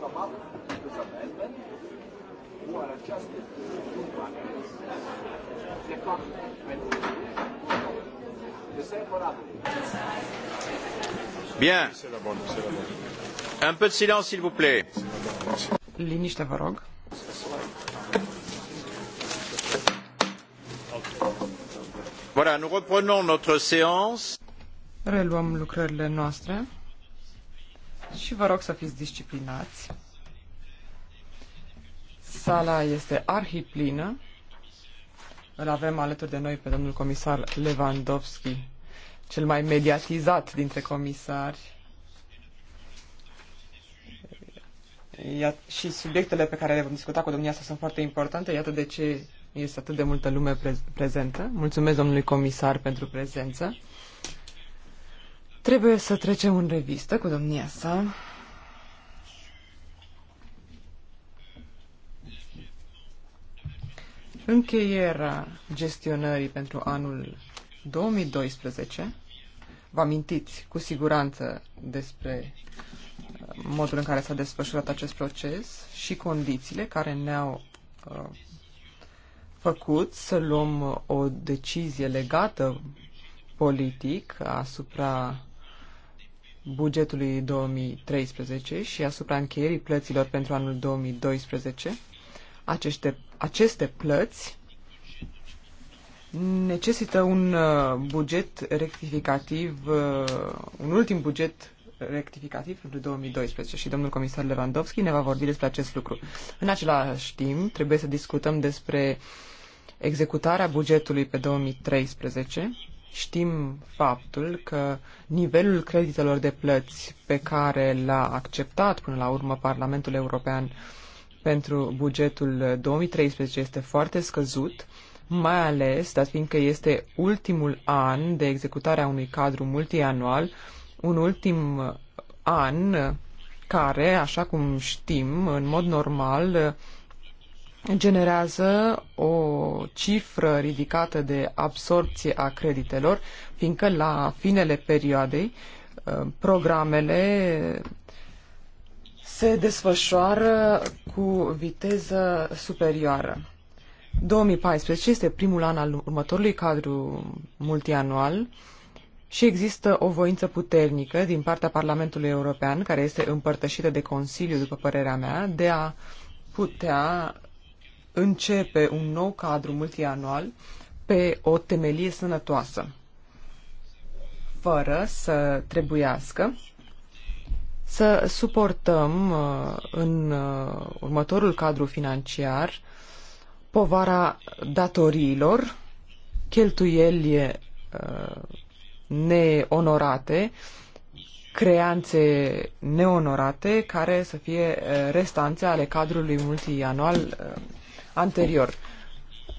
come Bien. Un peu de silence, s'il vous plaît. Liniște, vă rog. Voilà, nous reprenons notre séance. Reluăm lucrările noastre și vă rog să fiți disciplinați. Sala este arhiplină. Îl avem alături de noi pe domnul comisar Lewandowski, cel mai mediatizat dintre comisari. Iat, și subiectele pe care le vom discuta cu domnia asta sunt foarte importante. Iată de ce este atât de multă lume pre- prezentă. Mulțumesc domnului comisar pentru prezență. Trebuie să trecem în revistă cu domnia sa încheierea gestionării pentru anul 2012. Vă amintiți cu siguranță despre uh, modul în care s-a desfășurat acest proces și condițiile care ne-au uh, făcut să luăm uh, o decizie legată politic asupra bugetului 2013 și asupra încheierii plăților pentru anul 2012. Aceste, aceste plăți necesită un uh, buget rectificativ, uh, un ultim buget rectificativ pentru 2012 și domnul comisar Lewandowski ne va vorbi despre acest lucru. În același timp, trebuie să discutăm despre executarea bugetului pe 2013 Știm faptul că nivelul creditelor de plăți pe care l-a acceptat până la urmă Parlamentul European pentru bugetul 2013 este foarte scăzut, mai ales dat fiindcă este ultimul an de executare a unui cadru multianual, un ultim an care, așa cum știm, în mod normal, generează o cifră ridicată de absorpție a creditelor, fiindcă la finele perioadei uh, programele se desfășoară cu viteză superioară. 2014 este primul an al următorului cadru multianual și există o voință puternică din partea Parlamentului European, care este împărtășită de Consiliu, după părerea mea, de a putea începe un nou cadru multianual pe o temelie sănătoasă, fără să trebuiască să suportăm uh, în uh, următorul cadru financiar povara datoriilor, cheltuieli uh, neonorate, creanțe neonorate care să fie restanțe ale cadrului multianual anterior.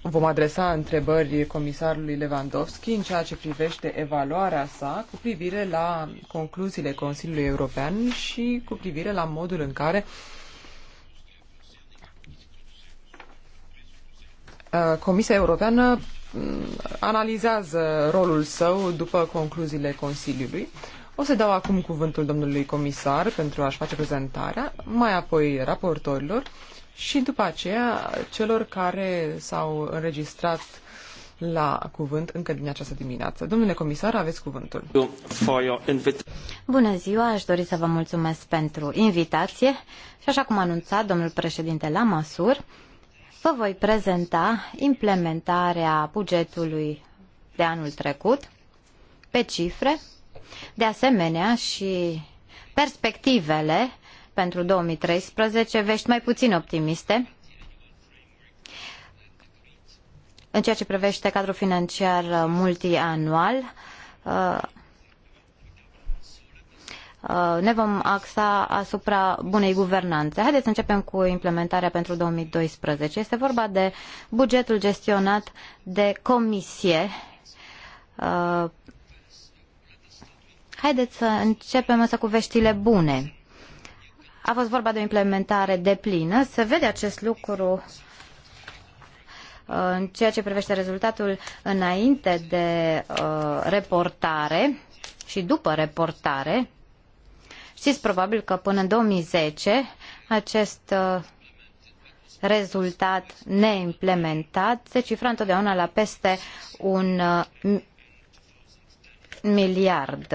Vom adresa întrebări comisarului Lewandowski în ceea ce privește evaluarea sa cu privire la concluziile Consiliului European și cu privire la modul în care uh, Comisia Europeană mm, analizează rolul său după concluziile Consiliului. O să dau acum cuvântul domnului comisar pentru a-și face prezentarea, mai apoi raportorilor și după aceea celor care s-au înregistrat la cuvânt încă din această dimineață. Domnule comisar, aveți cuvântul. Bună ziua, aș dori să vă mulțumesc pentru invitație și așa cum a anunțat domnul președinte la măsur, vă voi prezenta implementarea bugetului de anul trecut pe cifre, de asemenea și perspectivele pentru 2013, vești mai puțin optimiste. În ceea ce privește cadrul financiar multianual, uh, uh, ne vom axa asupra bunei guvernanțe. Haideți să începem cu implementarea pentru 2012. Este vorba de bugetul gestionat de comisie. Uh, haideți să începem însă cu veștile bune a fost vorba de o implementare deplină. Se vede acest lucru uh, în ceea ce privește rezultatul înainte de uh, reportare și după reportare. Știți probabil că până în 2010 acest uh, rezultat neimplementat se cifra întotdeauna la peste un uh, miliard,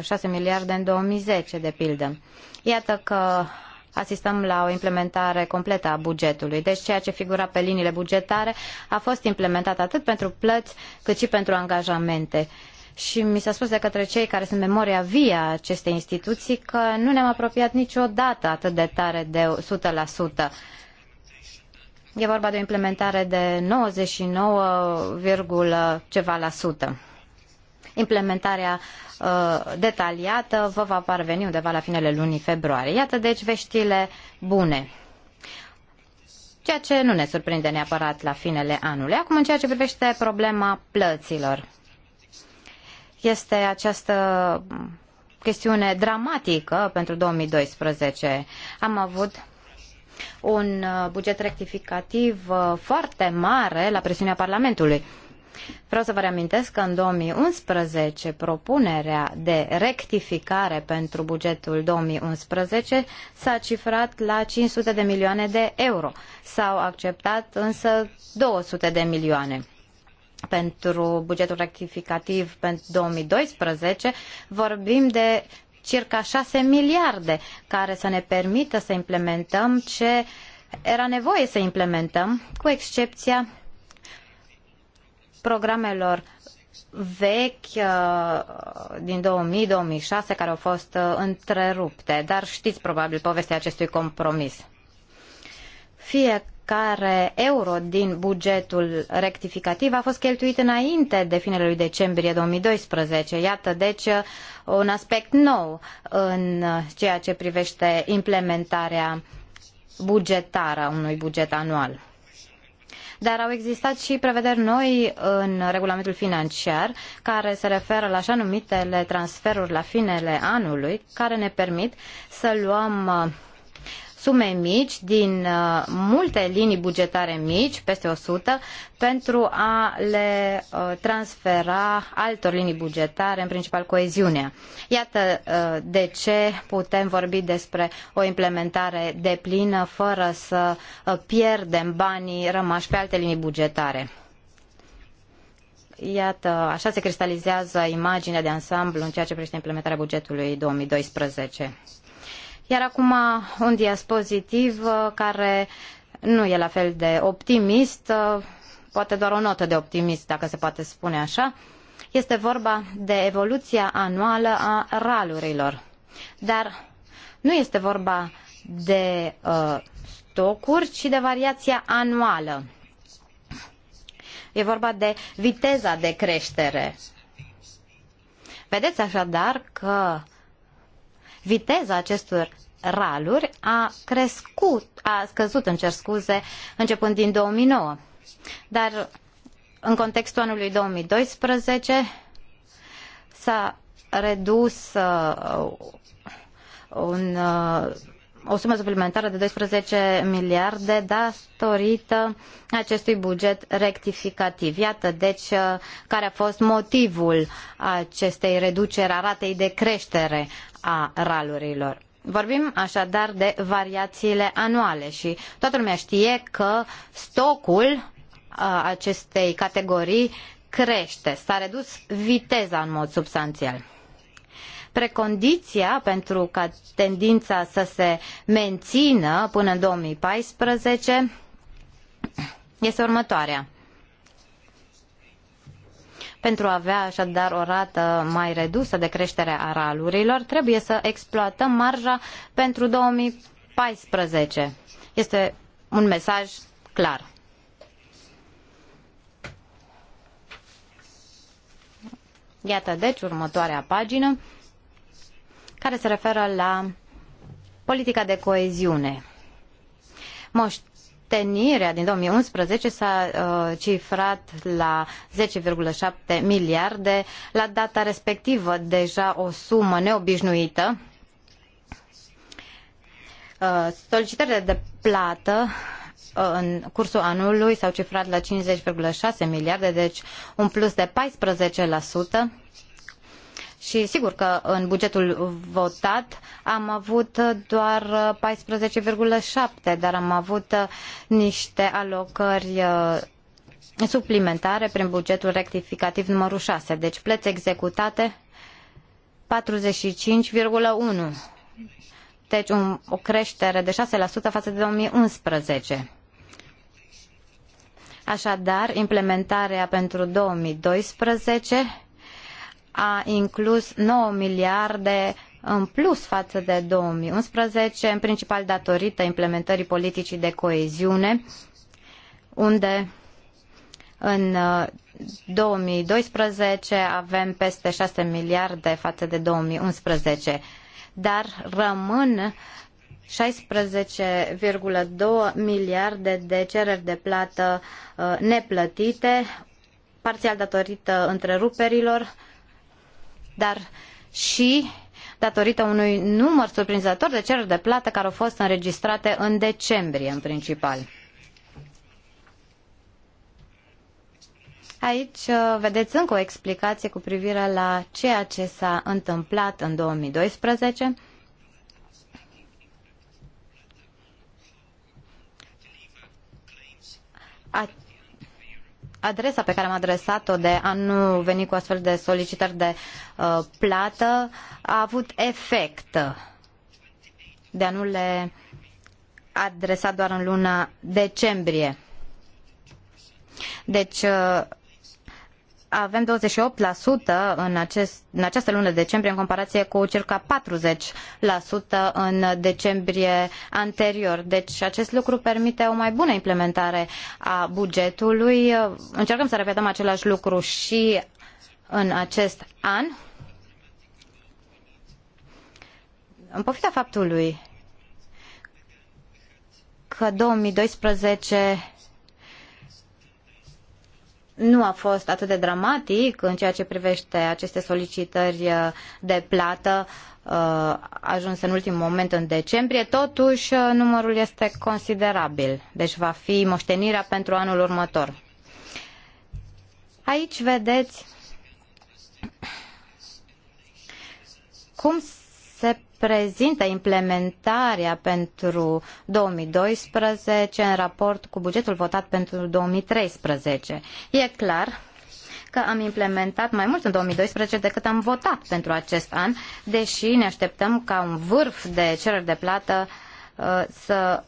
1,6 miliarde în 2010, de pildă. Iată că asistăm la o implementare completă a bugetului. Deci ceea ce figura pe liniile bugetare a fost implementat atât pentru plăți cât și pentru angajamente. Și mi s-a spus de către cei care sunt memoria vie a acestei instituții că nu ne-am apropiat niciodată atât de tare de 100%. E vorba de o implementare de 99, ceva la sută implementarea uh, detaliată vă va parveni undeva la finele lunii februarie. Iată deci veștile bune. Ceea ce nu ne surprinde neapărat la finele anului. Acum, în ceea ce privește problema plăților, este această chestiune dramatică pentru 2012. Am avut un uh, buget rectificativ uh, foarte mare la presiunea Parlamentului. Vreau să vă reamintesc că în 2011 propunerea de rectificare pentru bugetul 2011 s-a cifrat la 500 de milioane de euro. S-au acceptat însă 200 de milioane pentru bugetul rectificativ pentru 2012 vorbim de circa 6 miliarde care să ne permită să implementăm ce era nevoie să implementăm, cu excepția programelor vechi uh, din 2000-2006 care au fost uh, întrerupte, dar știți probabil povestea acestui compromis. Fiecare euro din bugetul rectificativ a fost cheltuit înainte de finele lui decembrie 2012. Iată, deci, uh, un aspect nou în ceea ce privește implementarea bugetară a unui buget anual dar au existat și prevederi noi în regulamentul financiar care se referă la așa numitele transferuri la finele anului, care ne permit să luăm uh, sume mici din uh, multe linii bugetare mici, peste 100, pentru a le uh, transfera altor linii bugetare, în principal coeziunea. Iată uh, de ce putem vorbi despre o implementare deplină fără să pierdem banii rămași pe alte linii bugetare. Iată, așa se cristalizează imaginea de ansamblu în ceea ce privește implementarea bugetului 2012. Iar acum un diaspozitiv uh, care nu e la fel de optimist, uh, poate doar o notă de optimist, dacă se poate spune așa, este vorba de evoluția anuală a ralurilor. Dar nu este vorba de uh, stocuri, ci de variația anuală. E vorba de viteza de creștere. Vedeți așadar că uh, viteza acestor raluri a crescut, a scăzut, în cer scuze, începând din 2009. Dar în contextul anului 2012 s-a redus uh, un uh, o sumă suplimentară de 12 miliarde datorită acestui buget rectificativ. Iată, deci, care a fost motivul acestei reduceri a ratei de creștere a ralurilor. Vorbim așadar de variațiile anuale și toată lumea știe că stocul acestei categorii crește, s-a redus viteza în mod substanțial. Precondiția pentru ca tendința să se mențină până în 2014 este următoarea. Pentru a avea așadar o rată mai redusă de creștere a ralurilor, trebuie să exploatăm marja pentru 2014. Este un mesaj clar. Iată deci următoarea pagină care se referă la politica de coeziune. Moștenirea din 2011 s-a uh, cifrat la 10,7 miliarde, la data respectivă deja o sumă neobișnuită. Uh, solicitările de plată uh, în cursul anului s-au cifrat la 50,6 miliarde, deci un plus de 14%. Și sigur că în bugetul votat am avut doar 14,7, dar am avut niște alocări uh, suplimentare prin bugetul rectificativ numărul 6. Deci plăți executate 45,1. Deci un, o creștere de 6% față de 2011. Așadar, implementarea pentru 2012 a inclus 9 miliarde în plus față de 2011, în principal datorită implementării politicii de coeziune, unde în 2012 uh, avem peste 6 miliarde față de 2011, dar rămân 16,2 miliarde de cereri de plată uh, neplătite, parțial datorită întreruperilor dar și datorită unui număr surprinzător de cereri de plată care au fost înregistrate în decembrie în principal. Aici uh, vedeți încă o explicație cu privire la ceea ce s-a întâmplat în 2012 adresa pe care am adresat-o de a nu veni cu astfel de solicitări de uh, plată a avut efect de a nu le adresa doar în luna decembrie. Deci, uh, avem 28% în, acest, în această lună decembrie în comparație cu circa 40% în decembrie anterior. Deci acest lucru permite o mai bună implementare a bugetului. Încercăm să repetăm același lucru și în acest an. În pofida faptului că 2012 nu a fost atât de dramatic în ceea ce privește aceste solicitări uh, de plată uh, ajuns în ultimul moment în decembrie, totuși uh, numărul este considerabil, deci va fi moștenirea pentru anul următor. Aici vedeți cum se prezintă implementarea pentru 2012 în raport cu bugetul votat pentru 2013. E clar că am implementat mai mult în 2012 decât am votat pentru acest an, deși ne așteptăm ca un vârf de cereri de plată uh, să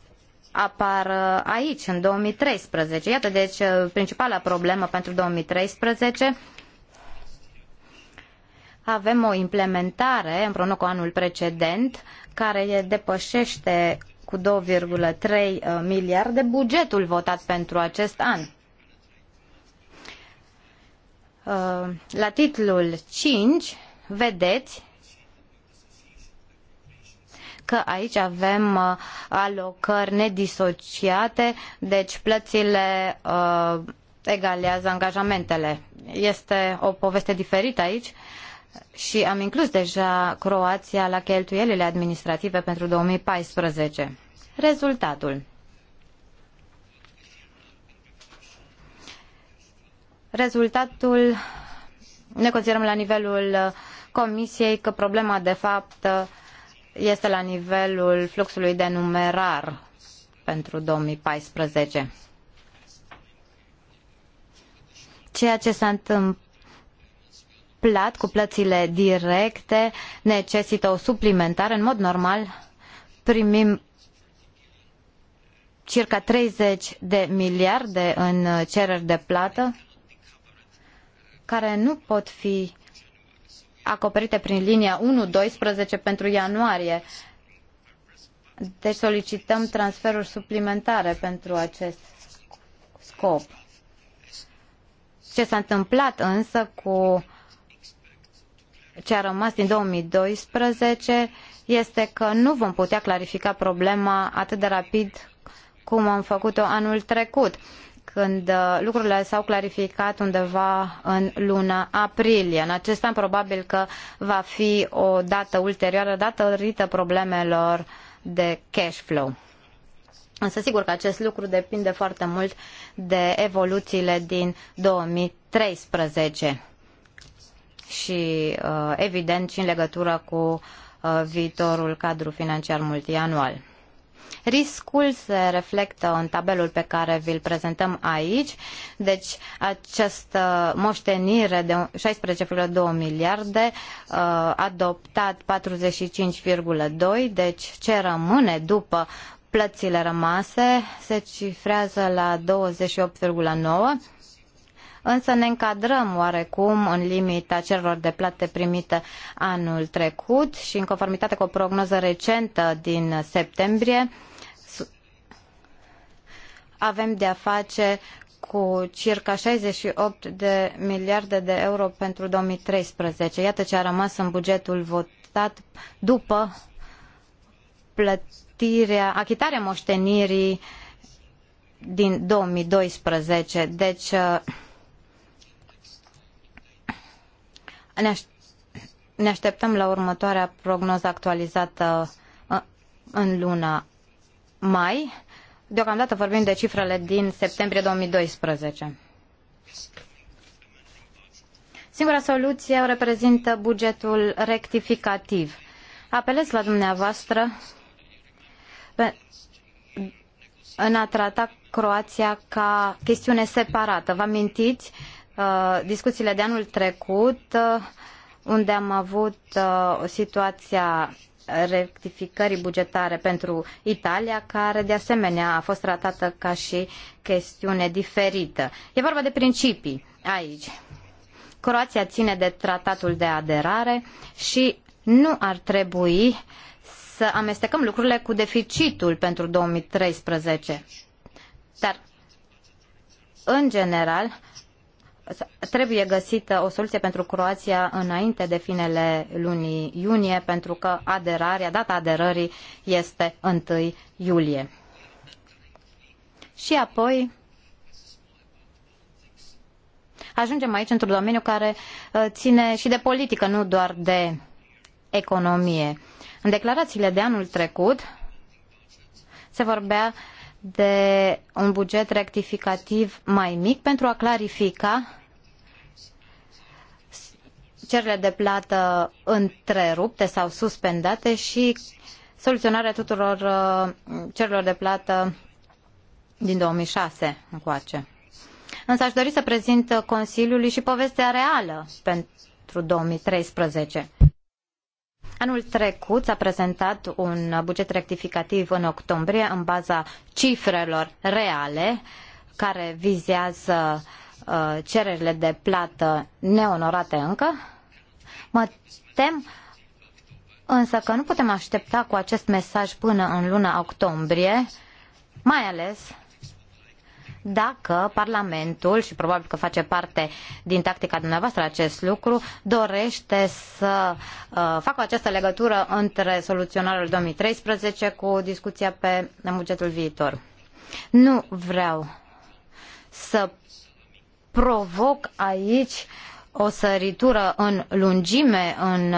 apară aici, în 2013. Iată, deci, uh, principala problemă pentru 2013 avem o implementare împreună cu anul precedent care depășește cu 2,3 uh, miliarde bugetul votat pentru acest an. Uh, la titlul 5 vedeți că aici avem uh, alocări nedisociate, deci plățile egalează angajamentele. Este o poveste diferită aici. Uh, și am inclus deja Croația la cheltuielile administrative pentru 2014. Rezultatul. Rezultatul ne considerăm la nivelul Comisiei că problema de fapt este la nivelul fluxului de numerar pentru 2014. Ceea ce s-a întâmplat plat cu plățile directe necesită o suplimentare. În mod normal primim circa 30 de miliarde în cereri de plată care nu pot fi acoperite prin linia 1, 12 pentru ianuarie. Deci solicităm transferuri suplimentare pentru acest scop. Ce s-a întâmplat însă cu ce a rămas din 2012 este că nu vom putea clarifica problema atât de rapid cum am făcut-o anul trecut, când uh, lucrurile s-au clarificat undeva în luna aprilie. În acest an probabil că va fi o dată ulterioară datorită problemelor de cash flow. Însă sigur că acest lucru depinde foarte mult de evoluțiile din 2013 și, uh, evident, și în legătură cu uh, viitorul cadru financiar multianual. Riscul se reflectă în tabelul pe care vi-l prezentăm aici, deci această moștenire de 16,2 miliarde, uh, adoptat 45,2, deci ce rămâne după plățile rămase se cifrează la 28,9 însă ne încadrăm oarecum în limita cererilor de plate primite anul trecut și în conformitate cu o prognoză recentă din septembrie avem de a face cu circa 68 de miliarde de euro pentru 2013. Iată ce a rămas în bugetul votat după plătirea, achitarea moștenirii din 2012. Deci Ne, aș- ne așteptăm la următoarea prognoză actualizată uh, în luna mai. Deocamdată vorbim de cifrele din septembrie 2012. Singura soluție o reprezintă bugetul rectificativ. Apelez la dumneavoastră în a trata Croația ca chestiune separată. Vă amintiți Uh, discuțiile de anul trecut, uh, unde am avut o uh, situație rectificării bugetare pentru Italia, care de asemenea a fost tratată ca și chestiune diferită. E vorba de principii aici. Croația ține de tratatul de aderare și nu ar trebui să amestecăm lucrurile cu deficitul pentru 2013. Dar, în general, trebuie găsită o soluție pentru Croația înainte de finele lunii iunie, pentru că aderarea, data aderării este 1 iulie. Și apoi ajungem aici într-un domeniu care uh, ține și de politică, nu doar de economie. În declarațiile de anul trecut se vorbea uh, de un buget rectificativ mai mic pentru a clarifica cererile de plată întrerupte sau suspendate și soluționarea tuturor uh, cererilor de plată din 2006 încoace. Însă aș dori să prezint Consiliului și povestea reală pentru 2013. Anul trecut s-a prezentat un buget rectificativ în octombrie în baza cifrelor reale care vizează uh, cererile de plată neonorate încă. Mă tem însă că nu putem aștepta cu acest mesaj până în luna octombrie, mai ales dacă Parlamentul, și probabil că face parte din tactica dumneavoastră acest lucru, dorește să uh, facă această legătură între soluționarul 2013 cu discuția pe bugetul viitor. Nu vreau să provoc aici o săritură în lungime în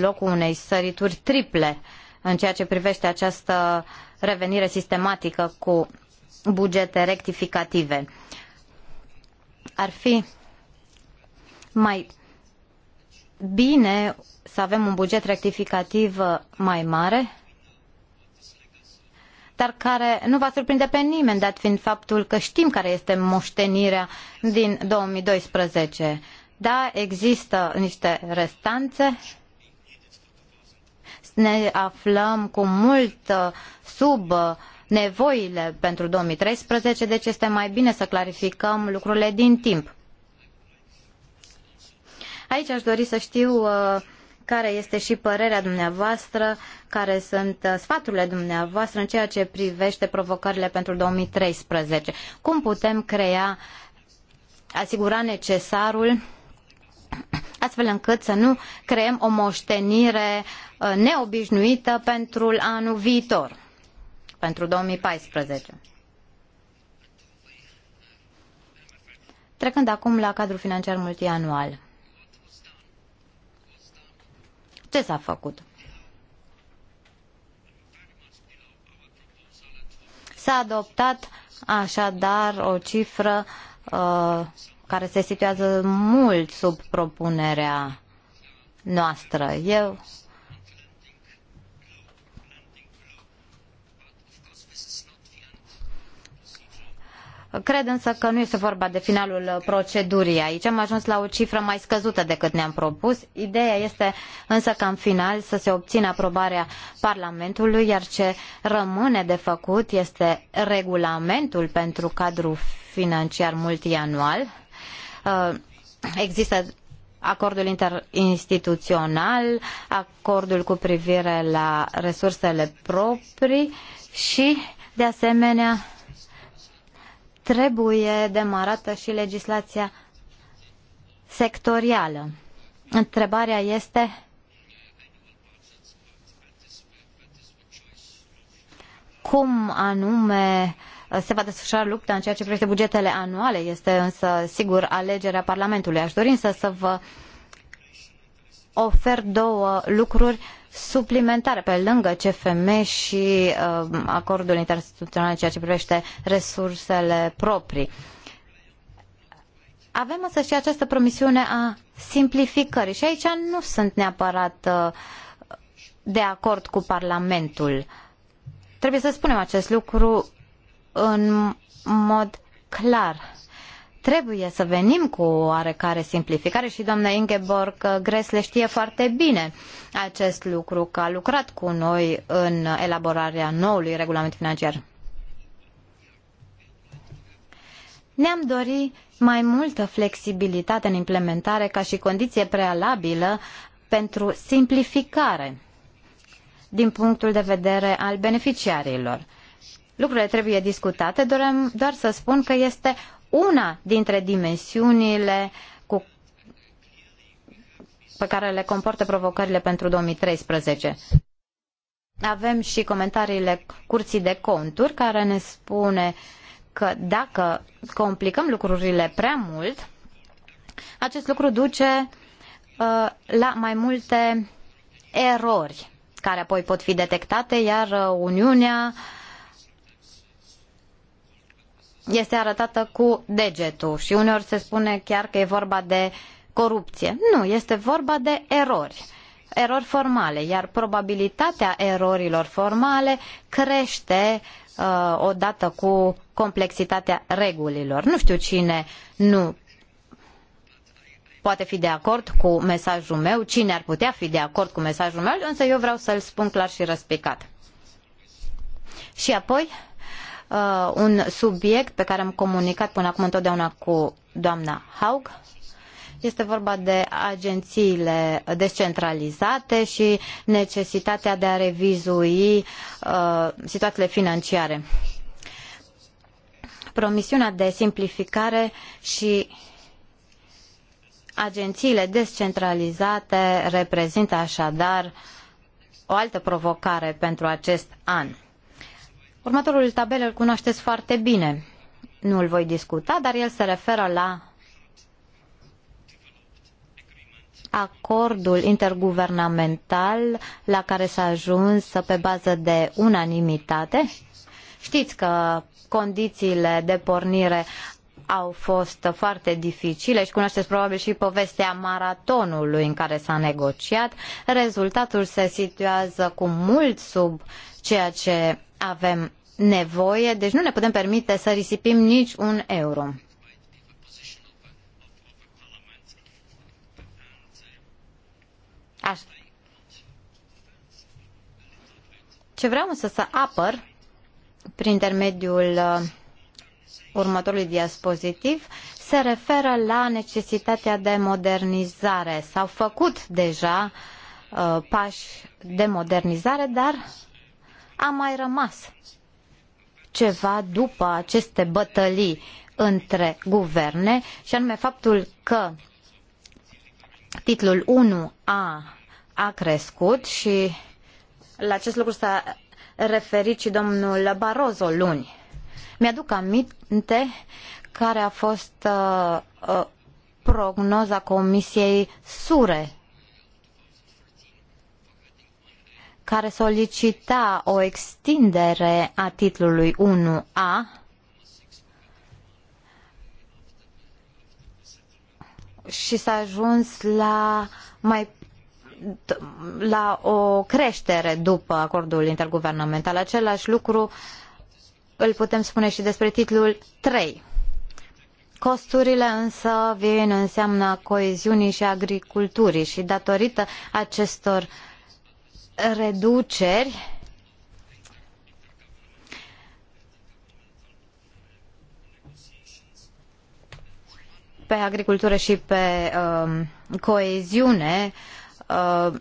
locul unei sărituri triple în ceea ce privește această revenire sistematică cu bugete rectificative. Ar fi mai bine să avem un buget rectificativ mai mare, dar care nu va surprinde pe nimeni, dat fiind faptul că știm care este moștenirea din 2012. Da, există niște restanțe. Ne aflăm cu mult uh, sub uh, nevoile pentru 2013, deci este mai bine să clarificăm lucrurile din timp. Aici aș dori să știu uh, care este și părerea dumneavoastră, care sunt uh, sfaturile dumneavoastră în ceea ce privește provocările pentru 2013. Cum putem crea, asigura necesarul astfel încât să nu creăm o moștenire uh, neobișnuită pentru anul viitor pentru 2014. Trecând acum la cadrul financiar multianual. Ce s-a făcut? S-a adoptat așadar o cifră uh, care se situează mult sub propunerea noastră. Eu Cred însă că nu este vorba de finalul procedurii aici. Am ajuns la o cifră mai scăzută decât ne-am propus. Ideea este însă ca în final să se obțină aprobarea Parlamentului, iar ce rămâne de făcut este regulamentul pentru cadrul financiar multianual. Uh, există acordul interinstituțional, acordul cu privire la resursele proprii și, de asemenea, trebuie demarată și legislația sectorială. Întrebarea este cum anume se va desfășura lupta în ceea ce privește bugetele anuale. Este însă, sigur, alegerea Parlamentului. Aș dori însă să vă ofer două lucruri suplimentare pe lângă CFM și uh, acordul interinstituțional în ceea ce privește resursele proprii. Avem însă și această promisiune a simplificării și aici nu sunt neapărat uh, de acord cu Parlamentul. Trebuie să spunem acest lucru în mod clar Trebuie să venim cu oarecare simplificare și doamna Ingeborg uh, Gresle știe foarte bine acest lucru, că a lucrat cu noi în elaborarea noului regulament financiar. Ne-am dorit mai multă flexibilitate în implementare ca și condiție prealabilă pentru simplificare din punctul de vedere al beneficiarilor. Lucrurile trebuie discutate, doar, doar să spun că este una dintre dimensiunile cu, pe care le comportă provocările pentru 2013. Avem și comentariile Curții de Conturi, care ne spune că dacă complicăm lucrurile prea mult, acest lucru duce uh, la mai multe erori care apoi pot fi detectate, iar uh, Uniunea uh, este arătată cu degetul și uneori se spune chiar că e vorba de corupție. Nu, este vorba de erori erori formale, iar probabilitatea erorilor formale crește uh, odată cu complexitatea regulilor. Nu știu cine nu poate fi de acord cu mesajul meu, cine ar putea fi de acord cu mesajul meu, însă eu vreau să-l spun clar și răspicat. Și apoi, uh, un subiect pe care am comunicat până acum întotdeauna cu doamna Haug. Este vorba de agențiile descentralizate și necesitatea de a revizui uh, situațiile financiare. Promisiunea de simplificare și agențiile descentralizate reprezintă așadar o altă provocare pentru acest an. Următorul tabel îl cunoașteți foarte bine. Nu îl voi discuta, dar el se referă la acordul interguvernamental la care s-a ajuns pe bază de unanimitate. Știți că condițiile de pornire au fost foarte dificile și cunoașteți probabil și povestea maratonului în care s-a negociat. Rezultatul se situează cu mult sub ceea ce avem nevoie, deci nu ne putem permite să risipim nici un euro. Așa. Ce vreau însă să apăr prin intermediul uh, următorului diapozitiv se referă la necesitatea de modernizare. S-au făcut deja uh, pași de modernizare, dar a mai rămas ceva după aceste bătălii între guverne și anume faptul că titlul 1A a crescut și la acest lucru s-a referit și domnul Barroso luni. Mi-aduc aminte care a fost uh, uh, prognoza Comisiei Sure care solicita o extindere a titlului 1A și s-a ajuns la mai la o creștere după acordul interguvernamental. Același lucru îl putem spune și despre titlul 3. Costurile însă vin în seamna coeziunii și agriculturii și datorită acestor reduceri pe agricultură și pe uh, coeziune uh,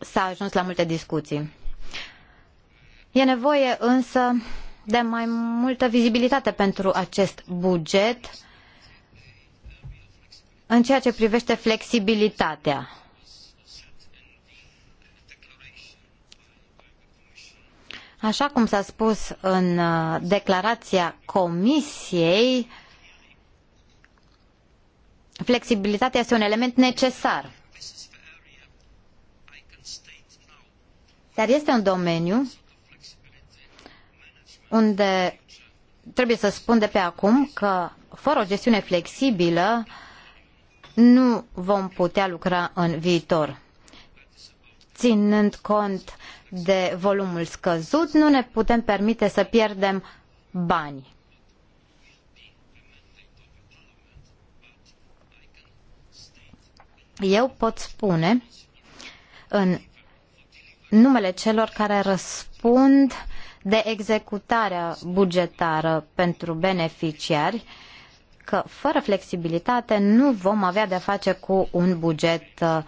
s-a ajuns la multe discuții. E nevoie însă de mai multă vizibilitate pentru acest buget în ceea ce privește flexibilitatea Așa cum s-a spus în uh, declarația Comisiei, flexibilitatea este un element necesar. Dar este un domeniu unde trebuie să spun de pe acum că fără o gestiune flexibilă nu vom putea lucra în viitor. Ținând cont de volumul scăzut, nu ne putem permite să pierdem bani. Eu pot spune în numele celor care răspund de executarea bugetară pentru beneficiari că fără flexibilitate nu vom avea de-a face cu un buget uh,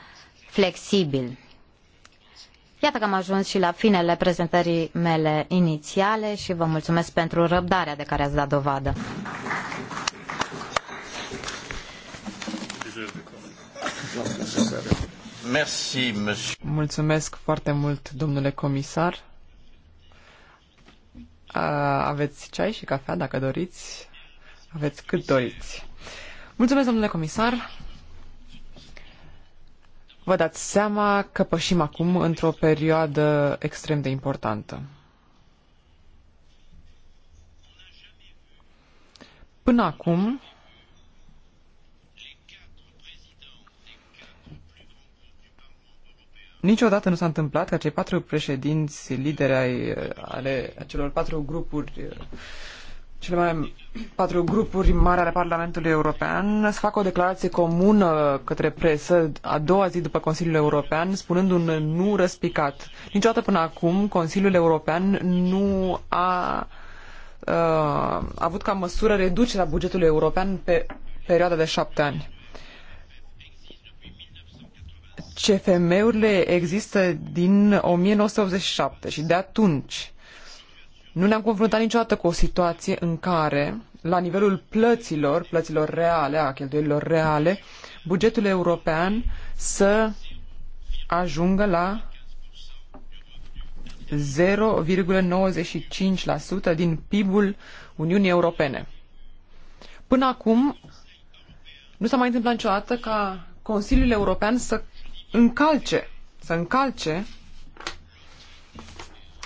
flexibil. Iată că am ajuns și la finele prezentării mele inițiale și vă mulțumesc pentru răbdarea de care ați dat dovadă. Mulțumesc foarte mult, domnule comisar. Aveți ceai și cafea, dacă doriți. Aveți cât doriți. Mulțumesc, domnule comisar. Vă dați seama că pășim acum într-o perioadă extrem de importantă. Până acum, niciodată nu s-a întâmplat ca cei patru președinți lideri ai, ale celor patru grupuri cele mai patru grupuri mari ale Parlamentului European să facă o declarație comună către presă a doua zi după Consiliul European, spunând un nu răspicat. Niciodată până acum Consiliul European nu a uh, avut ca măsură reducerea bugetului european pe perioada de șapte ani. CFM-urile există din 1987 și de atunci nu ne-am confruntat niciodată cu o situație în care, la nivelul plăților, plăților reale, a cheltuielilor reale, bugetul european să ajungă la 0,95% din PIB-ul Uniunii Europene. Până acum, nu s-a mai întâmplat niciodată ca Consiliul European să încalce, să încalce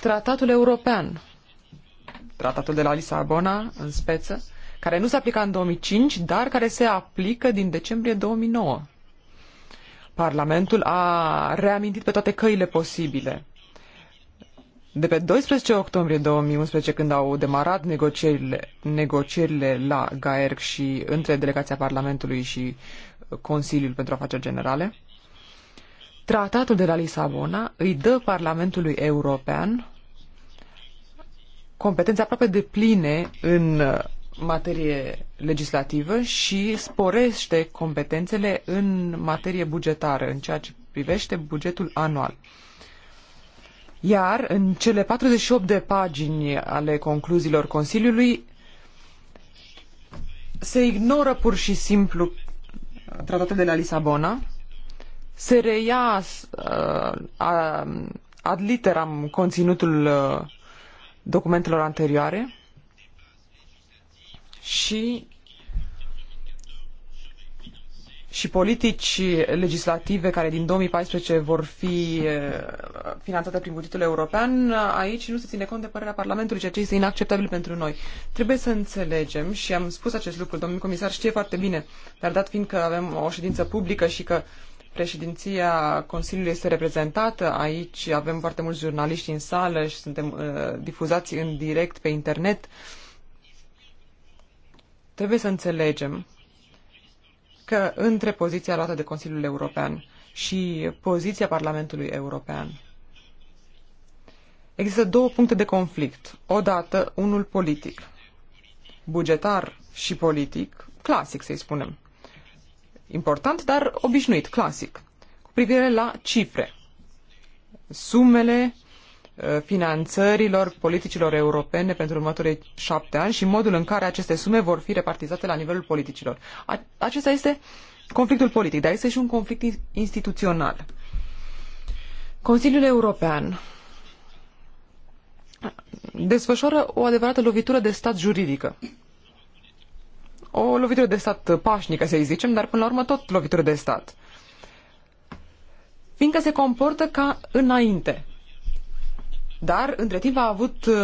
tratatul european tratatul de la Lisabona, în speță, care nu se aplica în 2005, dar care se aplică din decembrie 2009. Parlamentul a reamintit pe toate căile posibile. De pe 12 octombrie 2011, când au demarat negocierile, negocierile la GAERC și între delegația Parlamentului și uh, Consiliul pentru Afaceri Generale, tratatul de la Lisabona îi dă Parlamentului European competențe aproape de pline în uh, materie legislativă și sporește competențele în materie bugetară, în ceea ce privește bugetul anual. Iar în cele 48 de pagini ale concluziilor Consiliului se ignoră pur și simplu uh, tratatul de la Lisabona, se reia uh, ad literam conținutul uh, documentelor anterioare și și politici legislative care din 2014 vor fi eh, finanțate prin bugetul european, aici nu se ține cont de părerea Parlamentului, ceea ce este inacceptabil pentru noi. Trebuie să înțelegem și am spus acest lucru, domnul comisar știe foarte bine, dar dat fiindcă avem o ședință publică și că uh, Președinția Consiliului este reprezentată aici, avem foarte mulți jurnaliști în sală și suntem uh, difuzați în direct pe internet. Trebuie să înțelegem că între poziția luată de Consiliul European și poziția Parlamentului European există două puncte de conflict. Odată, unul politic, bugetar și politic, clasic să-i spunem, important, dar obișnuit, clasic, cu privire la cifre. Sumele uh, finanțărilor politicilor europene pentru următorii șapte ani și modul în care aceste sume vor fi repartizate la nivelul politicilor. Acesta este conflictul politic, dar este și un conflict instituțional. Consiliul European desfășoară o adevărată lovitură de stat juridică o lovitură de stat pașnică, să-i zicem, dar până la urmă tot lovitură de stat. Fiindcă se comportă ca înainte. Dar, între timp, a avut uh,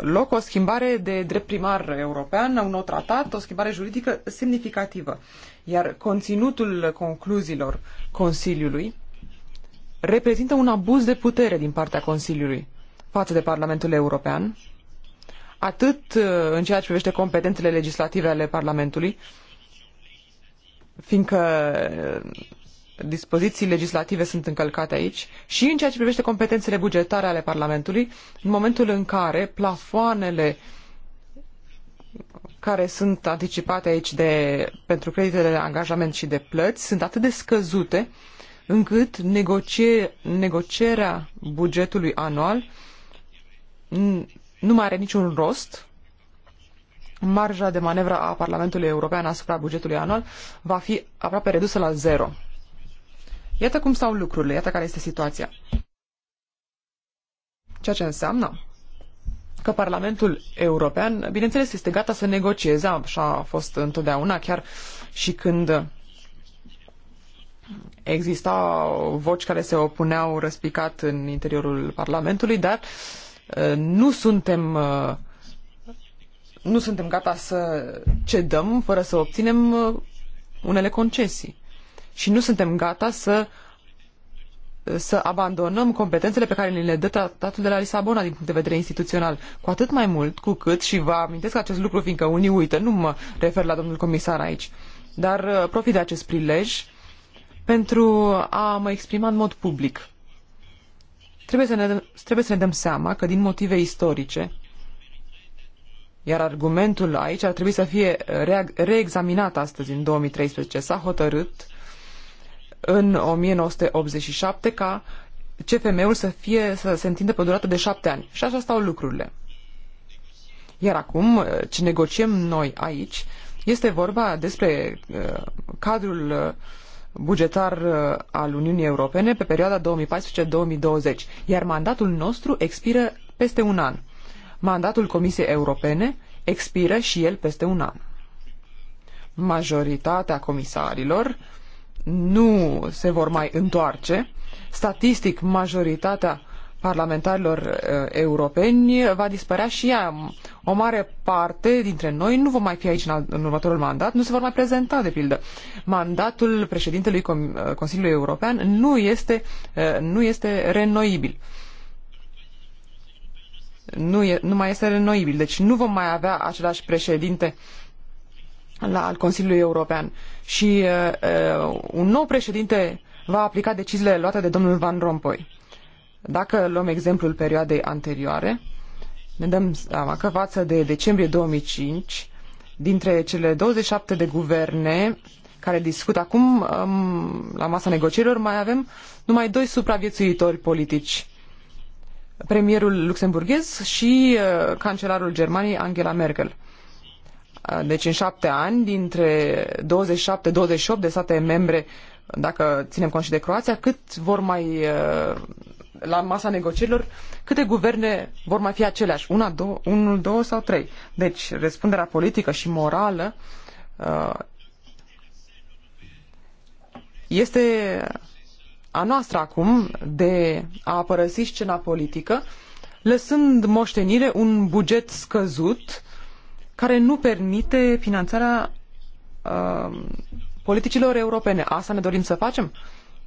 loc o schimbare de drept primar european, un nou tratat, o schimbare juridică semnificativă. Iar conținutul concluziilor Consiliului reprezintă un abuz de putere din partea Consiliului față de Parlamentul European, atât uh, în ceea ce privește competențele legislative ale Parlamentului, fiindcă uh, dispoziții legislative sunt încălcate aici, și în ceea ce privește competențele bugetare ale Parlamentului, în momentul în care plafoanele care sunt anticipate aici de, pentru creditele de angajament și de plăți sunt atât de scăzute încât negocie, negocierea bugetului anual nu mai are niciun rost. Marja de manevră a Parlamentului European asupra bugetului anual va fi aproape redusă la zero. Iată cum stau lucrurile, iată care este situația. Ceea ce înseamnă că Parlamentul European, bineînțeles, este gata să negocieze, așa a fost întotdeauna, chiar și când exista voci care se opuneau răspicat în interiorul Parlamentului, dar uh, Uh, nu suntem uh, nu suntem gata să cedăm fără să obținem uh, unele concesii. Și nu suntem gata să să abandonăm competențele pe care ni le dă tratatul de la Lisabona din punct de vedere instituțional. Cu atât mai mult cu cât, și vă amintesc acest lucru, fiindcă unii uită, nu mă refer la domnul comisar aici, dar profit de acest prilej pentru a mă exprima în mod public. Trebuie să, ne, trebuie să ne dăm seama că din motive istorice, iar argumentul aici ar trebui să fie uh, re, reexaminat astăzi, în 2013, s-a hotărât în 1987 ca CFM-ul să, fie, să se întindă pe o durată de șapte ani. Și așa stau lucrurile. Iar acum, uh, ce negociem noi aici, este vorba despre uh, cadrul uh, bugetar uh, al Uniunii Europene pe perioada 2014-2020, iar mandatul nostru expiră peste un an. Mandatul Comisiei Europene expiră și el peste un an. Majoritatea comisarilor nu se vor mai întoarce. Statistic, majoritatea parlamentarilor eh, europeni va dispărea și ea. O mare parte dintre noi nu vom mai fi aici în, următorul mandat, nu se vor mai prezenta, de pildă. Mandatul președintelui eh, Consiliului European nu este, eh, nu este renoibil. Nu, e, nu mai este renoibil, deci nu vom mai avea același președinte la, al Consiliului European. Și uh, un nou președinte va aplica deciziile luate de domnul Van Rompuy. Dacă luăm exemplul perioadei anterioare, ne dăm seama că față de decembrie 2005, dintre cele 27 de guverne care discută acum um, la masa negocierilor, mai avem numai doi supraviețuitori politici. Premierul luxemburghez și uh, cancelarul Germaniei Angela Merkel. Uh, deci în șapte ani, dintre 27-28 de state membre, dacă ținem cont și de Croația, cât vor mai uh, la masa negocierilor, câte guverne vor mai fi aceleași? Una, două, unul, două sau trei? Deci, răspunderea politică și morală uh, este a noastră acum de a părăsi scena politică, lăsând moștenire un buget scăzut care nu permite finanțarea uh, politicilor europene. Asta ne dorim să facem?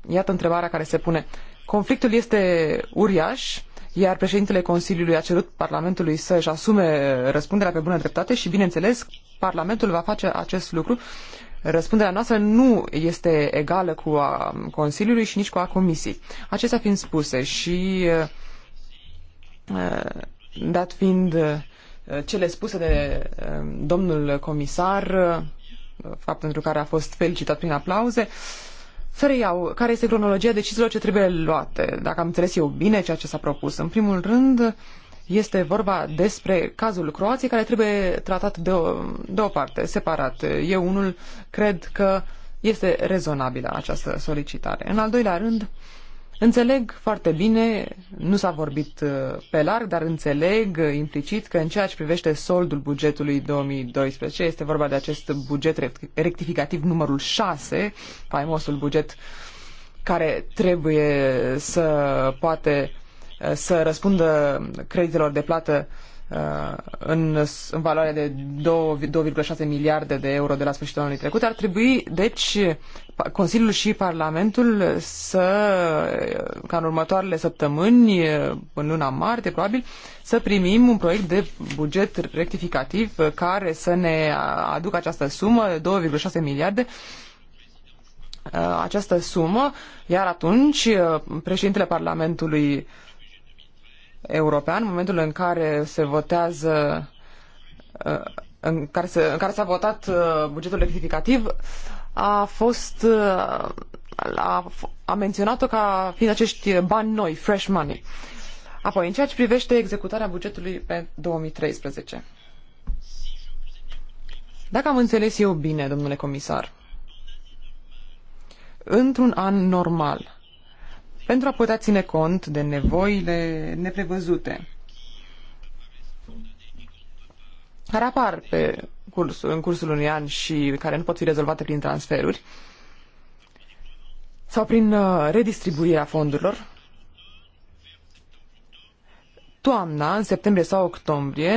Iată întrebarea care se pune. Conflictul este uriaș, iar președintele Consiliului a cerut Parlamentului să-și asume răspunderea pe bună dreptate și, bineînțeles, Parlamentul va face acest lucru. Răspunderea noastră nu este egală cu a Consiliului și nici cu a Comisiei. Acestea fiind spuse și uh, dat fiind uh, cele spuse de uh, domnul comisar, fapt pentru care a fost felicitat prin aplauze, uh, care, reiau care este cronologia deciziilor ce trebuie luate, dacă am înțeles eu bine ceea ce s-a propus. În primul rând, este vorba despre cazul Croației, care trebuie tratat de o, de o parte, separat. Eu unul cred că este rezonabilă această solicitare. În al doilea rând, Înțeleg foarte bine, nu s-a vorbit uh, pe larg, dar înțeleg uh, implicit că în ceea ce privește soldul bugetului 2012, este vorba de acest buget rectificativ numărul 6, faimosul buget care trebuie să poate uh, să răspundă creditelor de plată Uh, în, în valoare de 2,6 miliarde de euro de la sfârșitul anului trecut. Ar trebui, deci, Consiliul și Parlamentul să, ca în următoarele săptămâni, în luna martie, probabil, să primim un proiect de buget rectificativ care să ne aducă această sumă, 2,6 miliarde, uh, această sumă, iar atunci uh, președintele Parlamentului european, în momentul în care se votează uh, în care, se, în care s-a votat uh, bugetul rectificativ, a fost uh, a, a menționat-o ca fiind acești bani noi, fresh money. Apoi, în ceea ce privește executarea bugetului pe 2013. Dacă am înțeles eu bine, domnule comisar, într-un an normal, pentru a putea ține cont de nevoile neprevăzute care apar pe cursul, în cursul unui an și care nu pot fi rezolvate prin transferuri sau prin uh, redistribuirea fondurilor. Toamna, în septembrie sau octombrie,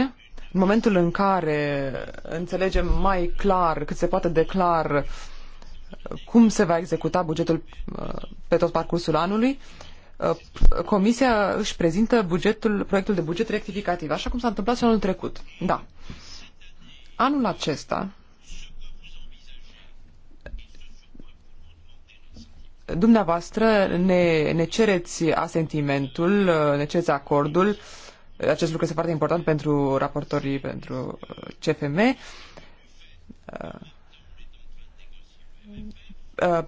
în momentul în care înțelegem mai clar, cât se poate declar uh, cum se va executa bugetul uh, pe tot parcursul anului, uh, Comisia își prezintă bugetul, proiectul de buget rectificativ, așa cum s-a întâmplat și anul trecut. Da. Anul acesta, dumneavoastră ne, ne cereți asentimentul, uh, ne cereți acordul, acest lucru este foarte important pentru raportorii pentru CFM, Uh,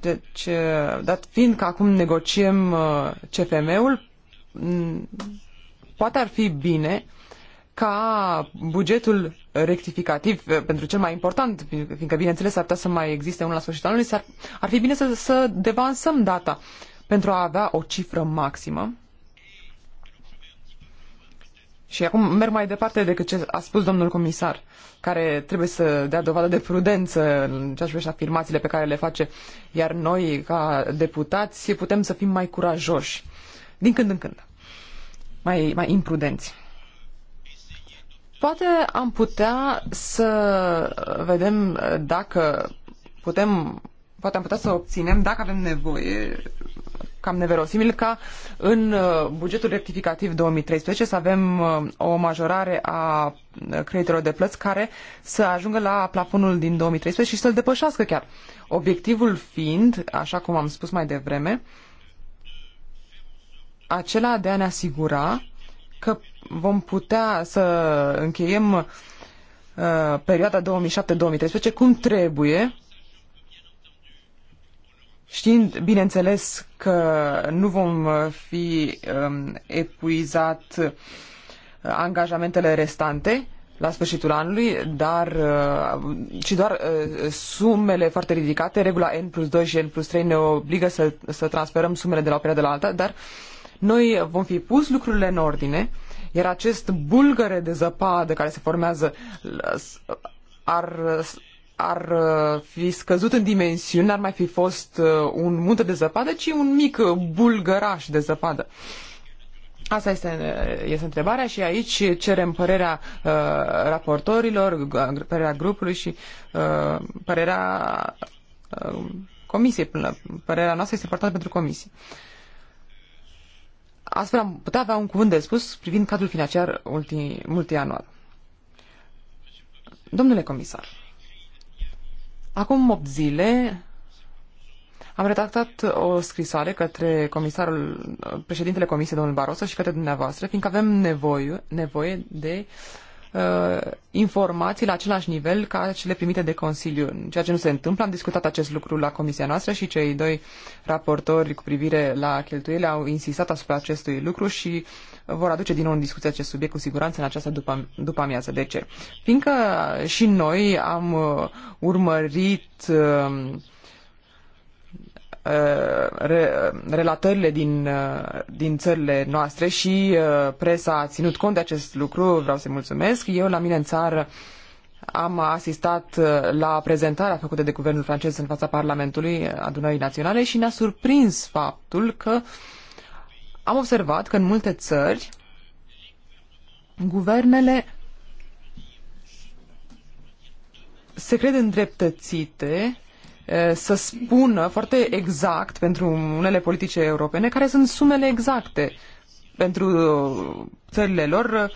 deci, uh, dat fiind că acum negociem uh, CFM-ul, mm, poate ar fi bine ca bugetul rectificativ pentru cel mai important, fiindcă bineînțeles ar putea să mai existe unul la sfârșitul anului, ar, ar fi bine să, să devansăm data pentru a avea o cifră maximă și acum merg mai departe decât ce a spus domnul comisar, care trebuie să dea dovadă de prudență în ceea ce privește afirmațiile pe care le face, iar noi, ca deputați, putem să fim mai curajoși, din când în când, mai, mai imprudenți. Poate am putea să vedem dacă putem, poate am putea să obținem, dacă avem nevoie, cam neverosimil ca în uh, bugetul rectificativ 2013 să avem uh, o majorare a uh, creditelor de plăți care să ajungă la plafonul din 2013 și să-l depășească chiar. Obiectivul fiind, așa cum am spus mai devreme, acela de a ne asigura că vom putea să încheiem uh, perioada 2007-2013 cum trebuie Știind, bineînțeles, că nu vom fi um, epuizat uh, angajamentele restante la sfârșitul anului, dar uh, ci doar uh, sumele foarte ridicate, regula N plus 2 și N plus 3 ne obligă să, să transferăm sumele de la o perioadă la alta, dar noi vom fi pus lucrurile în ordine, iar acest bulgăre de zăpadă care se formează ar ar uh, fi scăzut în dimensiuni, n-ar mai fi fost uh, un munte de zăpadă, ci un mic uh, bulgăraș de zăpadă. Asta este, este întrebarea și aici cerem părerea uh, raportorilor, părerea grupului și uh, părerea uh, comisiei. Părerea noastră este portată pentru comisie. Astfel am putea avea un cuvânt de spus privind cadrul financiar multianual. Domnule comisar, Acum 8 zile am redactat o scrisoare către comisarul, președintele Comisiei, domnul Barroso, și către dumneavoastră, fiindcă avem nevoie, nevoie de uh, informații la același nivel ca cele primite de Consiliu. Ceea ce nu se întâmplă, am discutat acest lucru la comisia noastră și cei doi raportori cu privire la cheltuieli au insistat asupra acestui lucru și vor aduce din nou în discuție acest subiect cu siguranță în această după, după amiază. De ce? Fiindcă și noi am uh, urmărit uh, uh, re, relatările din, din țările noastre și presa a ținut cont de acest lucru, vreau să-i mulțumesc. Eu la mine în țară am asistat la prezentarea făcută de guvernul francez în fața Parlamentului Adunării Naționale și ne-a surprins faptul că uh, am observat că în multe țări guvernele se cred îndreptățite să spună foarte exact pentru unele politice europene care sunt sumele exacte pentru țările lor,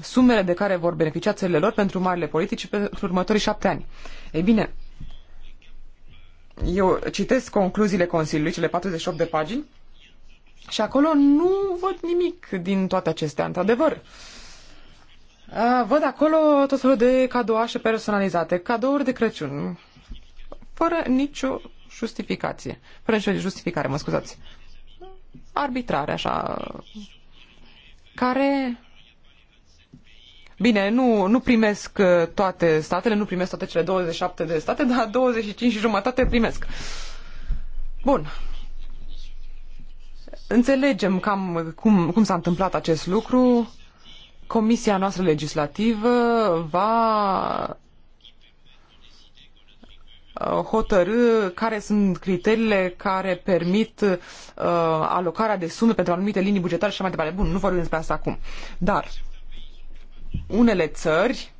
sumele de care vor beneficia țările lor pentru marile politici pentru următorii șapte ani. Ei bine, eu citesc concluziile Consiliului, cele 48 de pagini, și acolo nu văd nimic din toate acestea, într-adevăr. Văd acolo tot felul de cadouașe personalizate, cadouri de Crăciun, fără nicio justificație, fără nicio justificare, mă scuzați, arbitrare, așa, care... Bine, nu, nu primesc uh, toate statele, nu primesc toate cele 27 de state, dar 25 și jumătate primesc. Bun, Înțelegem cam cum, cum s-a întâmplat acest lucru. Comisia noastră legislativă va uh, hotărâ care sunt criteriile care permit uh, alocarea de sume pentru anumite linii bugetare și așa mai departe. Bun, nu vorbim despre asta acum. Dar unele țări,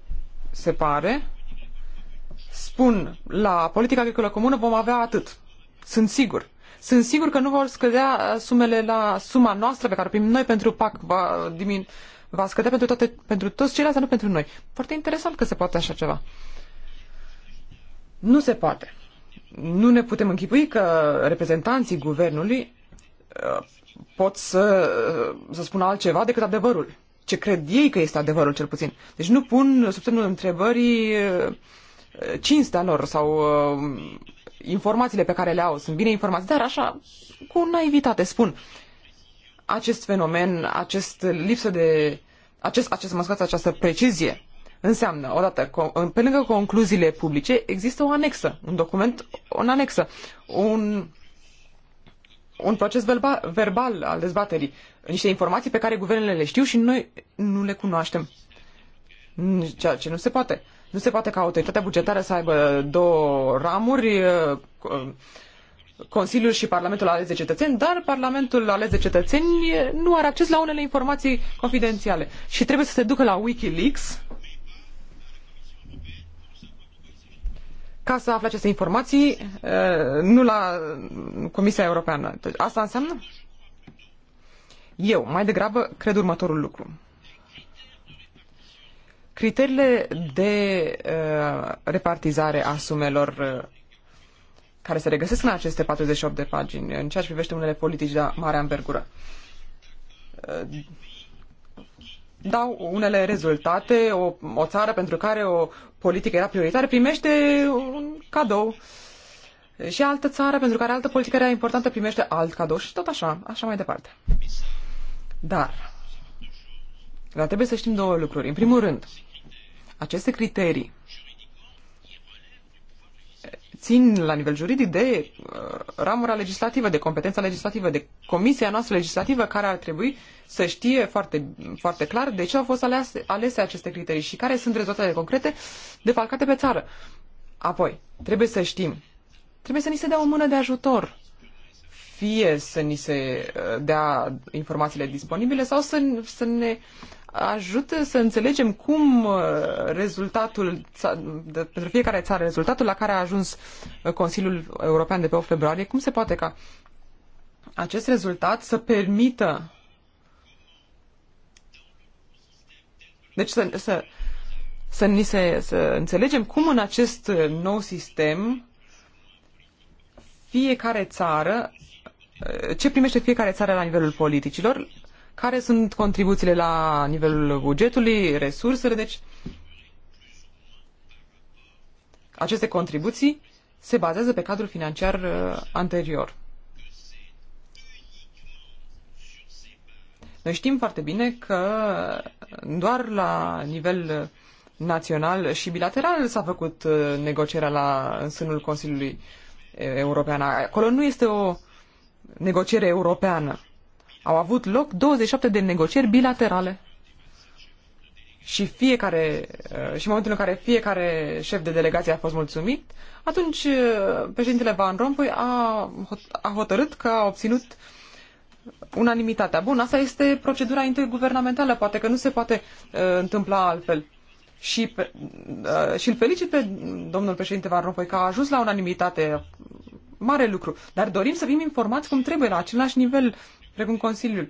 se pare, spun la politica agricolă comună vom avea atât. Sunt sigur. Sunt sigur că nu vor scădea uh, sumele la suma noastră pe care o primim noi pentru PAC. Va, uh, dimin, va scădea pentru, toate, pentru toți ceilalți, dar nu pentru noi. Foarte interesant că se poate așa ceva. Nu se poate. Nu ne putem închipui că reprezentanții guvernului uh, pot să, să spună altceva decât adevărul. Ce cred ei că este adevărul, cel puțin. Deci nu pun sub semnul întrebării cinstea lor sau informațiile pe care le au sunt bine informați, dar așa, cu naivitate spun, acest fenomen, acest lipsă de, acest, acest, mă această precizie înseamnă, odată, pe lângă concluziile publice, există o anexă, un document, o anexă, un, un proces verba, verbal al dezbaterii, niște informații pe care guvernele le știu și noi nu le cunoaștem. Ceea ce nu se poate. Nu se poate ca autoritatea bugetară să aibă două ramuri, eh, Consiliul și Parlamentul ales de cetățeni, dar Parlamentul ales de cetățeni eh, nu are acces la unele informații confidențiale și trebuie să se ducă la Wikileaks ca să afle aceste informații, eh, nu la Comisia Europeană. Asta înseamnă? Eu, mai degrabă, cred următorul lucru. Criteriile de uh, repartizare a sumelor uh, care se regăsesc în aceste 48 de pagini, în ceea ce privește unele politici de da, mare anvergură, uh, dau unele rezultate. O, o țară pentru care o politică era prioritară primește un cadou și altă țară pentru care altă politică era importantă primește alt cadou și tot așa, așa mai departe. Dar, dar trebuie să știm două lucruri. În primul rând, aceste criterii țin la nivel juridic de uh, ramura legislativă, de competența legislativă, de comisia noastră legislativă care ar trebui să știe foarte, foarte clar de ce au fost alease, alese aceste criterii și care sunt rezultatele concrete defalcate pe țară. Apoi, trebuie să știm, trebuie să ni se dea o mână de ajutor, fie să ni se uh, dea informațiile disponibile sau să, să ne ajută să înțelegem cum uh, rezultatul, pentru fiecare țară, rezultatul la care a ajuns uh, Consiliul European de pe 8 februarie, cum se poate ca acest rezultat să permită deci să, să, să, ni se, să înțelegem cum în acest uh, nou sistem fiecare țară ce primește fiecare țară la nivelul politicilor care sunt contribuțiile la nivelul bugetului, resursele, deci aceste contribuții se bazează pe cadrul financiar uh, anterior. Noi știm foarte bine că doar la nivel național și bilateral s-a făcut uh, negocierea la, în sânul Consiliului European. Acolo nu este o negociere europeană au avut loc 27 de negocieri bilaterale. Și fiecare, uh, și în momentul în care fiecare șef de delegație a fost mulțumit, atunci uh, președintele Van Rompuy a, a hotărât că a obținut unanimitatea. Bun, asta este procedura interguvernamentală, poate că nu se poate uh, întâmpla altfel. Și, uh, și îl felicit pe domnul președinte Van Rompuy că a ajuns la unanimitate mare lucru. Dar dorim să fim informați cum trebuie, la același nivel precum Consiliul.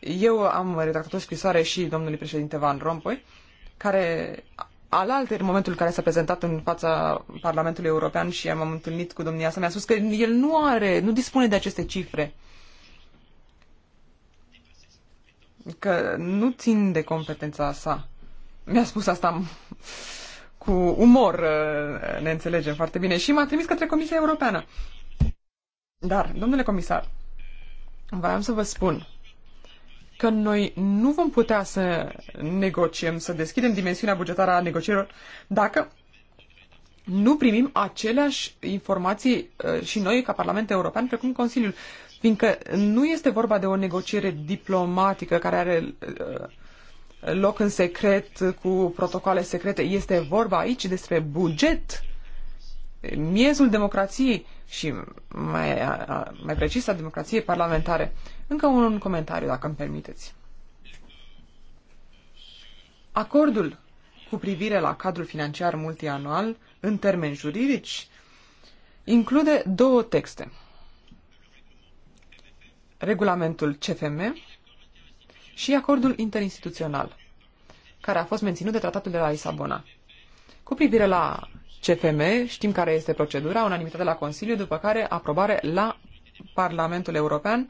Eu am redactat o scrisoare și domnului președinte Van Rompuy, care al în momentul în care s-a prezentat în fața Parlamentului European și am întâlnit cu domnia sa, mi-a spus că el nu are, nu dispune de aceste cifre. Că nu țin de competența sa. Mi-a spus asta cu umor, ne înțelegem foarte bine, și m-a trimis către Comisia Europeană. Dar, domnule comisar, Vreau să vă spun că noi nu vom putea să negociem, să deschidem dimensiunea bugetară a negocierilor dacă nu primim aceleași informații uh, și noi ca Parlament European precum Consiliul. Fiindcă nu este vorba de o negociere diplomatică care are uh, loc în secret cu protocoale secrete. Este vorba aici despre buget miezul democrației și mai, mai precis a democrației parlamentare. Încă un comentariu, dacă îmi permiteți. Acordul cu privire la cadrul financiar multianual în termeni juridici include două texte. Regulamentul CFM și acordul interinstituțional, care a fost menținut de tratatul de la Lisabona. Cu privire la CFM, știm care este procedura, unanimitate la Consiliu, după care aprobare la Parlamentul European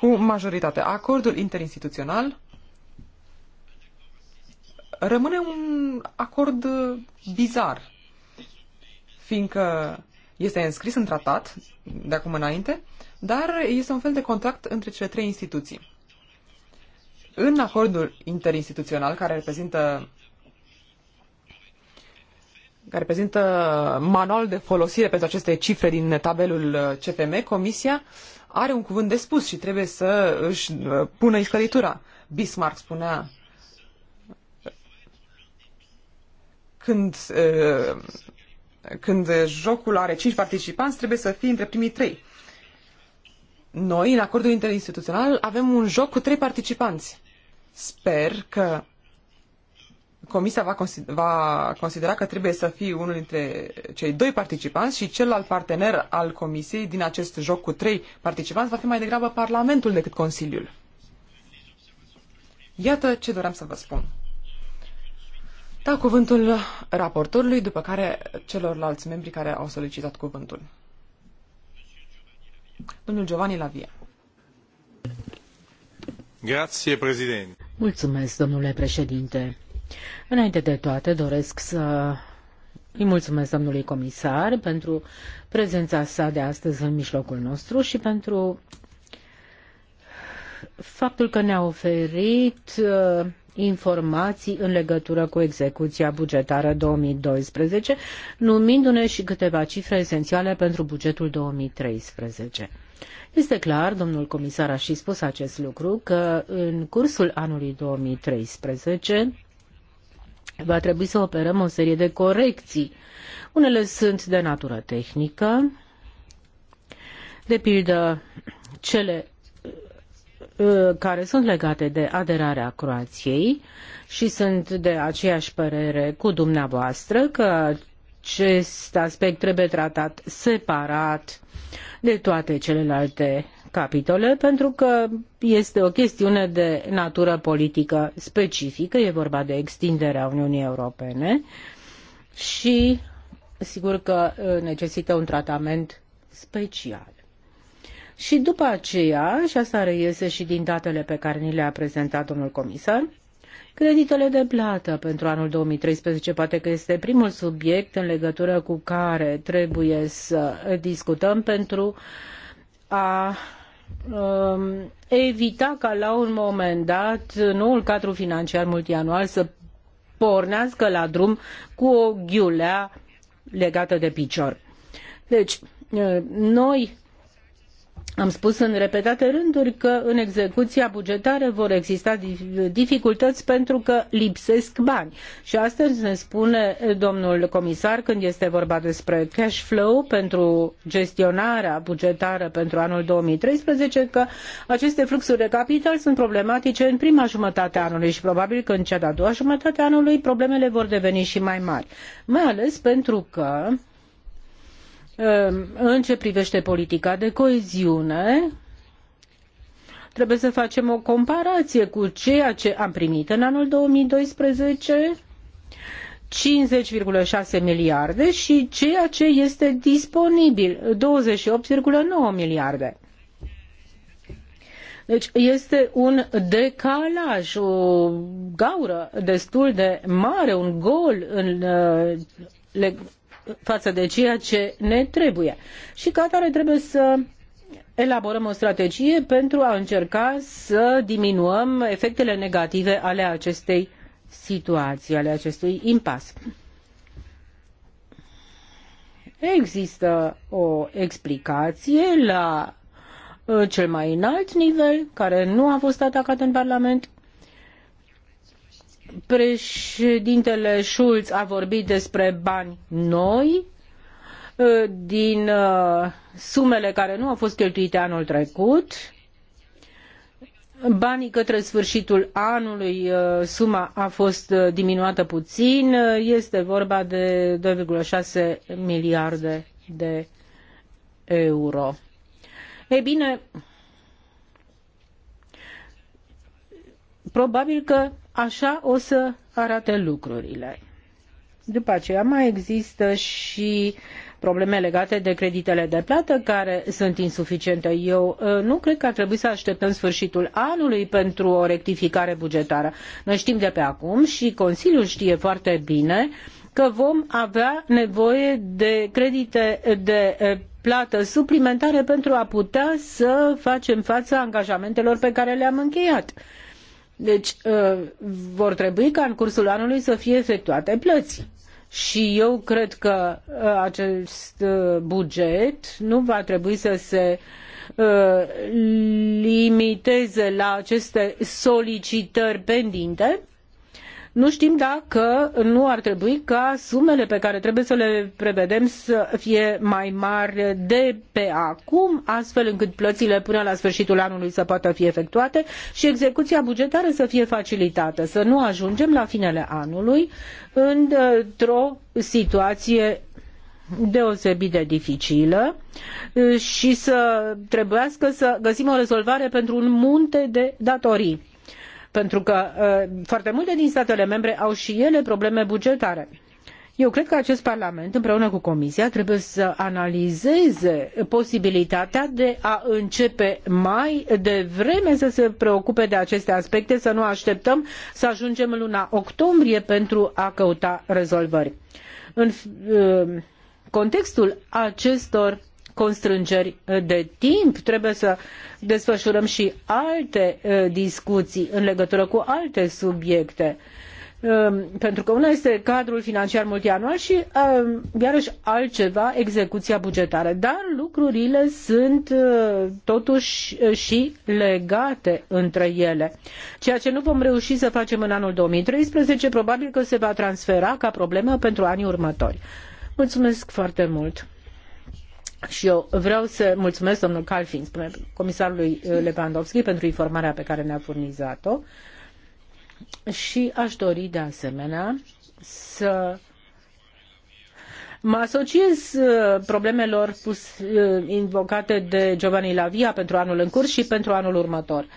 cu majoritate. Acordul interinstituțional rămâne un acord bizar, fiindcă este înscris în tratat de acum înainte, dar este un fel de contract între cele trei instituții. În acordul interinstituțional, care reprezintă care prezintă manualul de folosire pentru aceste cifre din tabelul uh, CFM, Comisia are un cuvânt de spus și trebuie să își uh, pună iscăritura. Bismarck spunea când, uh, când jocul are cinci participanți, trebuie să fie între primii trei. Noi, în acordul interinstituțional, avem un joc cu trei participanți. Sper că Comisia va, consider, va considera că trebuie să fii unul dintre cei doi participanți și celălalt partener al Comisiei din acest joc cu trei participanți va fi mai degrabă Parlamentul decât Consiliul. Iată ce doream să vă spun. Da cuvântul raportorului, după care celorlalți membri care au solicitat cuvântul. Domnul Giovanni Lavia. Grazie, Mulțumesc, domnule președinte. Înainte de toate, doresc să îi mulțumesc domnului comisar pentru prezența sa de astăzi în mijlocul nostru și pentru faptul că ne-a oferit uh, informații în legătură cu execuția bugetară 2012, numindu-ne și câteva cifre esențiale pentru bugetul 2013. Este clar, domnul comisar a și spus acest lucru, că în cursul anului 2013 va trebui să operăm o serie de corecții. Unele sunt de natură tehnică, de pildă cele uh, care sunt legate de aderarea Croației și sunt de aceeași părere cu dumneavoastră că acest aspect trebuie tratat separat de toate celelalte capitole, pentru că este o chestiune de natură politică specifică, e vorba de extinderea Uniunii Europene și sigur că necesită un tratament special. Și după aceea, și asta reiese și din datele pe care ni le-a prezentat domnul comisar, Creditele de plată pentru anul 2013 poate că este primul subiect în legătură cu care trebuie să discutăm pentru a Um, evita ca la un moment dat noul cadru financiar multianual să pornească la drum cu o ghiulea legată de picior. Deci, uh, noi am spus în repetate rânduri că în execuția bugetară vor exista dificultăți pentru că lipsesc bani. Și astăzi ne spune domnul comisar când este vorba despre cash flow pentru gestionarea bugetară pentru anul 2013 că aceste fluxuri de capital sunt problematice în prima jumătate a anului și probabil că în cea de-a doua jumătate a anului problemele vor deveni și mai mari. Mai ales pentru că Ehm, în ce privește politica de coeziune, trebuie să facem o comparație cu ceea ce am primit în anul 2012 50,6 miliarde și ceea ce este disponibil, 28,9 miliarde. Deci este un decalaj, o gaură destul de mare, un gol în eh, față de ceea ce ne trebuie. Și ca atare trebuie să elaborăm o strategie pentru a încerca să diminuăm efectele negative ale acestei situații, ale acestui impas. Există o explicație la uh, cel mai înalt nivel, care nu a fost atacat în Parlament, Președintele Schulz a vorbit despre bani noi ă, din ă, sumele care nu au fost cheltuite anul trecut, banii către sfârșitul anului, ă, suma a fost diminuată puțin, este vorba de 2,6 miliarde de euro. Ei bine, probabil că Așa o să arate lucrurile. După aceea mai există și probleme legate de creditele de plată care sunt insuficiente. Eu uh, nu cred că ar trebui să așteptăm sfârșitul anului pentru o rectificare bugetară. Noi știm de pe acum și Consiliul știe foarte bine că vom avea nevoie de credite de uh, plată suplimentare pentru a putea să facem față angajamentelor pe care le-am încheiat. Deci ă, vor trebui ca în cursul anului să fie efectuate plăți. Și eu cred că ă, acest ă, buget nu va trebui să se limiteze la aceste solicitări pendinte, nu știm dacă nu ar trebui ca sumele pe care trebuie să le prevedem să fie mai mari de pe acum, astfel încât plățile până la sfârșitul anului să poată fi efectuate și execuția bugetară să fie facilitată, să nu ajungem la finele anului într-o situație deosebit de dificilă și să trebuiască să găsim o rezolvare pentru un munte de datorii pentru că uh, foarte multe din statele membre au și ele probleme bugetare. Eu cred că acest Parlament, împreună cu Comisia, trebuie să analizeze posibilitatea de a începe mai devreme să se preocupe de aceste aspecte, să nu așteptăm să ajungem în luna octombrie pentru a căuta rezolvări. În uh, contextul acestor constrângeri uh, de timp, trebuie să desfășurăm și alte uh, discuții în legătură cu alte subiecte. Um, pentru că una este cadrul financiar multianual și um, iarăși altceva execuția bugetară. Dar lucrurile sunt uh, totuși și legate între ele. Ceea ce nu vom reuși să facem în anul 2013 probabil că se va transfera ca problemă pentru anii următori. Mulțumesc foarte mult! Și eu vreau să mulțumesc domnul Calfin, spune comisarului uh, Lewandowski, pentru informarea pe care ne-a furnizat-o și aș dori de asemenea să Mă asociez uh, problemelor pus, uh, invocate de Giovanni Lavia pentru anul în curs și pentru anul următor. Uh,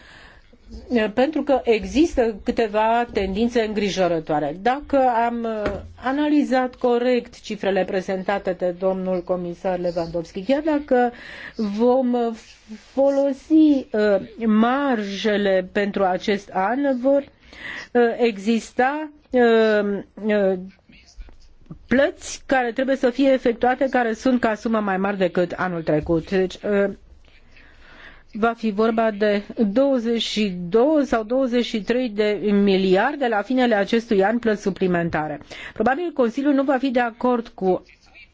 pentru că există câteva tendințe îngrijorătoare. Dacă am uh, analizat corect cifrele prezentate de domnul comisar Lewandowski, chiar dacă vom uh, folosi uh, marjele pentru acest an, vor exista plăți care trebuie să fie efectuate care sunt ca sumă mai mari decât anul trecut. Deci va fi vorba de 22 sau 23 de miliarde la finele acestui an plăți suplimentare. Probabil Consiliul nu va fi de acord cu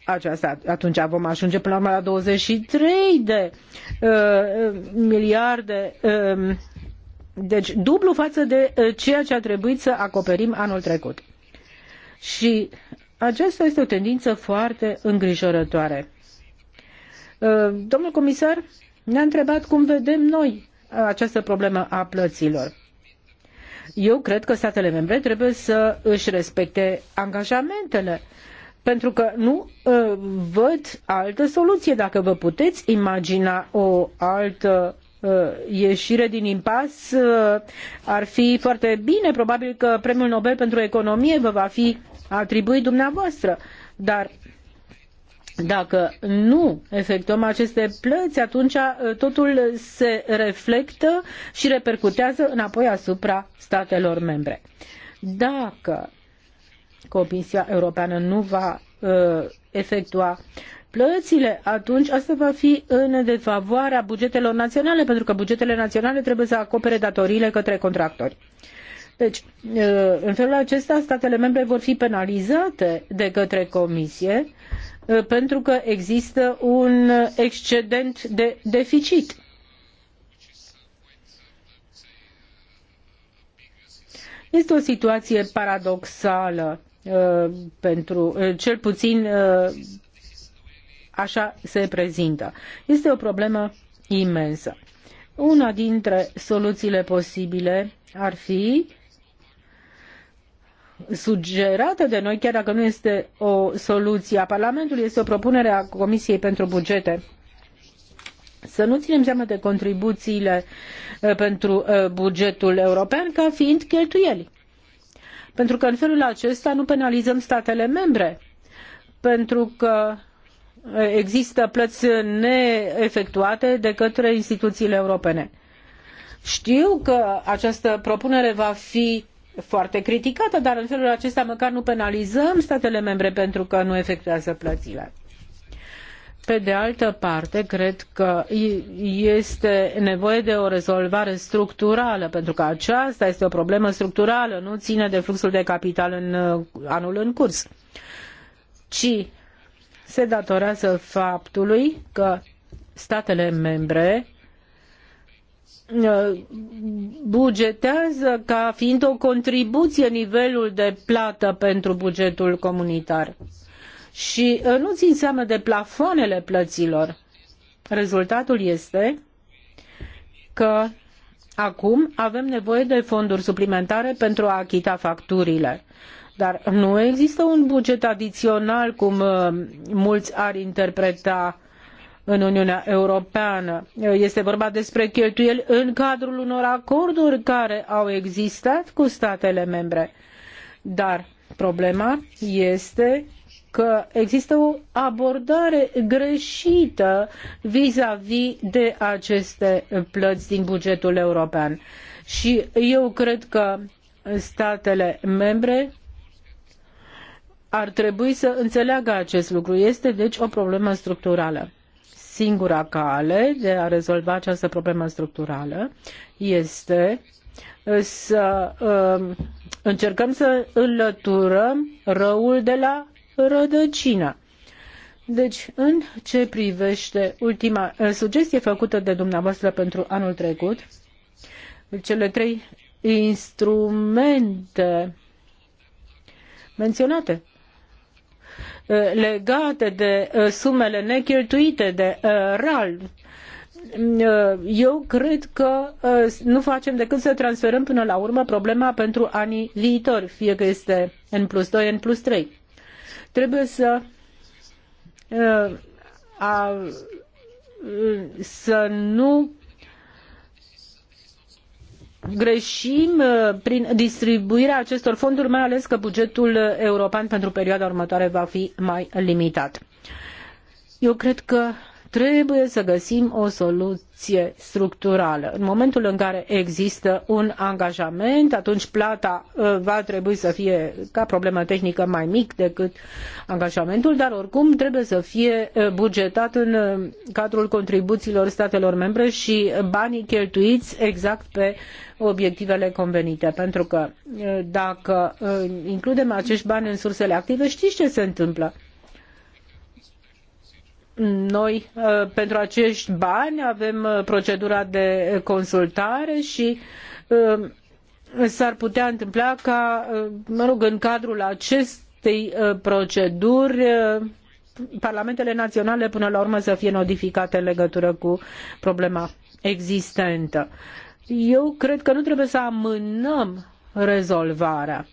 aceasta. Atunci vom ajunge până la urmă la 23 de uh, miliarde. Uh, deci dublu față de uh, ceea ce a trebuit să acoperim anul trecut. Și aceasta este o tendință foarte îngrijorătoare. Uh, domnul comisar, ne-a întrebat cum vedem noi uh, această problemă a plăților. Eu cred că statele membre trebuie să își respecte angajamentele, pentru că nu uh, văd altă soluție. Dacă vă puteți imagina o altă uh, ieșire din impas, uh, ar fi foarte bine. Probabil că premiul Nobel pentru economie vă va fi atribuit dumneavoastră, dar dacă nu efectuăm aceste plăți, atunci uh, totul se reflectă și repercutează înapoi asupra statelor membre. Dacă Comisia Europeană nu va uh, efectua plățile, atunci asta va fi în defavoarea bugetelor naționale, pentru că bugetele naționale trebuie să acopere datoriile către contractori. Deci, uh, în felul acesta, statele membre vor fi penalizate de către Comisie Uh, pentru că există un excedent de deficit. Este o situație paradoxală uh, pentru uh, cel puțin așa se prezintă. Este o problemă imensă. Una dintre soluțiile posibile ar fi sugerată de noi, chiar dacă nu este o soluție a Parlamentului, este o propunere a Comisiei pentru Bugete. Să nu ținem seama de contribuțiile uh, pentru uh, bugetul european ca fiind cheltuieli. Pentru că în felul acesta nu penalizăm statele membre, pentru că uh, există plăți neefectuate de către instituțiile europene. Știu că această propunere va fi foarte criticată, dar în felul acesta măcar nu penalizăm statele membre pentru că nu efectuează plățile. Pe de altă parte, cred că este nevoie de o rezolvare structurală, pentru că aceasta este o problemă structurală, nu ține de fluxul de capital în uh, anul în curs, ci se datorează faptului că statele membre bugetează ca fiind o contribuție nivelul de plată pentru bugetul comunitar și uh, nu țin seama de plafoanele plăților. Rezultatul este că acum avem nevoie de fonduri suplimentare pentru a achita facturile. Dar nu există un buget adițional, cum uh, mulți ar interpreta în Uniunea Europeană. Este vorba despre cheltuieli în cadrul unor acorduri care au existat cu statele membre. Dar problema este că există o abordare greșită vis-a-vis de aceste plăți din bugetul european. Și eu cred că statele membre ar trebui să înțeleagă acest lucru. Este deci o problemă structurală singura cale de a rezolva această problemă structurală este uh, să um, încercăm să înlăturăm răul de la rădăcină. Deci, în ce privește ultima uh, sugestie făcută de dumneavoastră pentru anul trecut, cele trei instrumente menționate Eh, legate de eh, sumele necheltuite de eh, RAL. Eu cred că nu facem decât să transferăm până la urmă problema pentru anii viitori, fie că este N plus 2, N plus 3. Trebuie să a, să nu greșim uh, prin distribuirea acestor fonduri, mai ales că bugetul european pentru perioada următoare va fi mai limitat. Eu cred că Trebuie să găsim o soluție structurală. În momentul în care există un angajament, atunci plata uh, va trebui să fie ca problemă tehnică mai mic decât angajamentul, dar oricum trebuie să fie uh, bugetat în uh, cadrul contribuțiilor statelor membre și banii cheltuiți exact pe obiectivele convenite. Pentru că dacă includem acești bani în sursele active, știți ce se întâmplă? noi uh, pentru acești bani avem uh, procedura de consultare și uh, s-ar putea întâmpla ca, mă rog, în cadrul acestei proceduri parlamentele naționale până la urmă să fie notificate în legătură cu problema existentă. Eu cred că nu trebuie să amânăm rezolvarea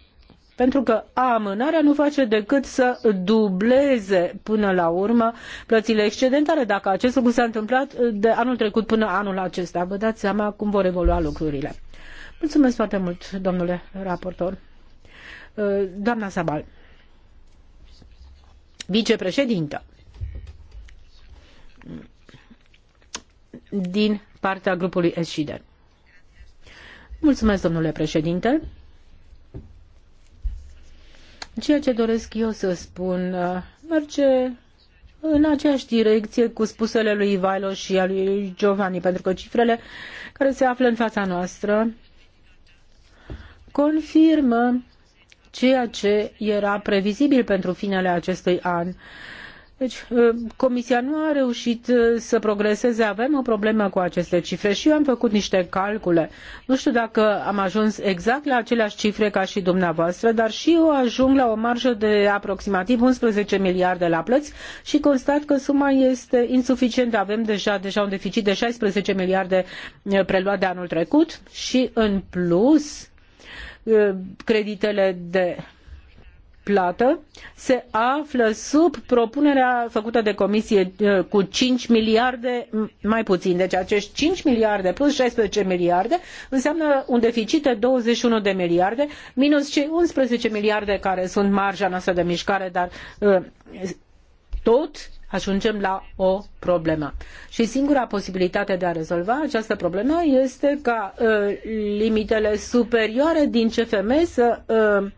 pentru că amânarea nu face decât să dubleze până la urmă plățile excedentare. Dacă acest lucru s-a întâmplat de anul trecut până anul acesta, vă dați seama cum vor evolua lucrurile. Mulțumesc foarte mult, domnule raportor. Uh, doamna Sabal, vicepreședintă, din partea grupului Eschiden. Mulțumesc, domnule președinte. Ceea ce doresc eu să spun uh, merge în aceeași direcție cu spusele lui Ivailo și a lui Giovanni, pentru că cifrele care se află în fața noastră confirmă ceea ce era previzibil pentru finele acestui an deci, uh, Comisia nu a reușit uh, să progreseze, avem o problemă cu aceste cifre și eu am făcut niște calcule. Nu știu dacă am ajuns exact la aceleași cifre ca și dumneavoastră, dar și eu ajung la o marjă de aproximativ 11 miliarde la plăți și constat că suma este insuficientă. Avem deja, deja un deficit de 16 miliarde uh, preluat de anul trecut și, în plus, creditele de plată se află sub propunerea făcută de comisie eh, cu cinci miliarde mai puțin. Deci acești cinci miliarde plus 16 miliarde înseamnă un deficit de 21 de miliarde minus cei 11 miliarde care sunt marja noastră de mișcare, dar eh, tot ajungem la o problemă. Și singura posibilitate de a rezolva această problemă este ca uh, limitele superioare din CFM să uh,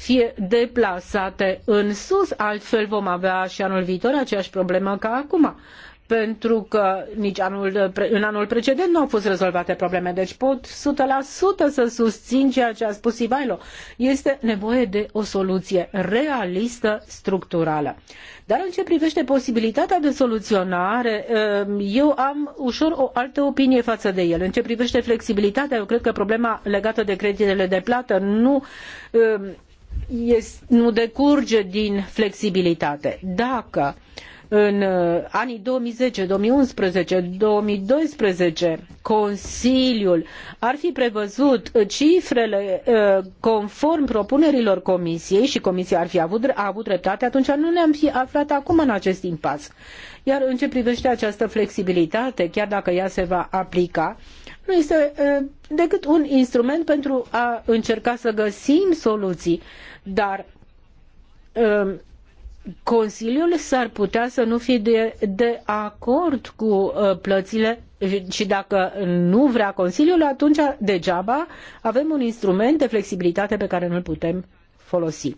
fie deplasate în sus, altfel vom avea și anul viitor aceeași problemă ca acum pentru că nici anul, în anul precedent nu au fost rezolvate probleme. Deci pot 100% să susțin ceea ce a spus Ivailo. Este nevoie de o soluție realistă, structurală. Dar în ce privește posibilitatea de soluționare, ehm, eu am ușor o altă opinie față de el. În ce privește flexibilitatea, eu cred că problema legată de creditele de plată nu ehm, nu decurge din flexibilitate. Dacă în uh, anii 2010, 2011, 2012 Consiliul ar fi prevăzut cifrele uh, conform propunerilor Comisiei și Comisia ar fi avut, a avut dreptate, atunci nu ne-am fi aflat acum în acest impas. Iar în ce privește această flexibilitate, chiar dacă ea se va aplica, nu este decât un instrument pentru a încerca să găsim soluții, dar Consiliul s-ar putea să nu fie de, de acord cu plățile și dacă nu vrea Consiliul, atunci degeaba avem un instrument de flexibilitate pe care nu-l putem folosi.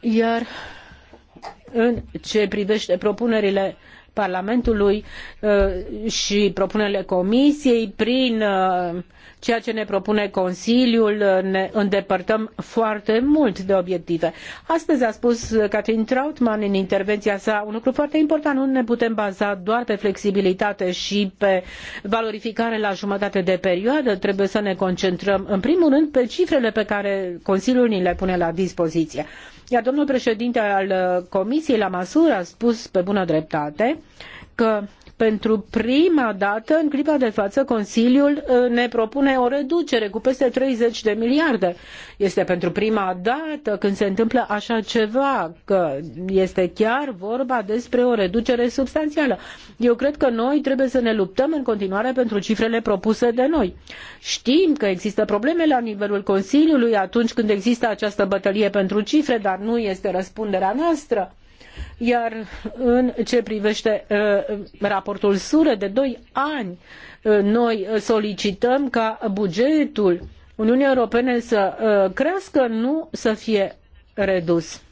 Iar în ce privește propunerile Parlamentului uh, și propunerile Comisiei, prin uh, ceea ce ne propune Consiliul, uh, ne îndepărtăm foarte mult de obiective. Astăzi a spus Catherine Trautmann în intervenția sa un lucru foarte important. Nu ne putem baza doar pe flexibilitate și pe valorificare la jumătate de perioadă. Trebuie să ne concentrăm, în primul rând, pe cifrele pe care Consiliul ni le pune la dispoziție. Iar domnul președinte al uh, Comisiei la măsură a spus pe bună dreptate că pentru prima dată, în clipa de față, Consiliul uh, ne propune o reducere cu peste 30 de miliarde. Este pentru prima dată când se întâmplă așa ceva, că este chiar vorba despre o reducere substanțială. Eu cred că noi trebuie să ne luptăm în continuare pentru cifrele propuse de noi. Știm că există probleme la nivelul Consiliului atunci când există această bătălie pentru cifre, dar nu este răspunderea noastră. Iar în ce privete uh, raportul SURE de doi ani, uh, noi solicităm ca bugetul Uniunii Europene să uh, crească, nu să fie redus.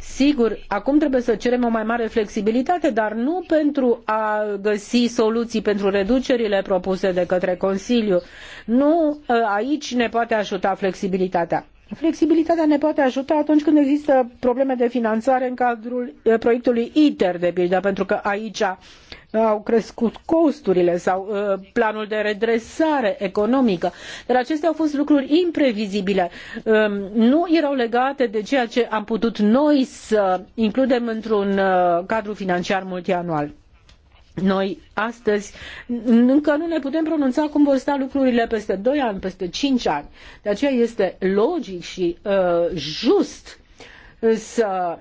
Sigur, acum trebuie să cerem o mai mare flexibilitate, dar nu pentru a găsi soluții pentru reducerile propuse de către Consiliu. Nu aici ne poate ajuta flexibilitatea. Flexibilitatea ne poate ajuta atunci când există probleme de finanțare în cadrul eh, proiectului ITER, de pildă, pentru că aici eh, au crescut costurile sau eh, planul de redresare economică. Dar acestea au fost lucruri imprevizibile. Ehm, nu erau legate de ceea ce am putut noi să includem într-un cadru financiar multianual. Noi astăzi încă nu ne putem pronunța cum vor sta lucrurile peste 2 ani, peste 5 ani. De aceea este logic și uh, just uh, să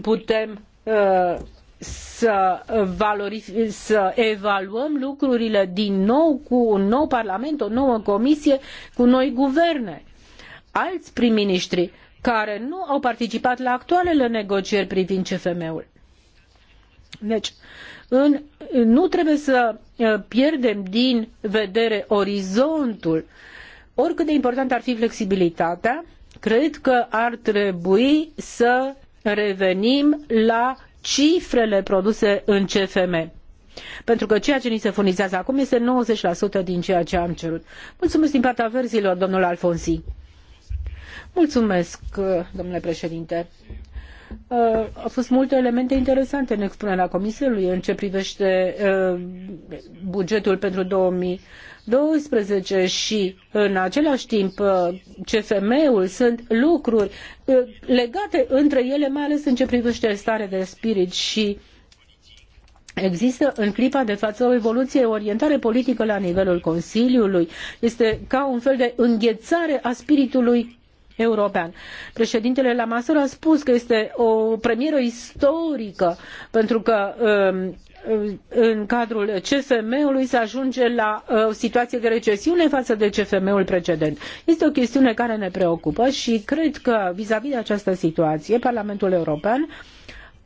putem uh, să, să evaluăm lucrurile din nou cu un nou parlament, o nouă comisie, cu noi guverne. Alți prim-ministri care nu au participat la actualele negocieri privind CFM-ul. Deci, în, nu trebuie să uh, pierdem din vedere orizontul. Oricât de important ar fi flexibilitatea, cred că ar trebui să revenim la cifrele produse în CFM. Pentru că ceea ce ni se furnizează acum este 90% din ceea ce am cerut. Mulțumesc din partea verzilor, domnul Alfonsi. Mulțumesc, uh, domnule președinte. Uh, au fost multe elemente interesante în expunerea Comisiei în ce privește uh, bugetul pentru 2012 și în același timp uh, CFM-ul sunt lucruri uh, legate între ele, mai ales în ce privește starea de spirit și Există în clipa de față o evoluție, o orientare politică la nivelul Consiliului. Este ca un fel de înghețare a spiritului european. Președintele Lamassoure a spus că este o premieră istorică pentru că um, în cadrul CFM-ului se ajunge la uh, o situație de recesiune față de CFM-ul precedent. Este o chestiune care ne preocupă și cred că vis-a-vis de această situație Parlamentul European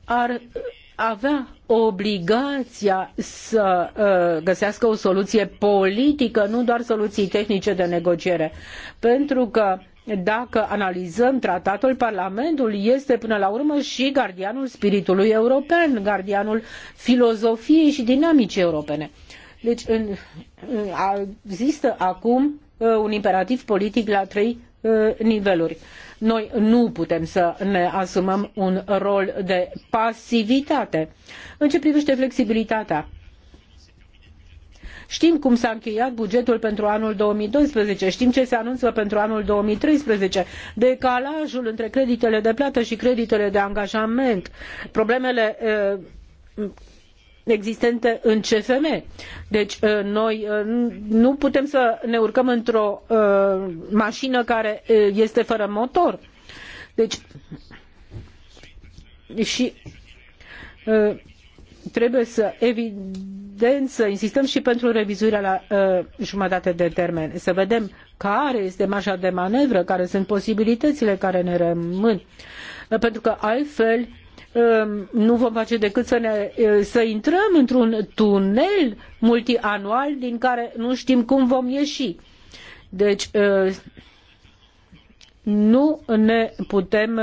ar avea obligația să uh, găsească o soluție politică, nu doar soluții tehnice de negociere. Pentru că dacă analizăm tratatul, Parlamentul este până la urmă și gardianul spiritului european, gardianul filozofiei și dinamicii europene. Deci există acum uh, un imperativ politic la trei uh, niveluri. Noi nu putem să ne asumăm un rol de pasivitate. În ce privește flexibilitatea, Știm cum s-a încheiat bugetul pentru anul 2012, știm ce se anunță pentru anul 2013, decalajul între creditele de plată și creditele de angajament, problemele eh, existente în CFM. Deci eh, noi eh, nu putem să ne urcăm într-o mașină care este fără motor. Deci și trebuie să evident să insistăm și pentru revizuirea la uh, jumătate de termen, să vedem care este marja de manevră, care sunt posibilitățile care ne rămân. Uh, pentru că altfel um, nu vom face decât să, ne, uh, să intrăm într-un tunel multianual din care nu știm cum vom ieși. Deci uh, nu ne putem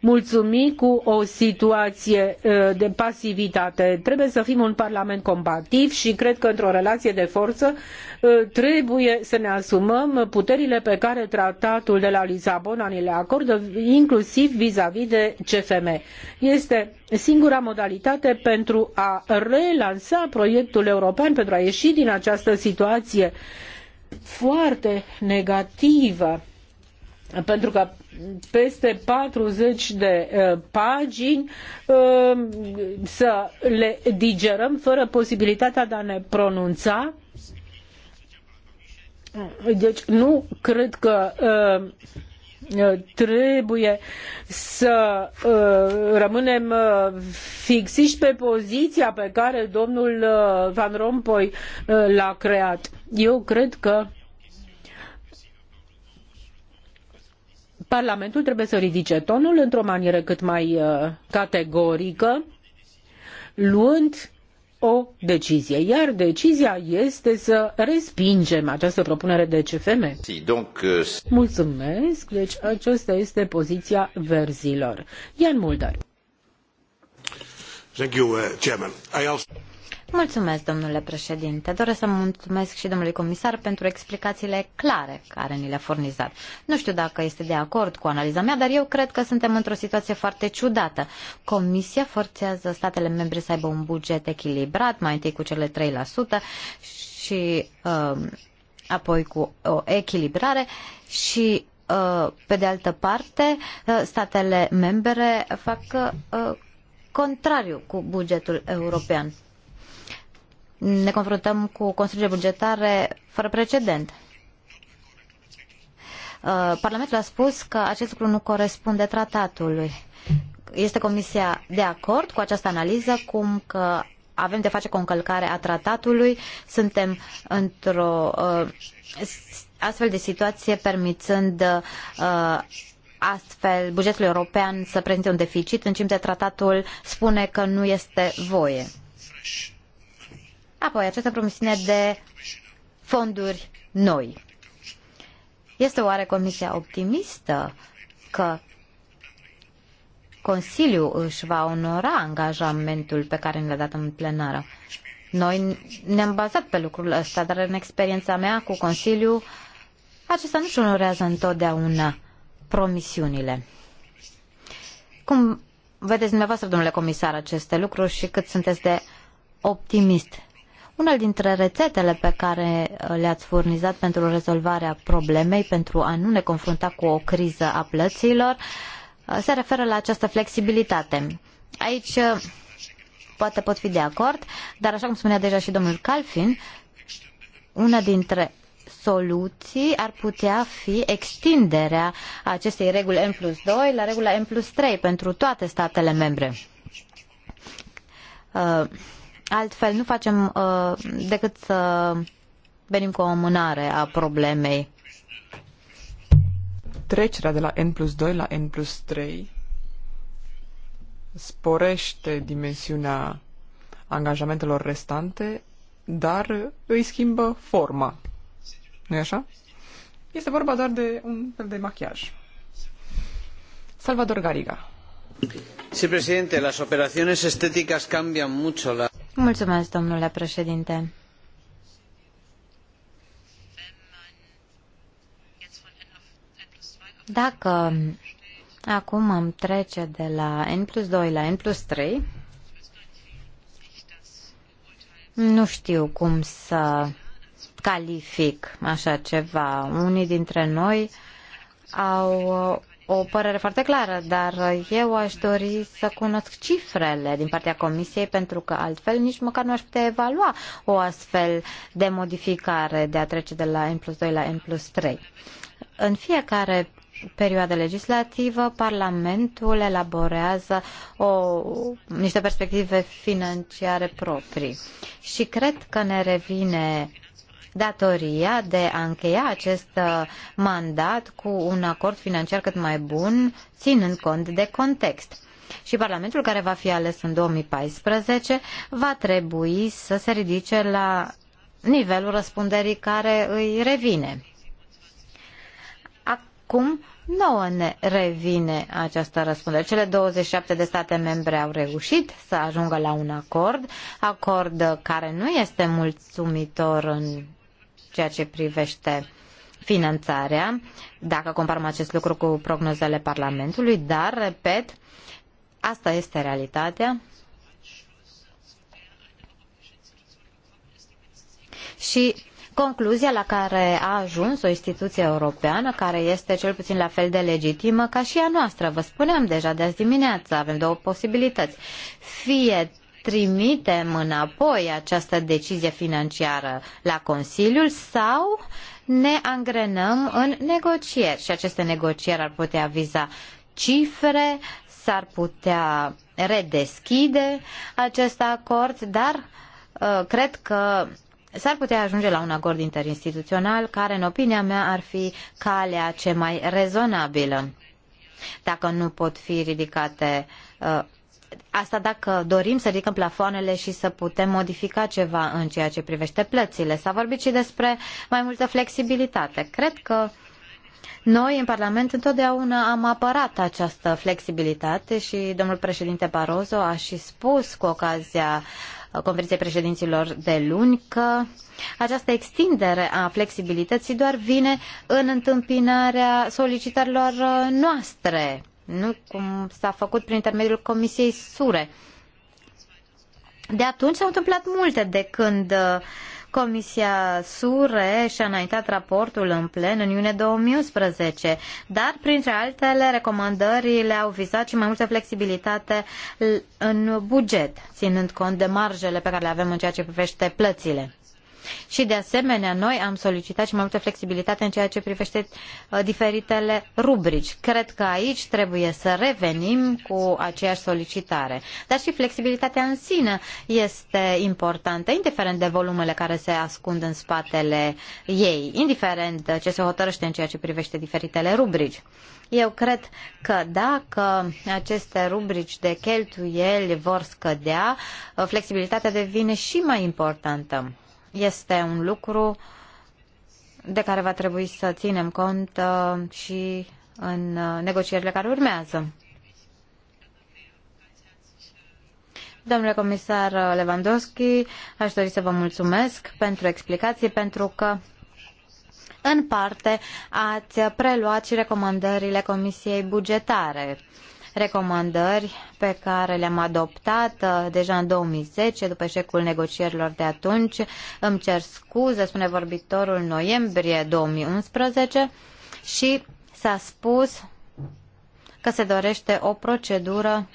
mulțumi cu o situație uh, de pasivitate. Trebuie să fim un parlament combativ și cred că într-o relație de forță uh, trebuie să ne asumăm puterile pe care tratatul de la Lisabona ni le acordă, inclusiv vizavi de CFM. Este singura modalitate pentru a relansa proiectul european, pentru a ieși din această situație foarte negativă pentru că peste 40 de uh, pagini um, să le digerăm fără posibilitatea de a ne pronunța. Deci nu cred că uh, uh, trebuie să rămânem fixiși pe poziția pe care domnul Van Rompuy l-a creat. Eu cred că Parlamentul trebuie să ridice tonul într-o manieră cât mai uh, categorică, luând o decizie, iar decizia este să respingem această propunere de CFM. Uh, Mulțumesc, deci aceasta este poziția verzilor. Ian Mulder. Thank you, uh, Chairman. I also... Mulțumesc, domnule președinte. Doresc să mulțumesc și domnului comisar pentru explicațiile clare care ni le-a furnizat. Nu știu dacă este de acord cu analiza mea, dar eu cred că suntem într-o situație foarte ciudată. Comisia forțează statele membre să aibă un buget echilibrat, mai întâi cu cele 3% și uh, apoi cu o echilibrare și uh, pe de altă parte, uh, statele membre fac uh, contrariu cu bugetul european ne confruntăm cu constrângeri bugetare fără precedent. Uh, Parlamentul a spus că acest lucru nu corespunde tratatului. Este Comisia de acord cu această analiză, cum că avem de face cu o încălcare a tratatului, suntem într-o uh, astfel de situație permițând uh, astfel bugetul european să prezinte un deficit, în timp ce tratatul spune că nu este voie. Apoi, această promisiune de fonduri noi. Este oare Comisia optimistă că Consiliul își va onora angajamentul pe care ne l-a dat în plenară? Noi ne-am bazat pe lucrul ăsta, dar în experiența mea cu Consiliul, acesta nu-și onorează întotdeauna promisiunile. Cum vedeți dumneavoastră, domnule comisar, aceste lucruri și cât sunteți de optimist una dintre rețetele pe care le-ați furnizat pentru rezolvarea problemei, pentru a nu ne confrunta cu o criză a plăților, se referă la această flexibilitate. Aici uh, poate pot fi de acord, dar așa cum spunea deja și domnul Calfin, una dintre soluții ar putea fi extinderea acestei reguli N plus 2 la regula N plus 3 pentru toate statele membre. Uh, Altfel, nu facem uh, decât să venim cu o amânare a problemei. Trecerea de la N plus 2 la N plus 3 sporește dimensiunea angajamentelor restante, dar îi schimbă forma. nu e așa? Este vorba doar de un fel de machiaj. Salvador Gariga. Sí, presidente, las operaciones estéticas cambian mucho la Mulțumesc, domnule președinte. Dacă acum am trece de la N plus 2 la N plus 3, nu știu cum să calific așa ceva. Unii dintre noi au o părere foarte clară, dar eu aș dori să cunosc cifrele din partea Comisiei, pentru că altfel nici măcar nu aș putea evalua o astfel de modificare de a trece de la N plus 2 la N plus 3. În fiecare perioadă legislativă, Parlamentul elaborează o, niște perspective financiare proprii. Și cred că ne revine datoria de a încheia acest uh, mandat cu un acord financiar cât mai bun, ținând cont de context. Și Parlamentul care va fi ales în 2014 va trebui să se ridice la nivelul răspunderii care îi revine. Acum nouă ne revine această răspundere. Cele 27 de state membre au reușit să ajungă la un acord, acord care nu este mulțumitor în ceea ce privește finanțarea, dacă comparăm acest lucru cu prognozele Parlamentului, dar, repet, asta este realitatea. Și concluzia la care a ajuns o instituție europeană, care este cel puțin la fel de legitimă ca și a noastră. Vă spuneam deja de azi dimineață, avem două posibilități. Fie trimitem înapoi această decizie financiară la Consiliul sau ne angrenăm în negocieri și aceste negocieri ar putea viza cifre, s-ar putea redeschide acest acord, dar uh, cred că s-ar putea ajunge la un acord interinstituțional care, în opinia mea, ar fi calea ce mai rezonabilă. Dacă nu pot fi ridicate uh, Asta dacă dorim să ridicăm plafoanele și să putem modifica ceva în ceea ce privește plățile. S-a vorbit și despre mai multă flexibilitate. Cred că noi în Parlament întotdeauna am apărat această flexibilitate și domnul președinte Barroso a și spus cu ocazia conferinței președinților de luni că această extindere a flexibilității doar vine în întâmpinarea solicitărilor noastre nu cum s-a făcut prin intermediul Comisiei Sure. De atunci s-au întâmplat multe de când uh, Comisia Sure și-a înaintat raportul în plen în iunie 2011, dar printre altele recomandările au vizat și mai multă flexibilitate în buget, ținând cont de marjele pe care le avem în ceea ce privește plățile. Și de asemenea, noi am solicitat și mai multă flexibilitate în ceea ce privește uh, diferitele rubrici. Cred că aici trebuie să revenim cu aceeași solicitare. Dar și flexibilitatea în sine este importantă, indiferent de volumele care se ascund în spatele ei, indiferent de ce se hotărăște în ceea ce privește diferitele rubrici. Eu cred că dacă aceste rubrici de cheltuieli vor scădea, uh, flexibilitatea devine și mai importantă este un lucru de care va trebui să ținem cont uh, și în uh, negocierile care urmează. Domnule comisar Lewandowski, aș dori să vă mulțumesc pentru explicații, pentru că în parte ați preluat și recomandările Comisiei Bugetare recomandări pe care le-am adoptat uh, deja în 2010, după eșecul negocierilor de atunci. Îmi cer scuze, spune vorbitorul, noiembrie 2011 și s-a spus că se dorește o procedură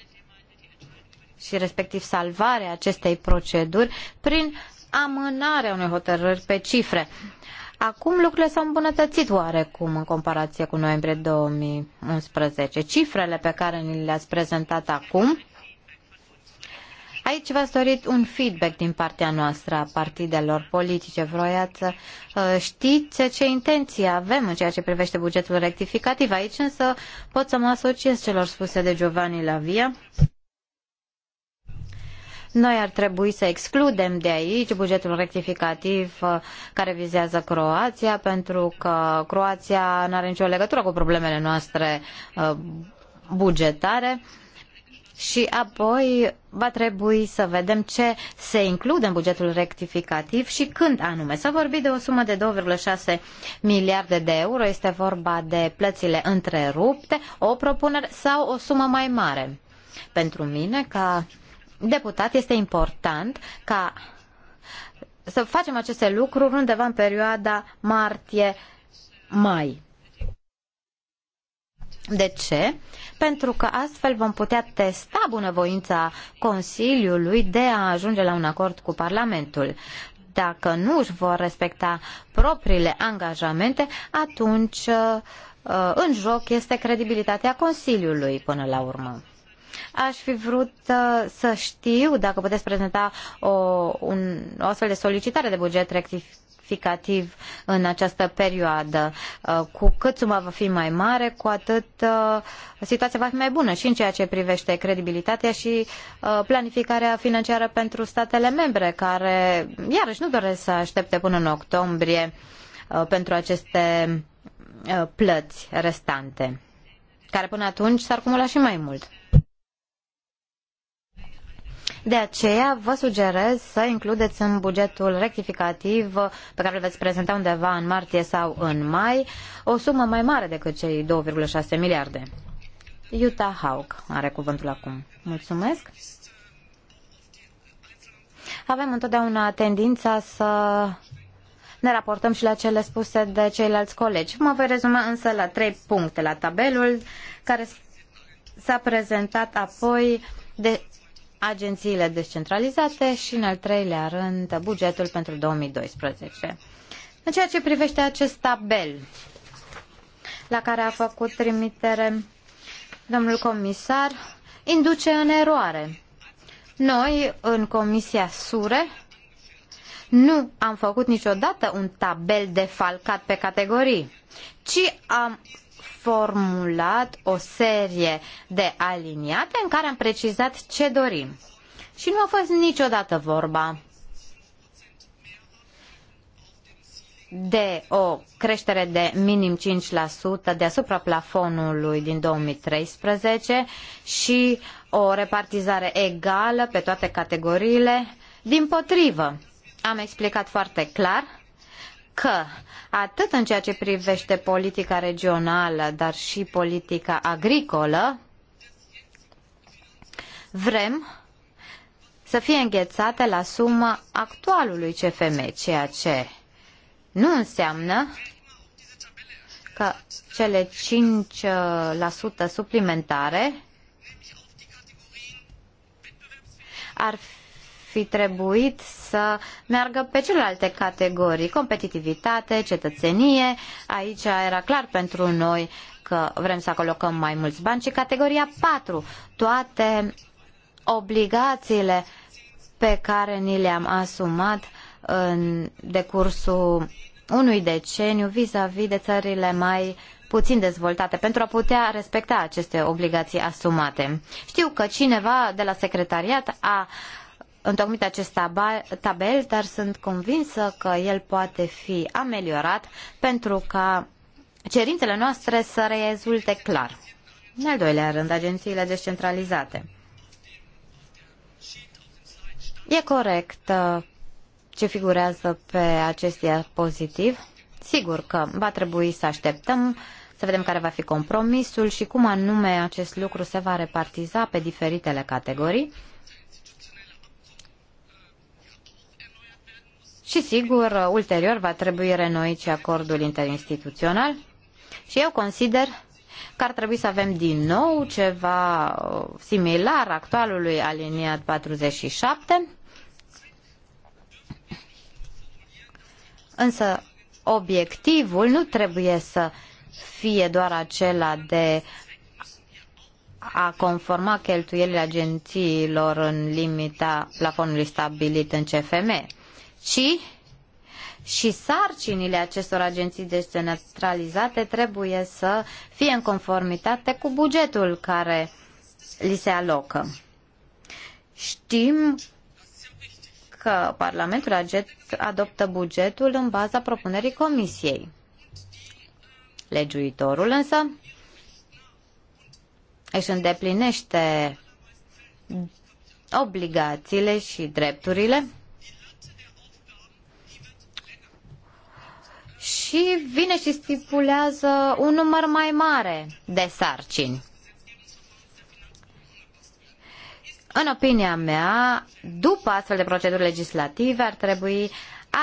și respectiv salvarea acestei proceduri prin amânarea unei hotărâri pe cifre. Acum lucrurile s-au îmbunătățit oarecum în comparație cu noiembrie 2011. Cifrele pe care ni le-ați prezentat acum, aici v-ați dorit un feedback din partea noastră a partidelor politice. Vroiați să uh, știți ce intenții avem în ceea ce privește bugetul rectificativ. Aici însă pot să mă asociez celor spuse de Giovanni Lavia. Noi ar trebui să excludem de aici bugetul rectificativ uh, care vizează Croația, pentru că Croația nu are nicio legătură cu problemele noastre uh, bugetare. Și apoi va trebui să vedem ce se include în bugetul rectificativ și când anume. S-a vorbit de o sumă de 2,6 miliarde de euro, este vorba de plățile întrerupte, o propunere sau o sumă mai mare. Pentru mine, ca deputat este important ca să facem aceste lucruri undeva în perioada martie-mai. De ce? Pentru că astfel vom putea testa bunăvoința Consiliului de a ajunge la un acord cu Parlamentul. Dacă nu își vor respecta propriile angajamente, atunci uh, în joc este credibilitatea Consiliului până la urmă. Aș fi vrut uh, să știu dacă puteți prezenta o, un, o astfel de solicitare de buget rectificativ în această perioadă. Uh, cu cât suma va fi mai mare, cu atât uh, situația va fi mai bună și în ceea ce privește credibilitatea și planificarea financiară pentru statele membre, care iarăși nu doresc să aștepte până în octombrie pentru aceste plăți restante, care până atunci s-ar cumula și mai mult. De aceea vă sugerez să includeți în bugetul rectificativ pe care îl veți prezenta undeva în martie sau în mai o sumă mai mare decât cei 2,6 miliarde. Utah Hawk are cuvântul acum. Mulțumesc! Avem întotdeauna tendința să ne raportăm și la cele spuse de ceilalți colegi. Mă voi rezuma însă la trei puncte la tabelul care s-a prezentat apoi de agențiile descentralizate și, în al treilea rând, bugetul pentru 2012. În ceea ce privește acest tabel la care a făcut trimitere domnul comisar, induce în eroare. Noi, în Comisia Sure, nu am făcut niciodată un tabel defalcat pe categorii, ci am formulat o serie de aliniate în care am precizat ce dorim. Și nu a fost niciodată vorba de o creștere de minim 5% deasupra plafonului din 2013 și o repartizare egală pe toate categoriile. Din potrivă, am explicat foarte clar că atât în ceea ce privește politica regională, dar și politica agricolă, vrem să fie înghețate la suma actualului CFM, ceea ce nu înseamnă că cele 5% uh, suplimentare ar fi trebuit să meargă pe celelalte categorii, competitivitate, cetățenie. Aici era clar pentru noi că vrem să colocăm mai mulți bani și categoria 4, toate obligațiile pe care ni le-am asumat în decursul unui deceniu vis-a-vis -vis de țările mai puțin dezvoltate pentru a putea respecta aceste obligații asumate. Știu că cineva de la secretariat a uh, întocmit acest tabel, dar sunt convinsă că el poate fi ameliorat pentru ca cerințele noastre să rezulte clar. În al doilea rând, agențiile descentralizate. E corect uh, ce figurează pe acest diapozitiv. Sigur că va trebui să așteptăm să vedem care va fi compromisul și cum anume acest lucru se va repartiza pe diferitele categorii. Și sigur, ulterior va trebui renoit și acordul interinstituțional. Și eu consider că ar trebui să avem din nou ceva uh, similar actualului aliniat 47, însă obiectivul nu trebuie să fie doar acela de a conforma cheltuielile agențiilor în limita plafonului stabilit în CFM ci și sarcinile acestor agenții descentralizate trebuie să fie în conformitate cu bugetul care li se alocă. Știm că Parlamentul adoptă bugetul în baza propunerii Comisiei. Legiuitorul însă își îndeplinește obligațiile și drepturile și vine și stipulează un număr mai mare de sarcini. În opinia mea, după astfel de proceduri legislative, ar trebui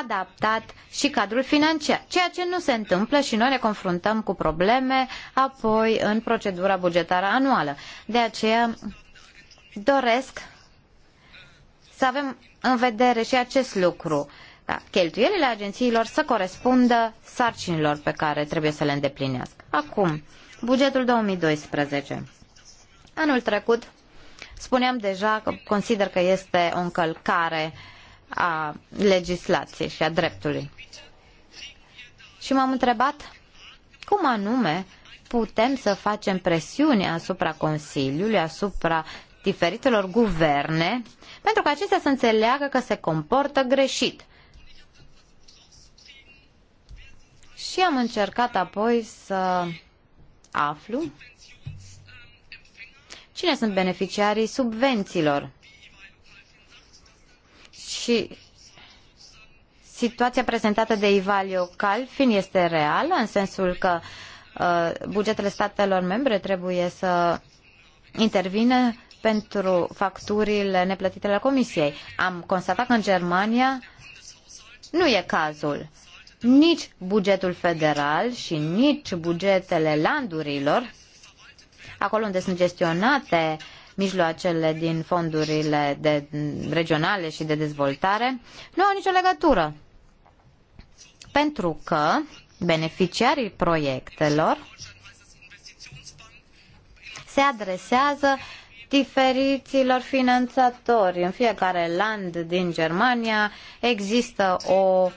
adaptat și cadrul financiar, ceea ce nu se întâmplă și noi ne confruntăm cu probleme apoi în procedura bugetară anuală. De aceea doresc să avem în vedere și acest lucru. Uh, ca cheltuielile agențiilor să corespundă sarcinilor pe care trebuie să le îndeplinească. Acum, bugetul 2012. Anul trecut spuneam deja că consider că este o încălcare a legislației și a dreptului. Și m-am întrebat cum anume putem să facem presiune asupra Consiliului, asupra diferitelor guverne, pentru că acestea să înțeleagă că se comportă greșit Și am încercat apoi să aflu cine sunt beneficiarii subvențiilor. Și situația prezentată de Ivalio Calfin este reală în sensul că uh, bugetele statelor membre trebuie să intervină pentru facturile neplătite la Comisiei. Am constatat că în Germania nu e cazul nici bugetul federal și nici bugetele landurilor, acolo unde sunt gestionate mijloacele din fondurile de, regionale și de dezvoltare, nu au nicio legătură. Pentru că beneficiarii proiectelor se adresează diferiților finanțatori. În fiecare land din Germania există o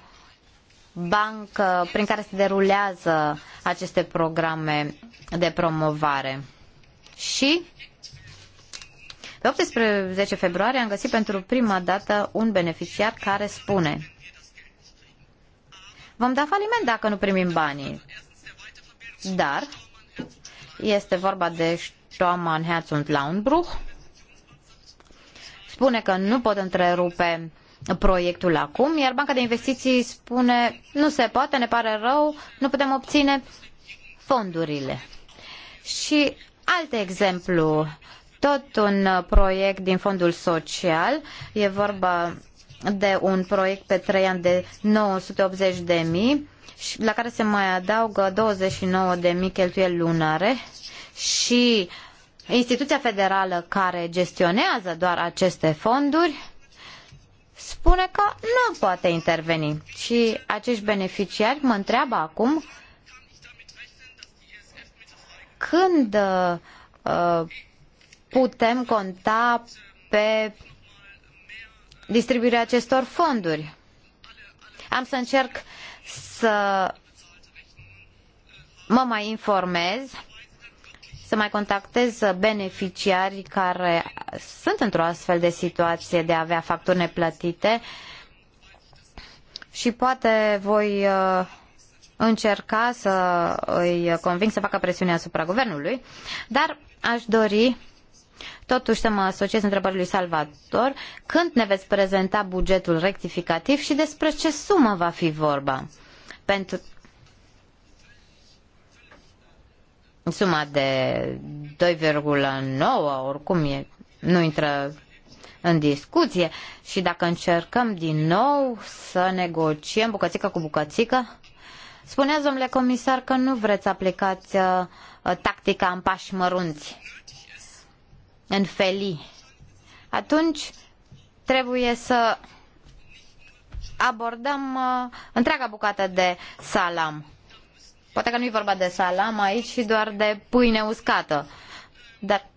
bancă prin care se derulează aceste programe de promovare. Și pe 18 februarie am găsit pentru prima dată un beneficiar care spune Vom da faliment dacă nu primim banii. Dar este vorba de Stoaman Herz und Launbruch. Spune că nu pot întrerupe proiectul acum, iar Banca de Investiții spune nu se poate, ne pare rău, nu putem obține fondurile. Și alt exemplu, tot un proiect din fondul social, e vorba de un proiect pe trei ani de 980 de mii, la care se mai adaugă 29 de mii cheltuieli lunare și instituția federală care gestionează doar aceste fonduri spune că nu poate interveni. Și acești beneficiari mă întreabă acum când uh, putem conta pe distribuirea acestor fonduri. Am să încerc să mă mai informez să mai contactez beneficiari care sunt într-o astfel de situație de a avea facturi neplătite și poate voi uh, încerca să îi conving să facă presiune asupra guvernului, dar aș dori totuși să mă asociez întrebării lui Salvator când ne veți prezenta bugetul rectificativ și despre ce sumă va fi vorba. Pentru în suma de 2,9 oricum e, nu intră în discuție și dacă încercăm din nou să negociem bucățică cu bucățică, spuneați, domnule comisar, că nu vreți să aplicați uh, tactica în pași mărunți, în felii. Atunci trebuie să abordăm uh, întreaga bucată de salam Poate că nu e vorba de salam aici, ci doar de pâine uscată. Dar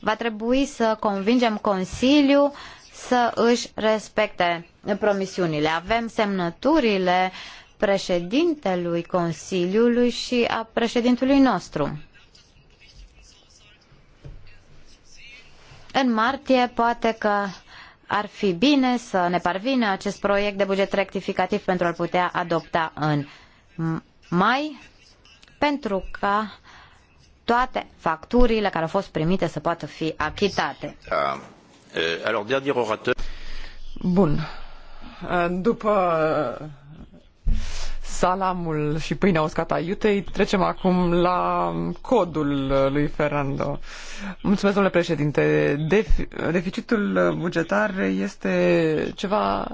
va trebui să convingem Consiliul să își respecte promisiunile. Avem semnăturile președintelui Consiliului și a președintului nostru. În martie poate că ar fi bine să ne parvină acest proiect de buget rectificativ pentru a-l putea adopta în mai pentru ca toate facturile care au fost primite să poată fi achitate. Ah, eh, Bun. Eh, după salamul și pâinea uscată a iutei, trecem acum la codul eh, lui Fernando. Mulțumesc, domnule președinte. Defi- deficitul bugetar este ceva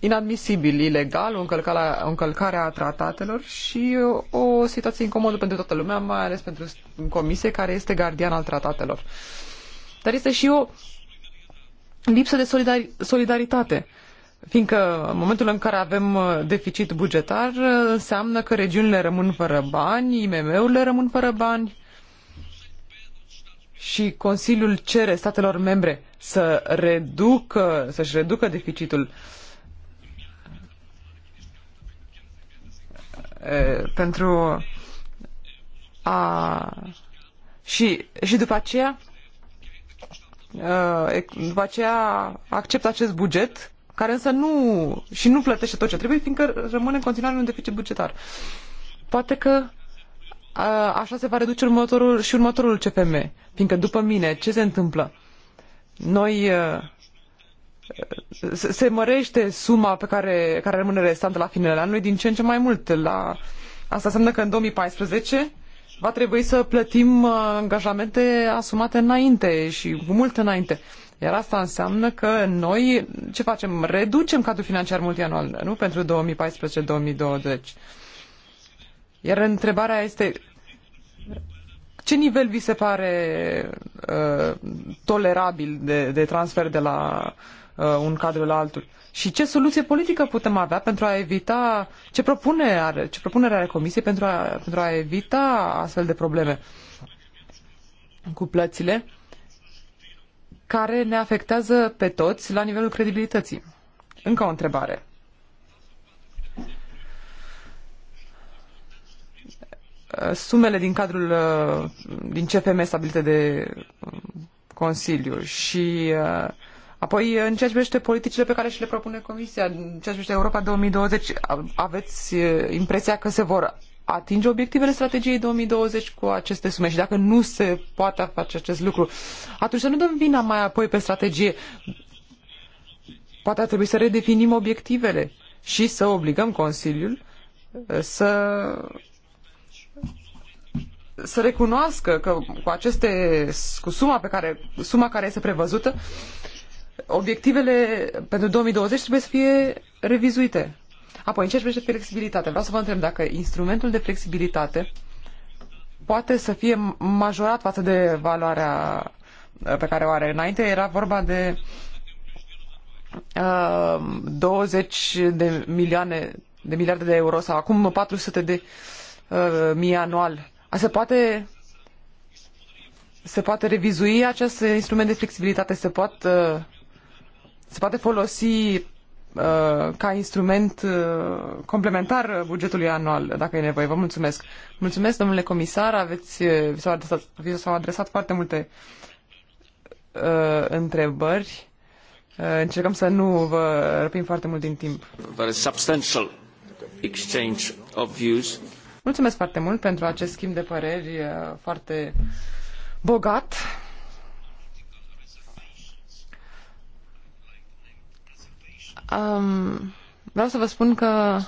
inadmisibil, ilegal, o încălcare, o încălcare a tratatelor și o, uh, o situație incomodă pentru toată lumea, mai ales pentru comisie care este gardian al tratatelor. Dar este și o lipsă de solidar- solidaritate. Fiindcă în momentul în care avem uh, deficit bugetar, uh, înseamnă că regiunile rămân fără bani, IMM-urile rămân fără bani și Consiliul cere statelor membre să reducă, să-și reducă deficitul uh, pentru a... Și, și după aceea după aceea acceptă acest buget care însă nu și nu plătește tot ce trebuie, fiindcă rămâne în continuare un deficit bugetar. Poate că așa se va reduce următorul și următorul CPM, fiindcă după mine, ce se întâmplă? Noi se mărește suma pe care, care rămâne restantă la finele anului din ce în ce mai mult. La... Asta înseamnă că în 2014 va trebui să plătim uh, angajamente asumate înainte și cu mult înainte. Iar asta înseamnă că noi, ce facem? Reducem cadrul financiar multianual, nu? Pentru 2014-2020. Iar întrebarea este, ce nivel vi se pare uh, tolerabil de, de transfer de la Uh, un cadru la altul. Și ce soluție politică putem avea pentru a evita, ce, propune are, ce propunere are Comisiei pentru a, pentru a evita astfel de probleme cu plățile care ne afectează pe toți la nivelul credibilității? Încă o întrebare. Sumele din cadrul uh, din CFM stabilite de uh, Consiliu și uh, Apoi, în ceea ce privește politicile pe care și le propune Comisia, în ceea ce privește Europa 2020, aveți impresia că se vor atinge obiectivele strategiei 2020 cu aceste sume și dacă nu se poate face acest lucru, atunci să nu dăm vina mai apoi pe strategie. Poate ar trebui să redefinim obiectivele și să obligăm Consiliul să să recunoască că cu aceste cu suma pe care suma care este prevăzută obiectivele pentru 2020 trebuie să fie revizuite. Apoi, în ce privește flexibilitatea, vreau să vă întreb dacă instrumentul de flexibilitate poate să fie majorat față de valoarea uh, pe care o are. Înainte era vorba de uh, 20 de milioane de miliarde de euro sau acum 400 de uh, mii anual. A, se poate se poate revizui acest instrument de flexibilitate? Se pot uh, se poate folosi uh, ca instrument uh, complementar bugetului anual, dacă e nevoie. Vă mulțumesc. Mulțumesc, domnule comisar, aveți, uh, vi, s-au adresat, vi s-au adresat foarte multe uh, întrebări. Uh, încercăm să nu vă răpim foarte mult din timp. substantial exchange of views. Mulțumesc foarte mult pentru acest schimb de păreri uh, foarte bogat. vreau să vă spun că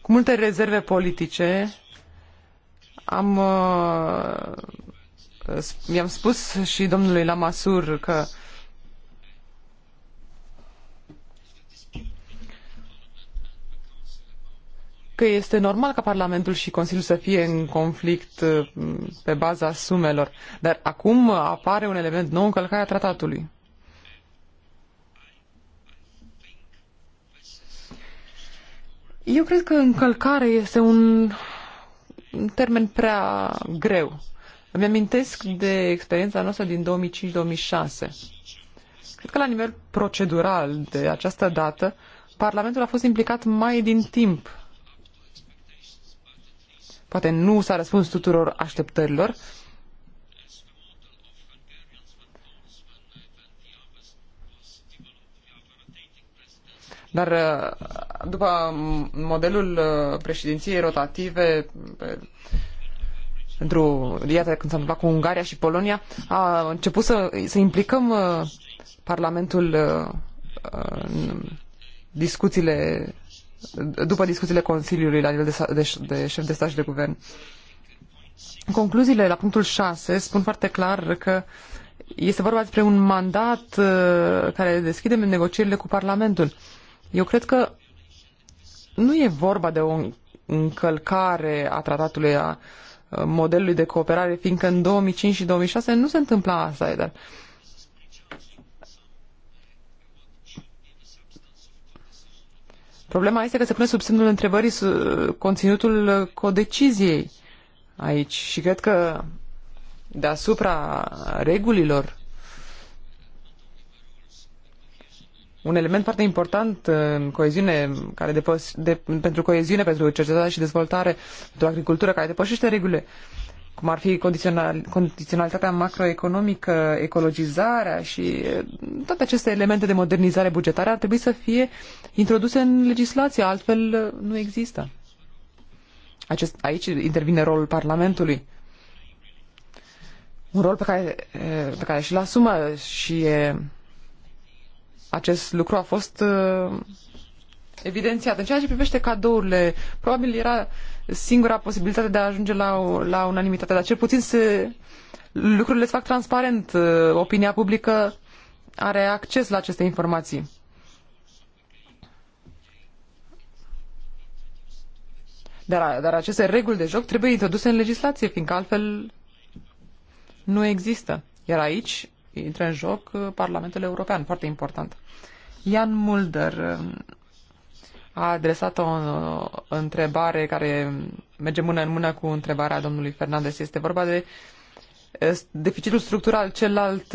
cu multe rezerve politice am uh, i-am spus și domnului Lamasur că că este normal ca Parlamentul și Consiliul să fie în conflict uh, pe baza sumelor, dar acum apare un element nou încălcarea tratatului. Eu cred că încălcare este un termen prea greu. Îmi amintesc de experiența noastră din 2005-2006. Cred că la nivel procedural de această dată, Parlamentul a fost implicat mai din timp. Poate nu s-a răspuns tuturor așteptărilor, Dar uh, după modelul uh, președinției rotative pentru, iată când s-a întâmplat cu Ungaria și Polonia, a început să, să implicăm uh, Parlamentul în discuțiile după discuțiile Consiliului la nivel de, de, de șef de stat și de guvern. Concluziile la punctul 6 spun foarte clar că este vorba despre un mandat care deschide negocierile cu Parlamentul. Eu cred că nu e vorba de o încălcare a tratatului a modelului de cooperare, fiindcă în 2005 și 2006 nu se întâmpla asta, dar Problema este că se pune sub semnul întrebării conținutul codeciziei aici și cred că deasupra regulilor un element foarte important în coeziune, care depăs, de, pentru coeziune, pentru cercetare și dezvoltare, pentru agricultură, care depășește regulile, cum ar fi condițional, condiționalitatea macroeconomică, ecologizarea și toate aceste elemente de modernizare bugetară ar trebui să fie introduse în legislație, altfel nu există. Acest, aici intervine rolul Parlamentului. Un rol pe care, pe care și-l asumă și e acest lucru a fost uh, evidențiat. În ceea ce privește cadourile, probabil era singura posibilitate de a ajunge la, la unanimitate, dar cel puțin se, lucrurile se fac transparent. Uh, opinia publică are acces la aceste informații. Dar, dar aceste reguli de joc trebuie introduse în legislație, fiindcă altfel nu există. Iar aici intră în joc uh, Parlamentul European, foarte important. Ian Mulder um, a adresat o uh, întrebare care merge mână în mână cu întrebarea domnului Fernandez. Este vorba de uh, deficitul structural, celălalt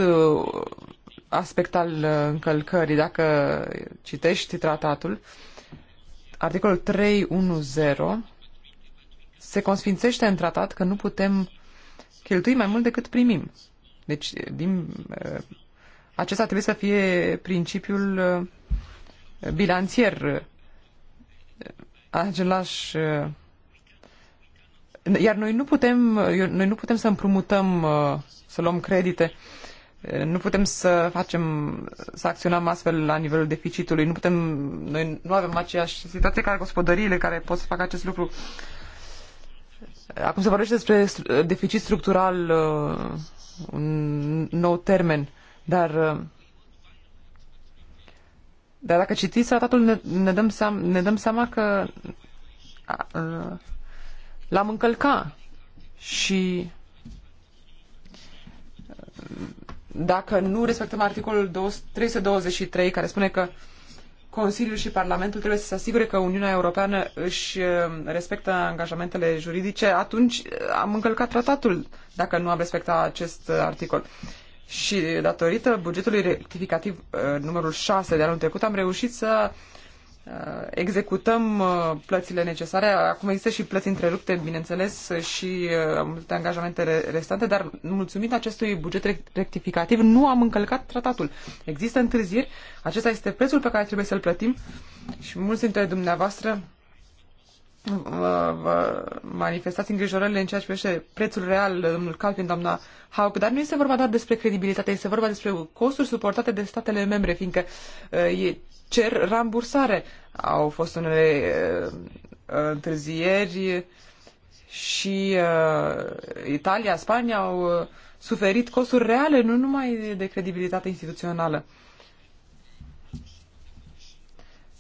aspect al încălcării. Dacă citești tratatul, articolul 310 se consfințește în tratat că nu putem cheltui mai mult decât primim. Deci, din, uh, acesta trebuie să fie principiul uh, bilanțier. Uh, același iar noi nu putem, noi nu putem să împrumutăm, să luăm credite, nu putem să facem, să acționăm astfel la nivelul deficitului, nu putem, noi nu avem aceeași situație ca gospodăriile care pot să facă acest lucru. Acum se vorbește despre deficit structural, uh, un nou termen, dar, uh, dar dacă citiți tratatul ne, ne, dăm seama, ne dăm seama că uh, l-am încălcat și dacă nu respectăm articolul 323 care spune că uh, Consiliul și Parlamentul trebuie să se asigure că Uniunea Europeană își uh, respectă angajamentele juridice, atunci uh, am încălcat tratatul dacă nu am respectat acest uh, articol. Și datorită bugetului rectificativ numărul 6 de anul trecut am reușit să uh, Uh, executăm uh, plățile necesare. Acum există și plăți întrerupte, bineînțeles, și uh, multe angajamente restante, dar mulțumit acestui buget rectificativ nu am încălcat tratatul. Există întârzieri, acesta este prețul pe care trebuie să-l plătim și mulți dintre dumneavoastră manifestați îngrijorările în ceea ce privește prețul real, domnul Calvin, doamna Hauck, dar nu este vorba doar despre credibilitate, este vorba despre costuri suportate de statele membre, fiindcă uh, cer rambursare. Au fost unele uh, uh, întârzieri și uh, Italia, Spania au uh, suferit costuri reale, nu numai de credibilitate instituțională.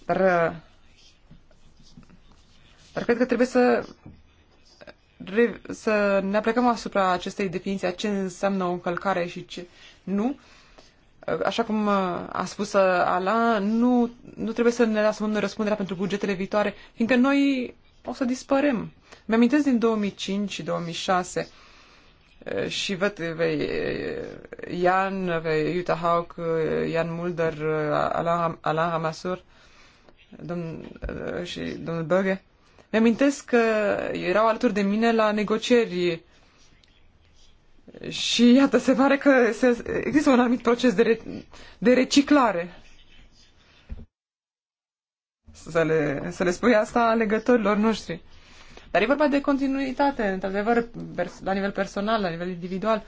Dar uh, dar cred că trebuie să, să ne aplicăm asupra acestei definiții, a ce înseamnă o încălcare și ce nu. Așa cum uh, a spus uh, Ala, nu, nu trebuie să ne lasăm noi răspunderea pentru bugetele viitoare, fiindcă noi o să dispărem. Mi-amintesc din 2005 și 2006 uh, și văd pe Ian, pe Utah Hawk, Ian Mulder, Alain Ramasur domn, și domnul Băghe, mi-amintesc că erau alături de mine la negocieri și iată, se pare că se, există un anumit proces de, re, de reciclare. Să le, să le spui asta legătorilor noștri. Dar e vorba de continuitate, într-adevăr, la nivel personal, la nivel individual.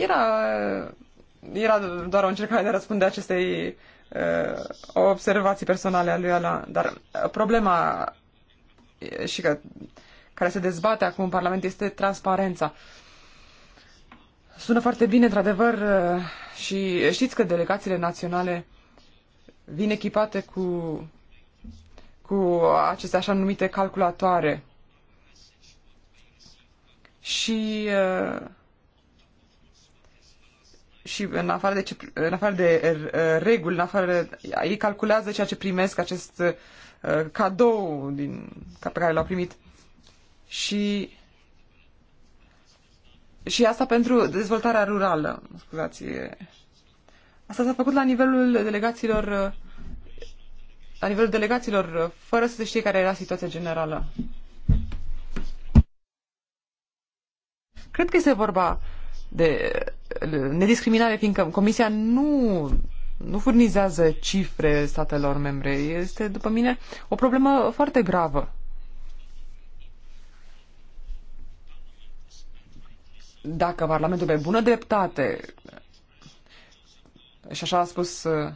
Era, era doar o încercare de a răspunde acestei uh, observații personale a lui Alan, dar problema și că, care se dezbate acum în Parlament este transparența. Sună foarte bine, într-adevăr, uh, și știți că delegațiile naționale vin echipate cu, cu aceste așa numite calculatoare. Și, uh, și în, afară de ce, în afară de uh, reguli, în afară, ei calculează ceea ce primesc acest Uh, cadou din, ca pe care l-au primit. Și, și asta pentru dezvoltarea rurală, scuzați. Asta s-a făcut la nivelul delegațiilor, uh, la nivelul delegațiilor, uh, fără să se știe care era situația generală. Cred că este vorba de nediscriminare, fiindcă Comisia nu nu furnizează cifre statelor membre. Este, după mine, o problemă foarte gravă. Dacă Parlamentul pe bună dreptate, și așa a spus, uh,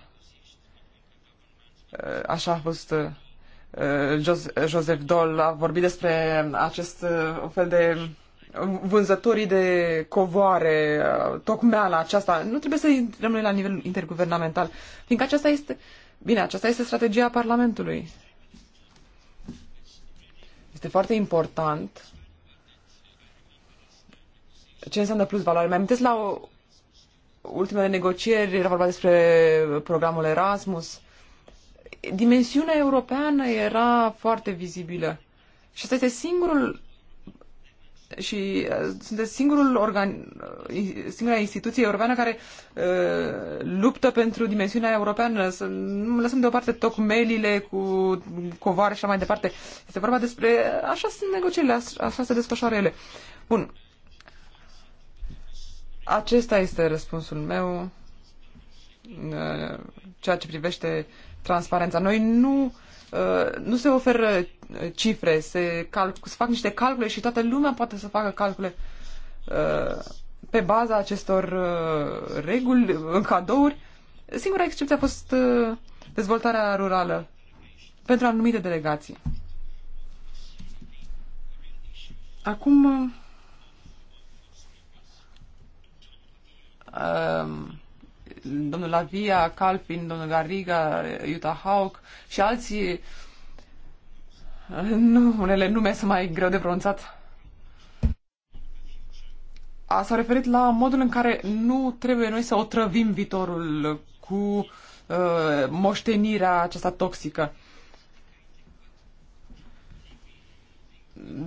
așa a fost uh, Joseph Dole, a vorbit despre acest uh, fel de vânzătorii de covoare, uh, tocmeala aceasta, nu trebuie să intrăm noi la nivel interguvernamental, fiindcă aceasta este, bine, aceasta este strategia Parlamentului. Este foarte important ce înseamnă plus valoare. Mi-am la o, ultimele negocieri, era vorba despre programul Erasmus. Dimensiunea europeană era foarte vizibilă. Și asta este singurul și uh, sunteți singurul organ, uh, singura instituție europeană care uh, luptă pentru dimensiunea europeană. Să nu lăsăm deoparte tocmelile cu covare și așa mai departe. Este vorba despre... Uh, așa sunt negocierile, așa se desfășoară ele. Bun. Acesta este răspunsul meu ceea ce privește transparența. Noi nu uh, Uh, nu se oferă uh, cifre, se, calc- se fac niște calcule și toată lumea poate să facă calcule uh, pe baza acestor reguli, în cadouri. Singura excepție a fost dezvoltarea rurală pentru anumite delegații. Acum, um, domnul Lavia, Calfin, domnul Gariga, Utah Hawk și alții. Nu, unele nume sunt mai greu de pronunțat. A s-a referit la modul în care nu trebuie noi să otrăvim viitorul cu uh, moștenirea aceasta toxică.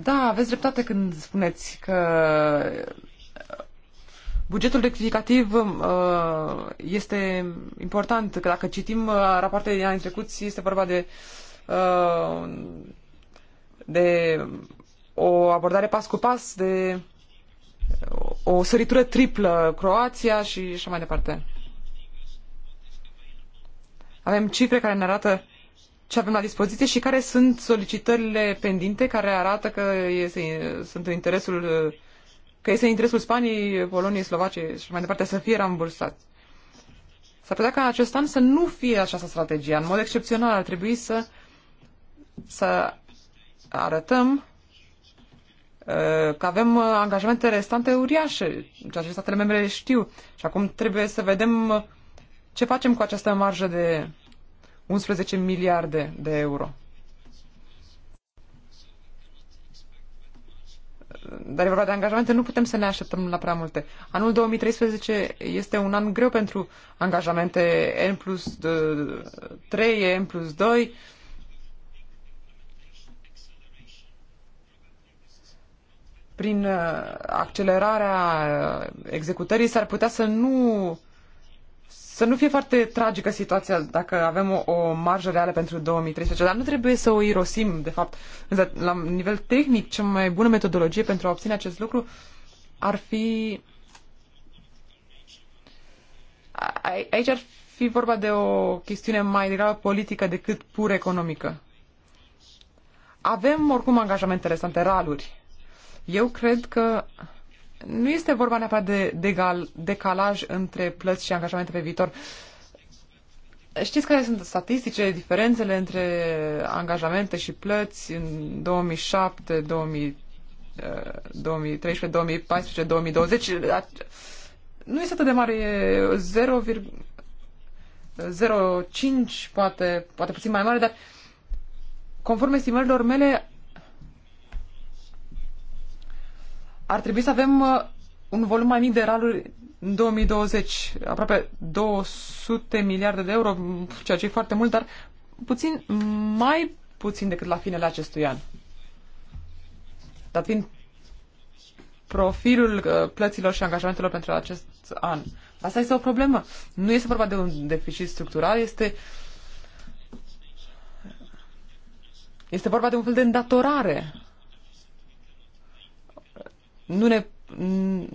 Da, aveți dreptate când spuneți că Bugetul rectificativ uh, este important, că dacă citim uh, rapoartele din anii trecuți, este vorba de, uh, de o abordare pas cu pas, de o săritură triplă, Croația și așa mai departe. Avem cifre care ne arată ce avem la dispoziție și care sunt solicitările pendinte care arată că este, sunt în interesul că este interesul Spaniei, Poloniei, Slovaciei și mai departe să fie rambursați. S-ar putea ca acest an să nu fie această strategie. În mod excepțional ar trebui să, să arătăm uh, că avem uh, angajamente restante uriașe, ceea ce statele membre știu. Și acum trebuie să vedem uh, ce facem cu această marjă de 11 miliarde de euro. dar e vorba de angajamente, nu putem să ne așteptăm la prea multe. Anul 2013 este un an greu pentru angajamente N plus 3, N plus 2. Prin uh, accelerarea uh, executării s-ar putea să nu să nu fie foarte tragică situația dacă avem o, o marjă reală pentru 2013, dar nu trebuie să o irosim, de fapt. La nivel tehnic, cea mai bună metodologie pentru a obține acest lucru ar fi... Aici ar fi vorba de o chestiune mai degrabă politică decât pur economică. Avem oricum angajamente interesante, raluri. Eu cred că nu este vorba neapărat de, de gal, decalaj între plăți și angajamente pe viitor. Știți care sunt statisticile, diferențele între angajamente și plăți în 2007, 2000, 2013, 2014, 2020? Nu este atât de mare, e 0,05, poate, poate puțin mai mare, dar conform estimărilor mele, ar trebui să avem uh, un volum mai mic de raluri în 2020, aproape 200 miliarde de euro, ceea ce e foarte mult, dar puțin mai puțin decât la finele acestui an. Dar fiind profilul uh, plăților și angajamentelor pentru acest an. Asta este o problemă. Nu este vorba de un deficit structural, este este vorba de un fel de îndatorare nu ne,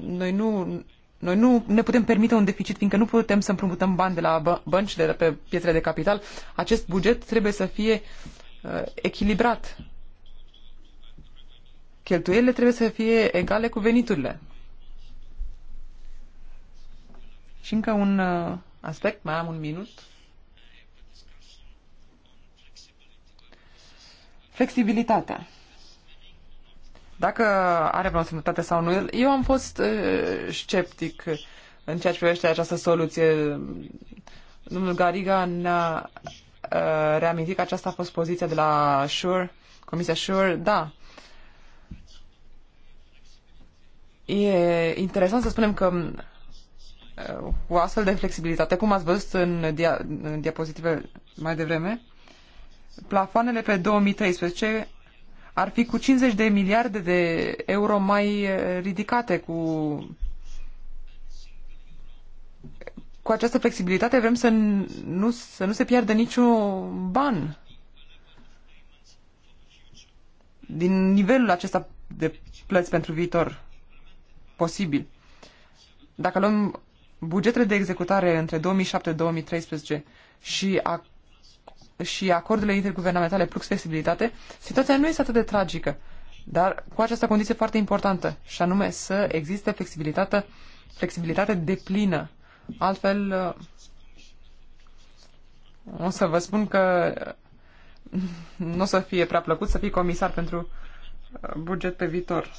noi, nu, noi nu ne putem permite un deficit, fiindcă nu putem să împrumutăm bani de la bănci, de pe pietrele de capital. Acest buget trebuie să fie uh, echilibrat. Cheltuielile trebuie să fie egale cu veniturile. Și încă un uh, aspect, mai am un minut. Flexibilitatea dacă are vreo semnătate sau nu. Eu am fost uh, sceptic în ceea ce privește această soluție. Domnul Gariga ne-a uh, reamintit că aceasta a fost poziția de la Sure, Comisia Sure. Da, E interesant să spunem că uh, o astfel de flexibilitate, cum ați văzut în, dia, în diapozitive mai devreme, plafoanele pe 2013 ar fi cu 50 de miliarde de euro mai eh, ridicate cu cu această flexibilitate vrem să nu, să nu se piardă niciun ban din nivelul acesta de plăți pentru viitor posibil. Dacă luăm bugetele de executare între 2007-2013 și, a, și acordurile interguvernamentale plus flexibilitate, situația nu este atât de tragică, dar cu această condiție foarte importantă, și anume să existe flexibilitate, flexibilitate deplină. Altfel, uh, o să vă spun că uh, nu o să fie prea plăcut să fii comisar pentru uh, buget pe viitor.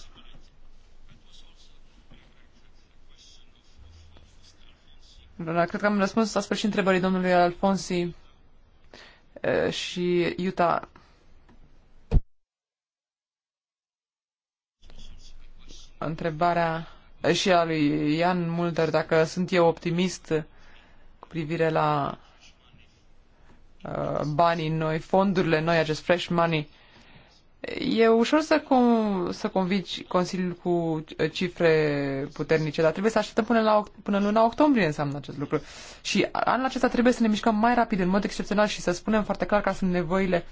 Dar cred că am răspuns la sfârșit întrebării domnului Alfonsi și Utah. Întrebarea și a lui Ian Mulder, dacă sunt eu optimist cu privire la banii noi, fondurile noi, acest fresh money, E ușor să, com, să convici Consiliul cu uh, cifre puternice, dar trebuie să așteptăm până, la, până luna octombrie înseamnă acest lucru. Și anul acesta trebuie să ne mișcăm mai rapid, în mod excepțional și să spunem foarte clar care sunt nevoile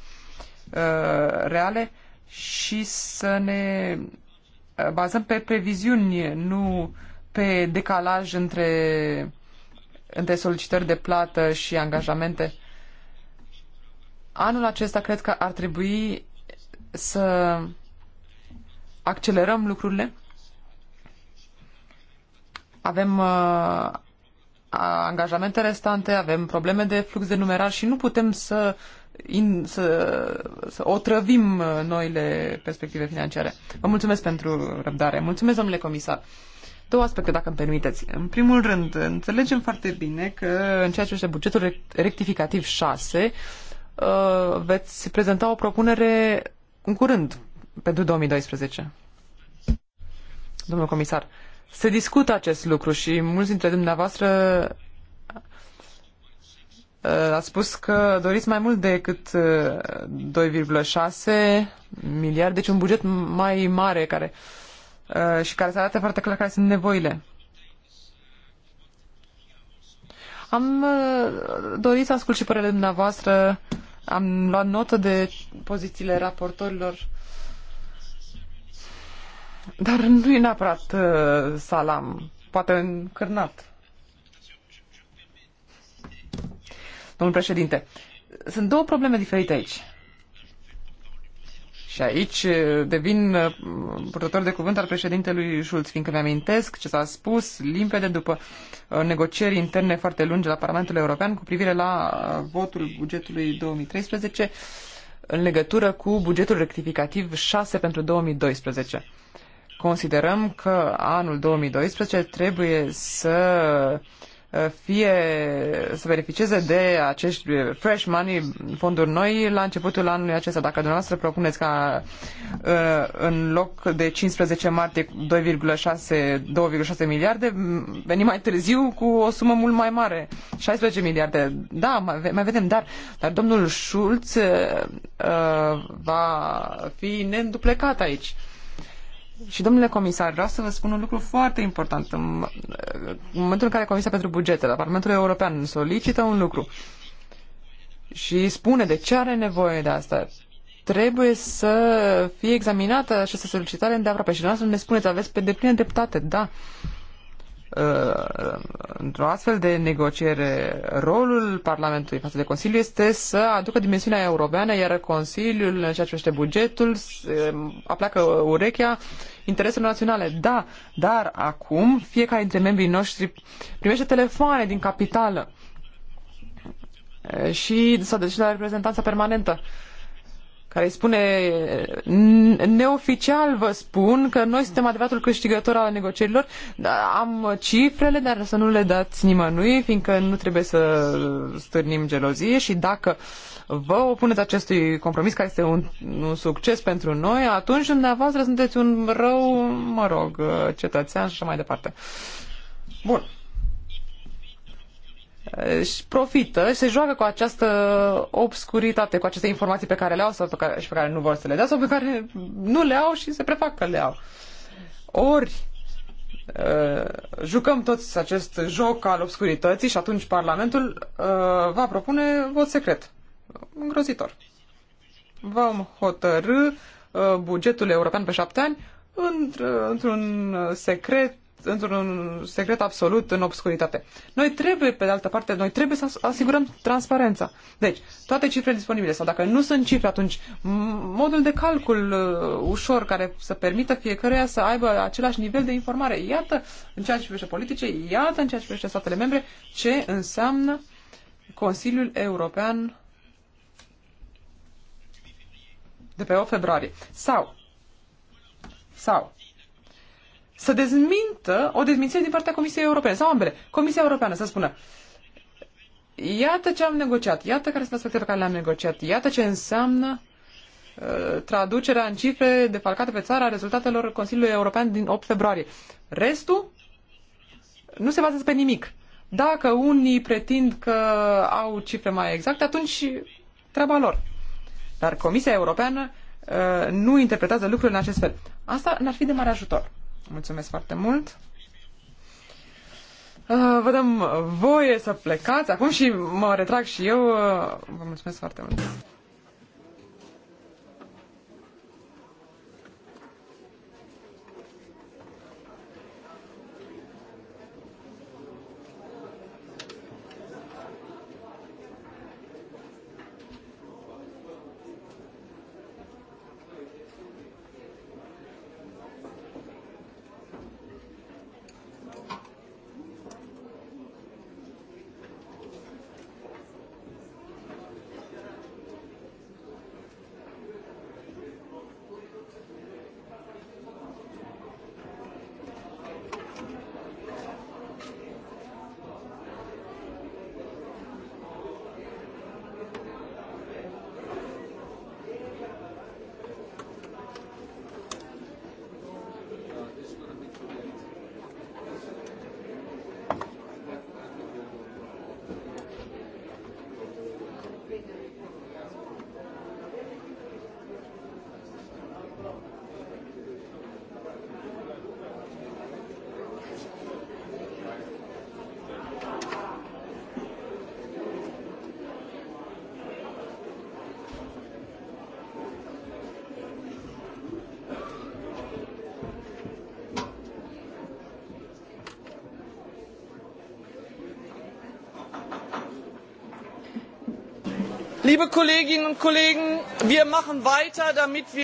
uh, reale și să ne uh, bazăm pe previziuni, nu pe decalaj între, între solicitări de plată și angajamente. Anul acesta cred că ar trebui să accelerăm lucrurile. Avem uh, angajamente restante, avem probleme de flux de numerar și nu putem să, in, să, să otrăvim uh, noile perspective financiare. Vă mulțumesc pentru răbdare. Mulțumesc, domnule comisar. Două aspecte, dacă îmi permiteți. În primul rând, înțelegem foarte bine că în ceea ce este bugetul rectificativ 6, uh, veți prezenta o propunere în curând, pentru 2012. Domnul comisar, se discută acest lucru și mulți dintre dumneavoastră uh, a spus că doriți mai mult decât 2,6 uh, miliarde, deci un buget mai mare care, uh, și care să arate foarte clar care sunt nevoile. Am dorit să ascult și părerea dumneavoastră am luat notă de pozițiile raportorilor, dar nu e neapărat uh, salam, poate încărnat. Domnul președinte, sunt două probleme diferite aici. Și aici devin purtător de cuvânt al președintelui Schulz, fiindcă mi-amintesc ce s-a spus limpede după negocieri interne foarte lungi la Parlamentul European cu privire la votul bugetului 2013 în legătură cu bugetul rectificativ 6 pentru 2012. Considerăm că anul 2012 trebuie să fie să beneficieze de acești fresh money, fonduri noi, la începutul anului acesta. Dacă dumneavoastră propuneți ca uh, în loc de 15 martie 2,6 2,6 miliarde, veni mai târziu cu o sumă mult mai mare, 16 miliarde. Da, mai, mai vedem, dar, dar domnul Schulz uh, va fi neînduplecat aici. Și domnule comisar, vreau să vă spun un lucru foarte important. În momentul în care Comisia pentru Bugete la Parlamentul European solicită un lucru și spune de ce are nevoie de asta, trebuie să fie examinată această solicitare îndeaproape. Și dumneavoastră ne spuneți, aveți pe deplină dreptate, da. Uh, într-o astfel de negociere, rolul Parlamentului față de Consiliu este să aducă dimensiunea europeană, iar Consiliul, în ceea ce privește bugetul, apleacă urechea interesele naționale. Da, dar acum fiecare dintre membrii noștri primește telefoane din capitală și sau de la reprezentanța permanentă. Uh, care îi spune neoficial vă spun că noi suntem adevăratul câștigător al negocierilor, am cifrele, dar să nu le dați nimănui, fiindcă nu trebuie să stârnim gelozie și dacă vă opuneți acestui compromis care este un, un succes pentru noi, atunci dumneavoastră sunteți un rău, mă rog, cetățean și așa mai departe. Bun. Uh, și profită și se joacă cu această obscuritate, cu aceste informații pe care le au sau pe care, și pe care nu vor să le dea sau pe care nu le au și se prefac că le au. Ori uh, jucăm toți acest joc al obscurității și atunci Parlamentul uh, va propune vot secret. Îngrozitor. Vom hotărâ bugetul european pe șapte ani într-un secret într-un secret absolut, în obscuritate. Noi trebuie, pe de altă parte, noi trebuie să asigurăm transparența. Deci, toate cifrele disponibile, sau dacă nu sunt cifre, atunci modul de calcul uh, ușor care să permită fiecăruia să aibă același nivel de informare. Iată, în ceea ce privește politice, iată, în ceea ce privește statele membre, ce înseamnă Consiliul European de pe 8 februarie. Sau, sau, să dezmintă o dezmințire din partea Comisiei Europene sau ambele. Comisia Europeană să spună iată ce am negociat, iată care sunt aspectele pe care le-am negociat, iată ce înseamnă uh, traducerea în cifre defalcate pe țara a rezultatelor Consiliului European din 8 februarie. Restul nu se bazează pe nimic. Dacă unii pretind că au cifre mai exacte, atunci treaba lor. Dar Comisia Europeană uh, nu interpretează lucrurile în acest fel. Asta n-ar fi de mare ajutor. Mulțumesc foarte mult. Uh, vă dăm voie să plecați acum și mă retrag și eu. Uh, vă mulțumesc foarte mult.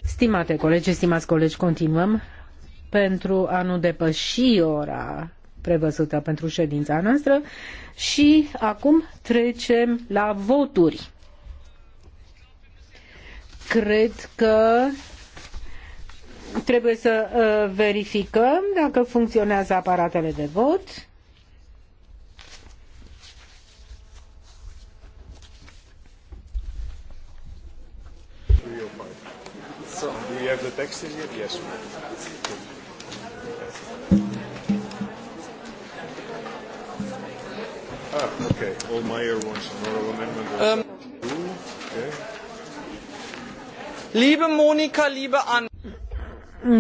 Stimate colegi, stimați colegi, continuăm pentru a nu depăși ora prevăzută pentru ședința noastră și acum trecem la voturi. Cred că trebuie să uh, verificăm dacă funcționează aparatele de vot.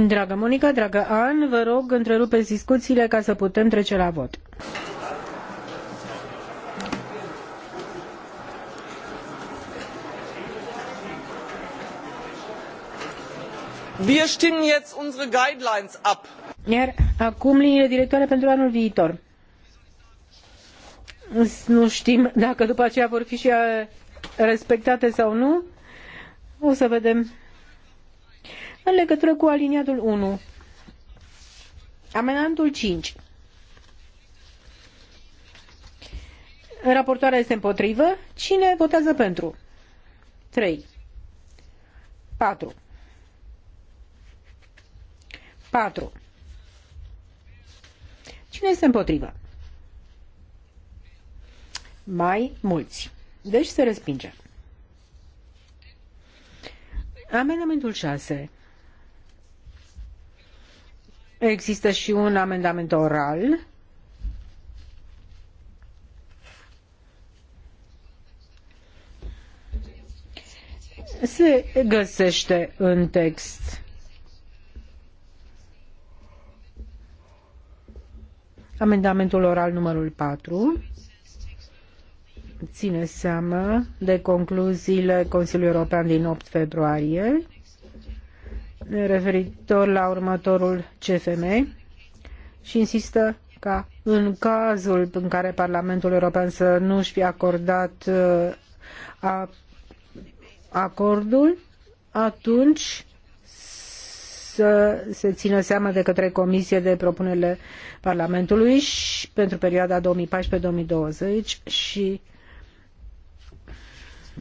Dragă Monica, dragă An, vă rog, întrerupeți discuțiile ca să putem trece la vot. Wir stimmen jetzt unsere guidelines ab. Iar acum liniile directoare pentru anul viitor. Nu știm dacă după aceea vor fi și respectate sau nu. O să vedem în legătură cu aliniatul 1. Amenantul 5. Raportoarea este împotrivă. Cine votează pentru? 3. 4. 4. Cine este împotrivă? Mai mulți. Deci se respinge. Amendamentul 6. Există și un amendament oral. Se găsește în text. Amendamentul oral numărul 4 ține seama de concluziile Consiliului European din 8 februarie referitor la următorul CFM și insistă ca în cazul în care Parlamentul European să nu și fi acordat uh, a, acordul, atunci să se țină seama de către Comisie de propunerile Parlamentului și pentru perioada 2014-2020 și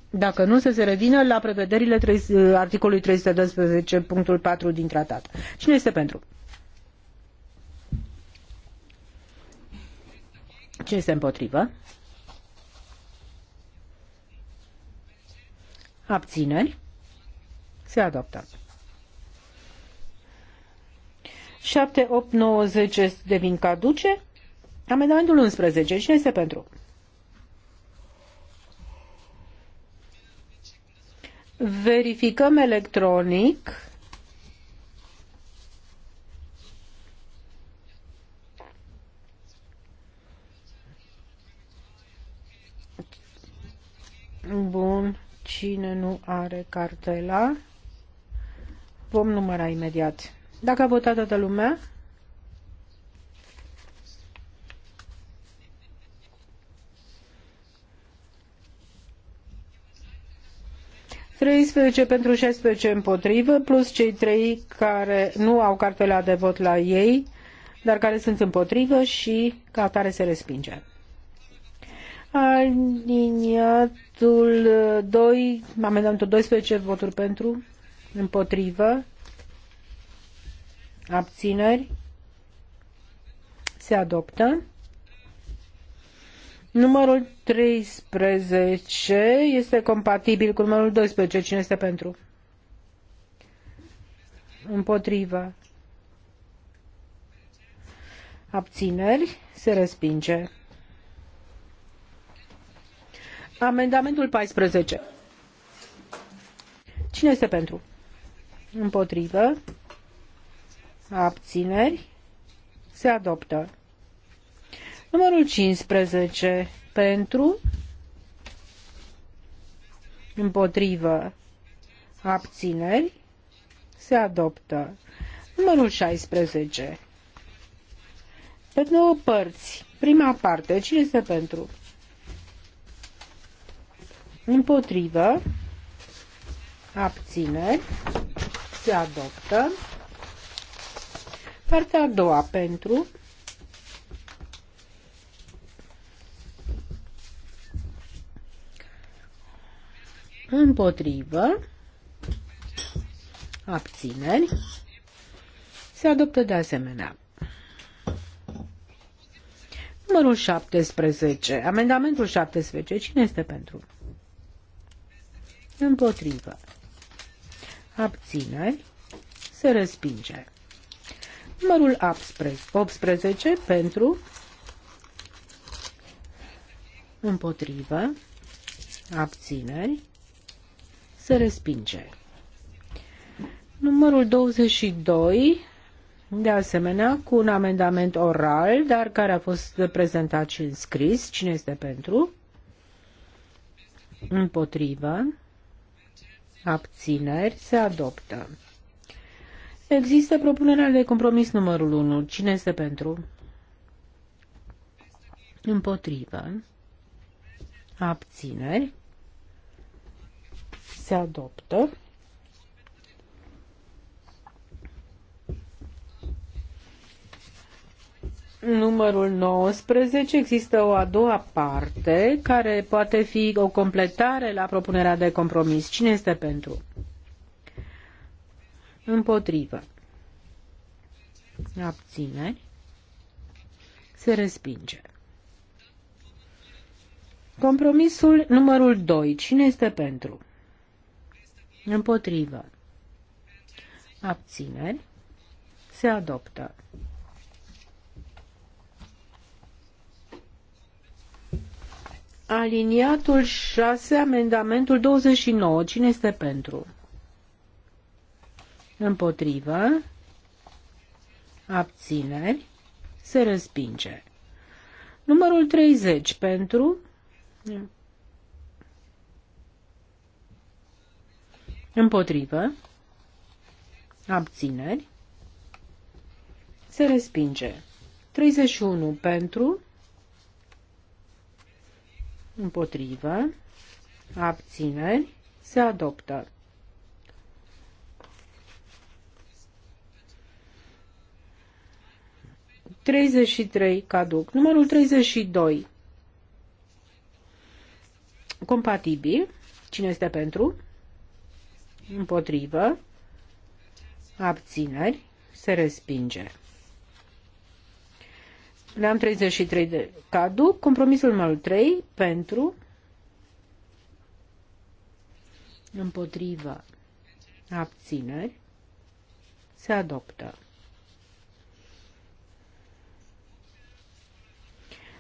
dacă nu să se revină la prevederile uh, articolului 312 punctul 4 din tratat. Cine este pentru? Cine este împotrivă? Abțineri? Se adoptă. 7, 8, 9, 10 devin caduce. Amendamentul 11. Cine este pentru? verificăm electronic Bun, cine nu are cartela, vom număra imediat. Dacă a votat toată lumea, 13 pentru 16 împotrivă, plus cei trei care nu au cartela de vot la ei, dar care sunt împotrivă și ca atare se respinge. Aliniatul 2, amendamentul 12, voturi pentru, împotrivă, abțineri, se adoptă. Numărul 13 este compatibil cu numărul 12. Cine este pentru? Împotrivă. Abțineri. Se respinge. Amendamentul 14. Cine este pentru? Împotrivă. Abțineri. Se adoptă. Numărul 15 pentru, împotrivă, abțineri, se adoptă. Numărul 16. Pe două părți. Prima parte. Cine este pentru? Împotrivă. Abțineri. Se adoptă. Partea a doua pentru. Împotrivă. Abțineri. Se adoptă de asemenea. Numărul 17. Amendamentul 17. Cine este pentru? Împotrivă. Abțineri. Se respinge. Numărul 18. Pentru. Împotrivă. Abțineri se respinge. Numărul 22, de asemenea, cu un amendament oral, dar care a fost prezentat și înscris. Cine este pentru? Împotrivă. Abțineri. Se adoptă. Există propunerea de compromis numărul 1. Cine este pentru? Împotrivă. Abțineri se adoptă. numărul 19 există o a doua parte care poate fi o completare la propunerea de compromis. Cine este pentru? Împotrivă. Abțineri. Se respinge. Compromisul numărul 2. Cine este pentru? Împotrivă. Abțineri. Se adoptă. Aliniatul 6, amendamentul 29. Cine este pentru? Împotrivă. Abțineri. Se respinge. Numărul 30 pentru. Împotrivă. Abțineri. Se respinge. 31 pentru. Împotrivă. Abțineri. Se adoptă. Treizeci și trei caduc. Numărul treizeci și doi. Compatibil. Cine este pentru? împotrivă, abțineri, se respinge. Le-am 33 de cadu, compromisul numărul 3 pentru, împotrivă, abțineri, se adoptă.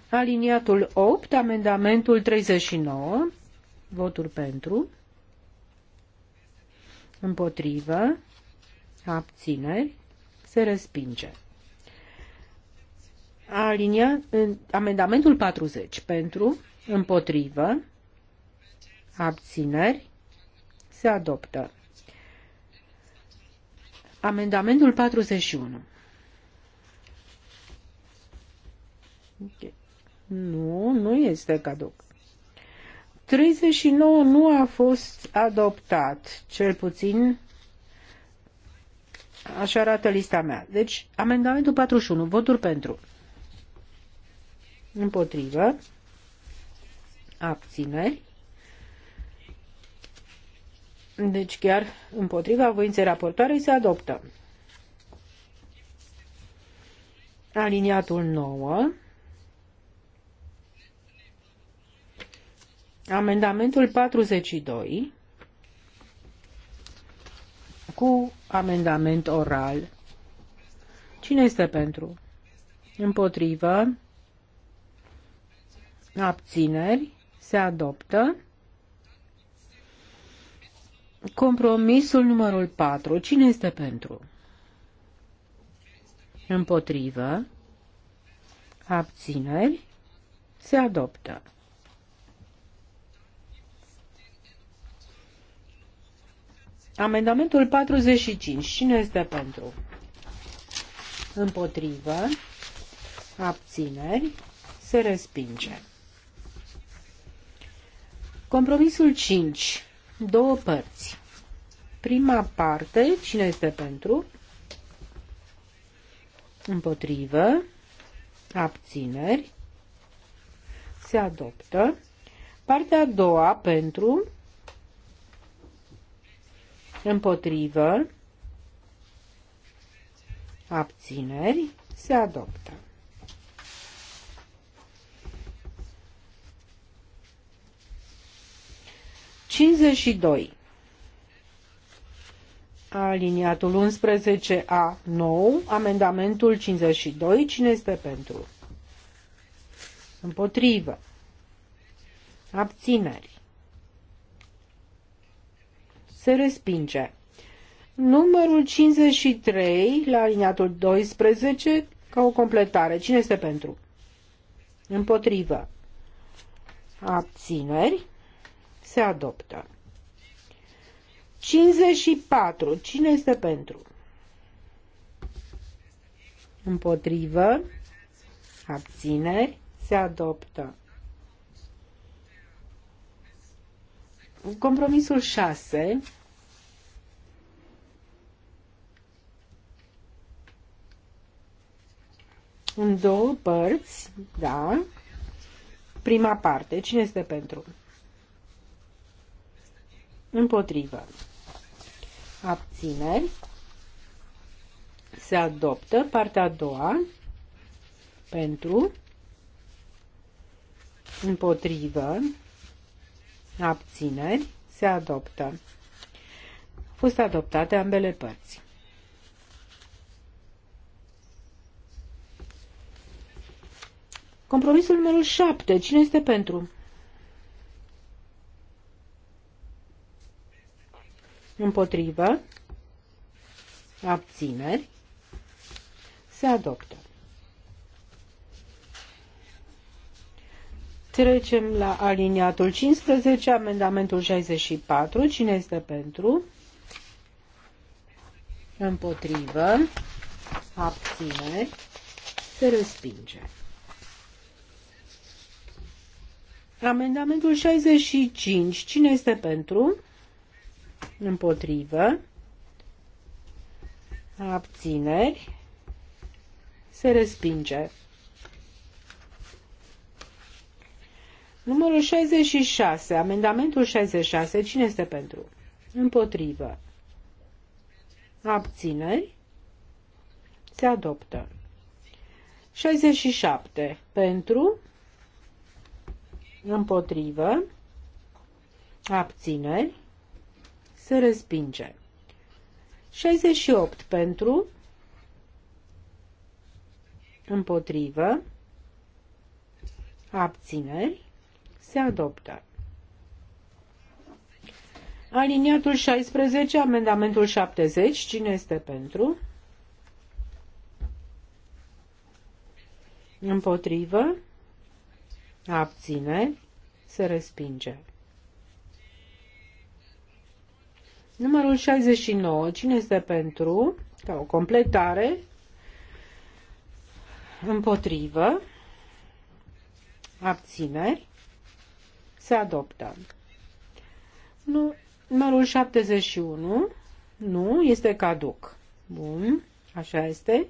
Aliniatul 8, amendamentul 39, voturi pentru, împotrivă, abțineri, se respinge. Alinia, amendamentul 40 pentru, împotrivă, abțineri, se adoptă. Amendamentul 41. Nu, nu este caduc. 39 nu a fost adoptat, cel puțin așa arată lista mea. Deci, amendamentul 41, voturi pentru. Împotrivă. Abțineri. Deci chiar împotriva voinței raportoarei se adoptă. Aliniatul 9 Amendamentul 42 cu amendament oral. Cine este pentru? Împotrivă. Abțineri. Se adoptă. Compromisul numărul 4. Cine este pentru? Împotrivă. Abțineri. Se adoptă. Amendamentul 45. Cine este pentru? Împotrivă. Abțineri. Se respinge. Compromisul 5. Două părți. Prima parte. Cine este pentru? Împotrivă. Abțineri. Se adoptă. Partea a doua pentru Împotrivă. Abțineri. Se adoptă. Cincizeci doi. Aliniatul 11A, nou, amendamentul 52, cine este pentru? Împotrivă. Abțineri. Se respinge. Numărul 53 la alineatul 12 ca o completare. Cine este pentru? Împotrivă. Abțineri. Se adoptă. 54. Cine este pentru? Împotrivă. Abțineri. Se adoptă. Compromisul 6 în două părți, da. Prima parte, cine este pentru? Împotrivă. Abțineri. Se adoptă partea a doua pentru împotrivă abțineri, se adoptă. Au fost adoptate ambele părți. Compromisul numărul 7. Cine este pentru? Împotrivă. Abțineri. Se adoptă. Trecem la aliniatul 15, amendamentul 64. Cine este pentru? Împotrivă. Abține. Se respinge. Amendamentul 65. Cine este pentru? Împotrivă. Abțineri. Se respinge. Numărul 66, amendamentul 66, cine este pentru? Împotrivă. Abțineri. Se adoptă. 67, pentru. Împotrivă. Abțineri. Se respinge. 68 pentru, împotrivă, abțineri, se adoptă. Aliniatul 16, amendamentul 70. Cine este pentru? Împotrivă. Abține. Se respinge. Numărul 69. Cine este pentru? Ca o completare. Împotrivă. Abțineri. Se adoptă. Nu, numărul 71. Nu, este caduc. Bun, așa este.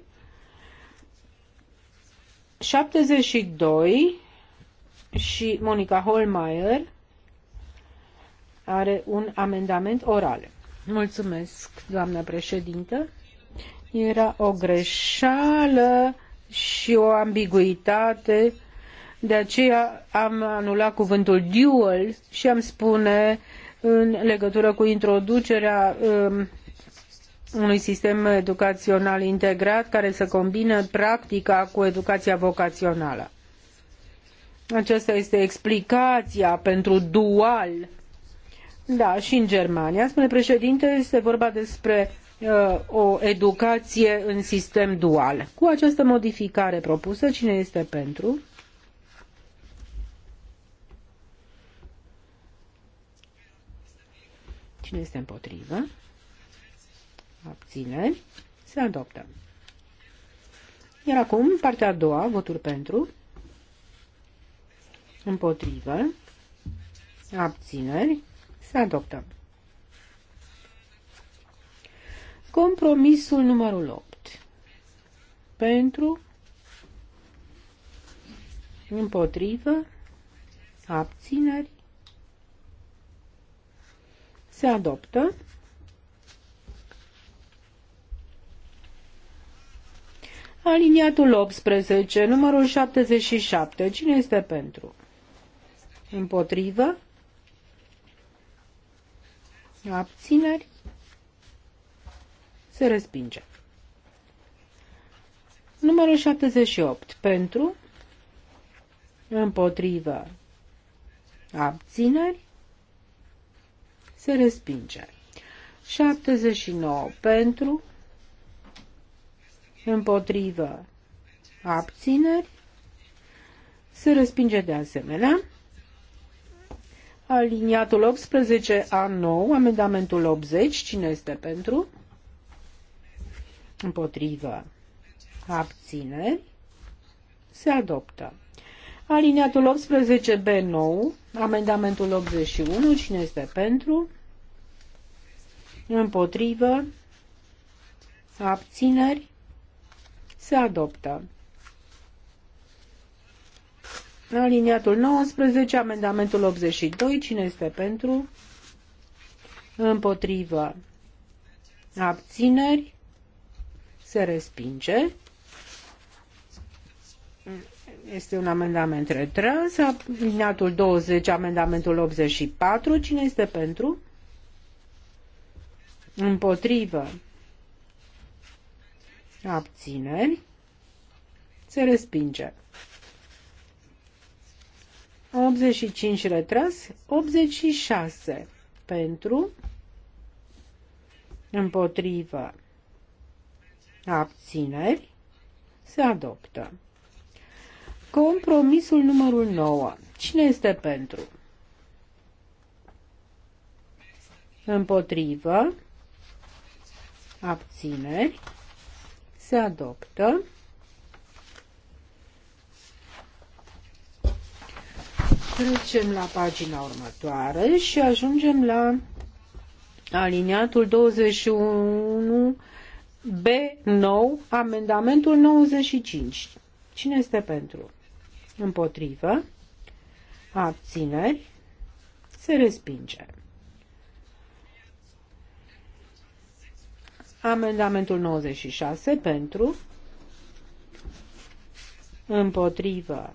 72 și Monica Holmeier are un amendament oral. Mulțumesc, doamnă președintă. Era o greșeală și o ambiguitate de aceea am anulat cuvântul dual și am spune în legătură cu introducerea um, unui sistem educațional integrat care să combine practica cu educația vocațională. Aceasta este explicația pentru dual. Da, și în Germania, spune președinte, este vorba despre uh, o educație în sistem dual. Cu această modificare propusă, cine este pentru? Cine este împotrivă? Abține. Se adoptă. Iar acum, partea a doua, voturi pentru, împotrivă, abțineri, se adoptă. Compromisul numărul 8. Pentru, împotrivă, abțineri, se adoptă. Aliniatul 18, numărul 77. Cine este pentru? Împotrivă? Abțineri? Se respinge. Numărul 78. Pentru? Împotrivă? Abțineri? se respinge. 79 pentru, împotrivă, abțineri, se respinge de asemenea. Aliniatul 18A9, amendamentul 80, cine este pentru? Împotrivă, abțineri, se adoptă. Aliniatul 18B9, amendamentul 81, cine este pentru? Împotrivă? Abțineri? Se adoptă. Aliniatul 19, amendamentul 82, cine este pentru? Împotrivă? Abțineri? Se respinge. Este un amendament retras. Alineatul 20, amendamentul 84. Cine este pentru? Împotrivă. Abțineri. Se respinge. 85 retras. 86 pentru. Împotrivă. Abțineri. Se adoptă. Compromisul numărul 9. Cine este pentru? Împotrivă. Abțineri. Se adoptă. Trecem la pagina următoare și ajungem la aliniatul 21 B9, amendamentul 95. Cine este pentru? împotrivă, abțineri, se respinge. Amendamentul 96 pentru, împotrivă,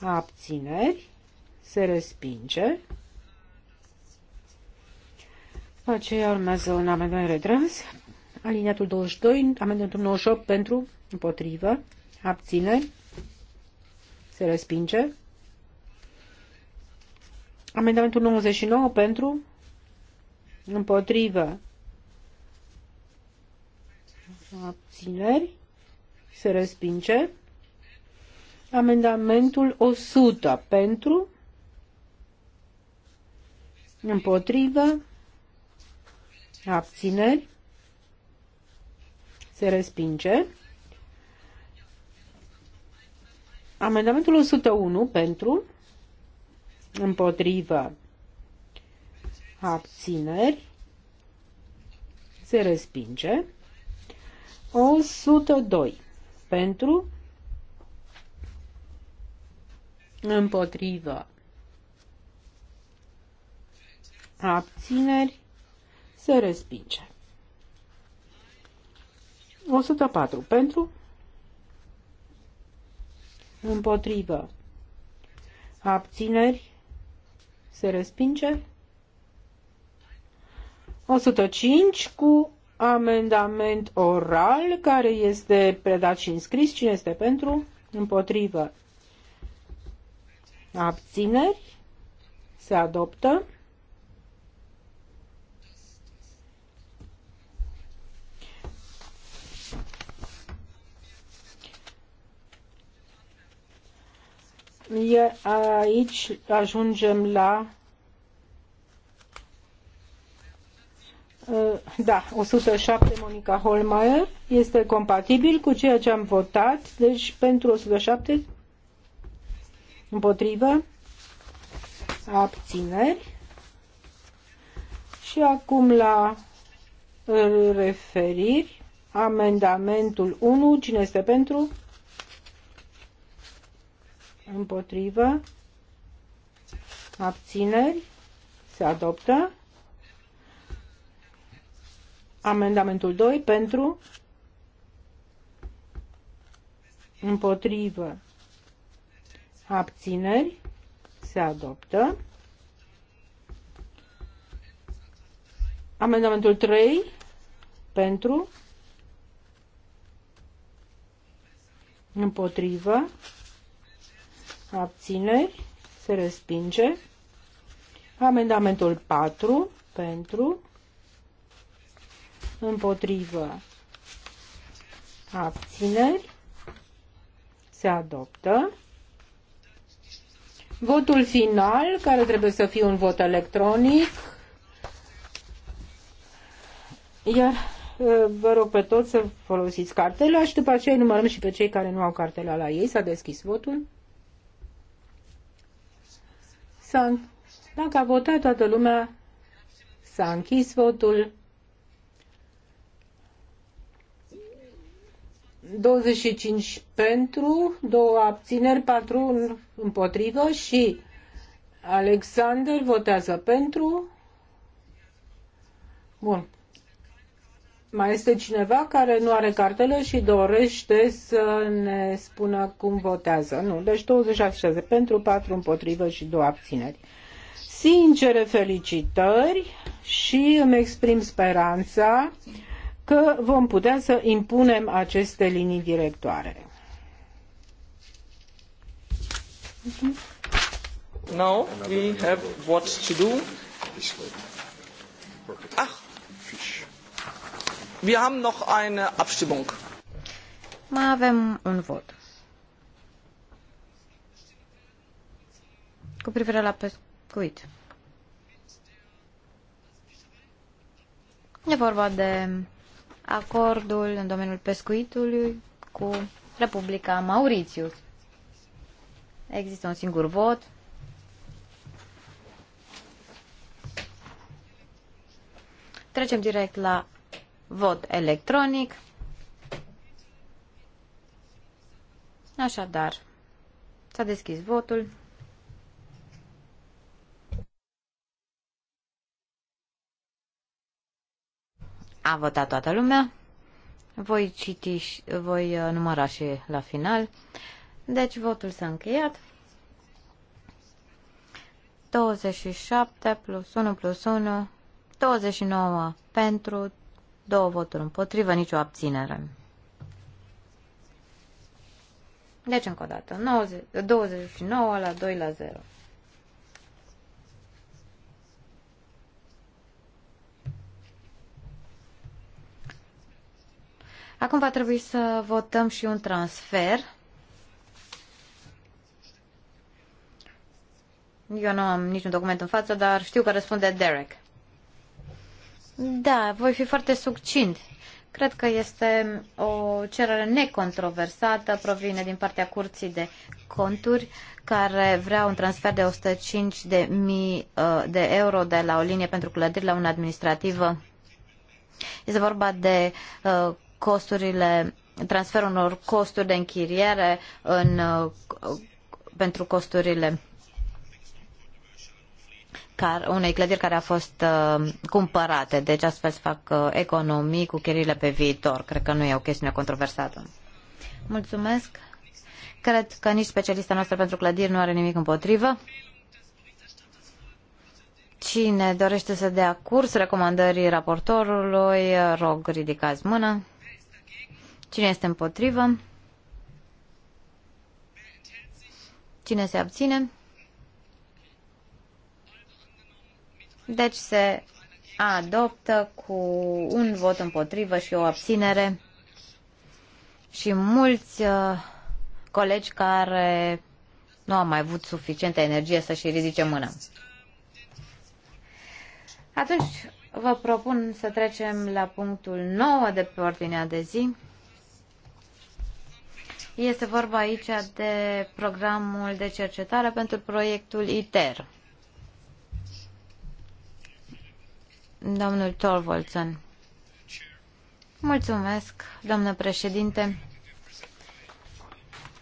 abțineri, se respinge. Aceea urmează un amendament retras. Aliniatul 22, amendamentul 98 pentru, împotrivă, abțineri, se respinge. Amendamentul 99 pentru? Împotrivă. Abțineri. Se respinge. Amendamentul 100 pentru? Împotrivă. Abțineri. Se respinge. Amendamentul 101 pentru, împotrivă, abțineri, se respinge. 102 pentru, împotrivă, abțineri, se respinge. 104 pentru, Împotrivă. Abțineri. Se respinge. 105 cu amendament oral care este predat și înscris. Cine este pentru? Împotrivă. Abțineri. Se adoptă. aici ajungem la uh, da, 107 Monica Holmeier este compatibil cu ceea ce am votat, deci pentru 107 împotrivă abțineri și acum la uh, referiri amendamentul 1, cine este pentru? împotrivă, abțineri, se adoptă. Amendamentul 2 pentru, împotrivă, abțineri, se adoptă. Amendamentul 3 pentru, împotrivă, abțineri, se respinge. Amendamentul 4 pentru, împotrivă, abțineri, se adoptă. Votul final, care trebuie să fie un vot electronic, iar uh, vă rog pe toți să folosiți cartela și după aceea numărăm și pe cei care nu au cartela la ei. S-a deschis votul. S-a, dacă a votat toată lumea, s-a închis votul. 25 pentru, două abțineri, 4 împotrivă și Alexander votează pentru. Bun. Mai este cineva care nu are cartelă și dorește să ne spună cum votează? Nu. Deci 26 pentru, 4 împotrivă și 2 abțineri. Sincere felicitări și îmi exprim speranța că vom putea să impunem aceste linii directoare. Now we have what to do. Ah, Wir haben noch eine Abstimmung. Mai avem un vot. Cu privire la pescuit. E vorba de acordul în domeniul pescuitului cu Republica Mauritius. Există un singur vot. Trecem direct la Vot electronic. Așadar, s-a deschis votul. A votat toată lumea. Voi citi, și, voi uh, număra și la final. Deci votul s-a încheiat. 27 plus 1 plus 1, 29 pentru, două voturi împotrivă, nicio abținere. Deci, încă o dată, 90, 29 la 2 la 0. Acum va trebui să votăm și un transfer. Eu nu am niciun document în față, dar știu că răspunde Derek. Da, voi fi foarte succint. Cred că este o cerere necontroversată, provine din partea Curții de Conturi, care vrea un transfer de 105 de, mii uh, de euro de la o linie pentru clădiri la una administrativă. Este vorba de uh, costurile, transferul unor costuri de închiriere în, uh, pentru costurile care, unei clădiri care a fost uh, cumpărate. Deci astfel se fac uh, economii cu chirile pe viitor. Cred că nu e o chestiune controversată. Mulțumesc. Cred că nici specialista noastră pentru clădiri nu are nimic împotrivă. Cine dorește să dea curs recomandării raportorului, uh, rog, ridicați mână. Cine este împotrivă? Cine se abține? Deci se adoptă cu un vot împotrivă și o abținere și mulți uh, colegi care nu au mai avut suficientă energie să-și ridice mâna. Atunci vă propun să trecem la punctul 9 de pe ordinea de zi. Este vorba aici de programul de cercetare pentru proiectul ITER. domnul Tolvolțăn. Mulțumesc, domnule președinte.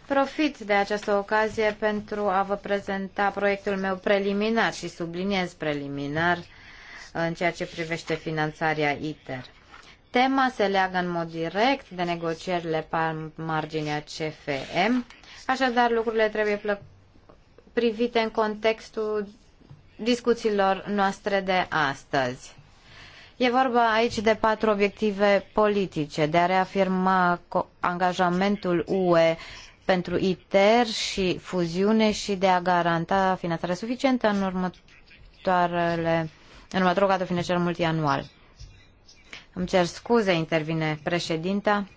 Profit de această ocazie pentru a vă prezenta proiectul meu preliminar și subliniez preliminar în ceea ce privește finanțarea ITER. Tema se leagă în mod direct de negocierile pe marginea CFM, așadar lucrurile trebuie privite în contextul discuțiilor noastre de astăzi. E vorba aici de patru obiective politice, de a reafirma angajamentul UE pentru ITER și fuziune și de a garanta finanțare suficientă în următoarele în următorul cadru financiar multianual. Îmi cer scuze, intervine președinta.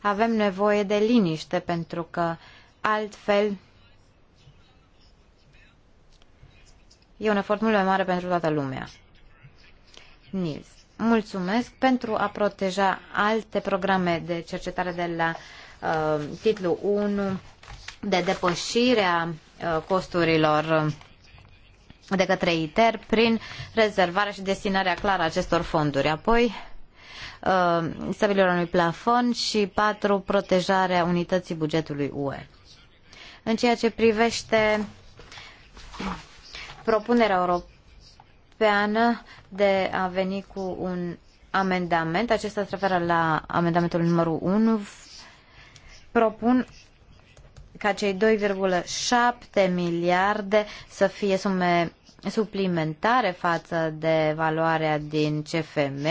Avem nevoie de liniște pentru că altfel e un efort mult mai mare pentru toată lumea. Nils. Mulțumesc pentru a proteja alte programe de cercetare de la uh, titlul 1 de depășirea uh, costurilor uh, de către ITER prin rezervarea și destinarea clară a acestor fonduri. Apoi, uh, stabilirea unui plafon și patru protejarea unității bugetului UE. În ceea ce privește propunerea europeană Europeană de a veni cu un amendament. Acesta se referă la amendamentul numărul 1. Propun ca cei 2,7 miliarde să fie sume suplimentare față de valoarea din CFM,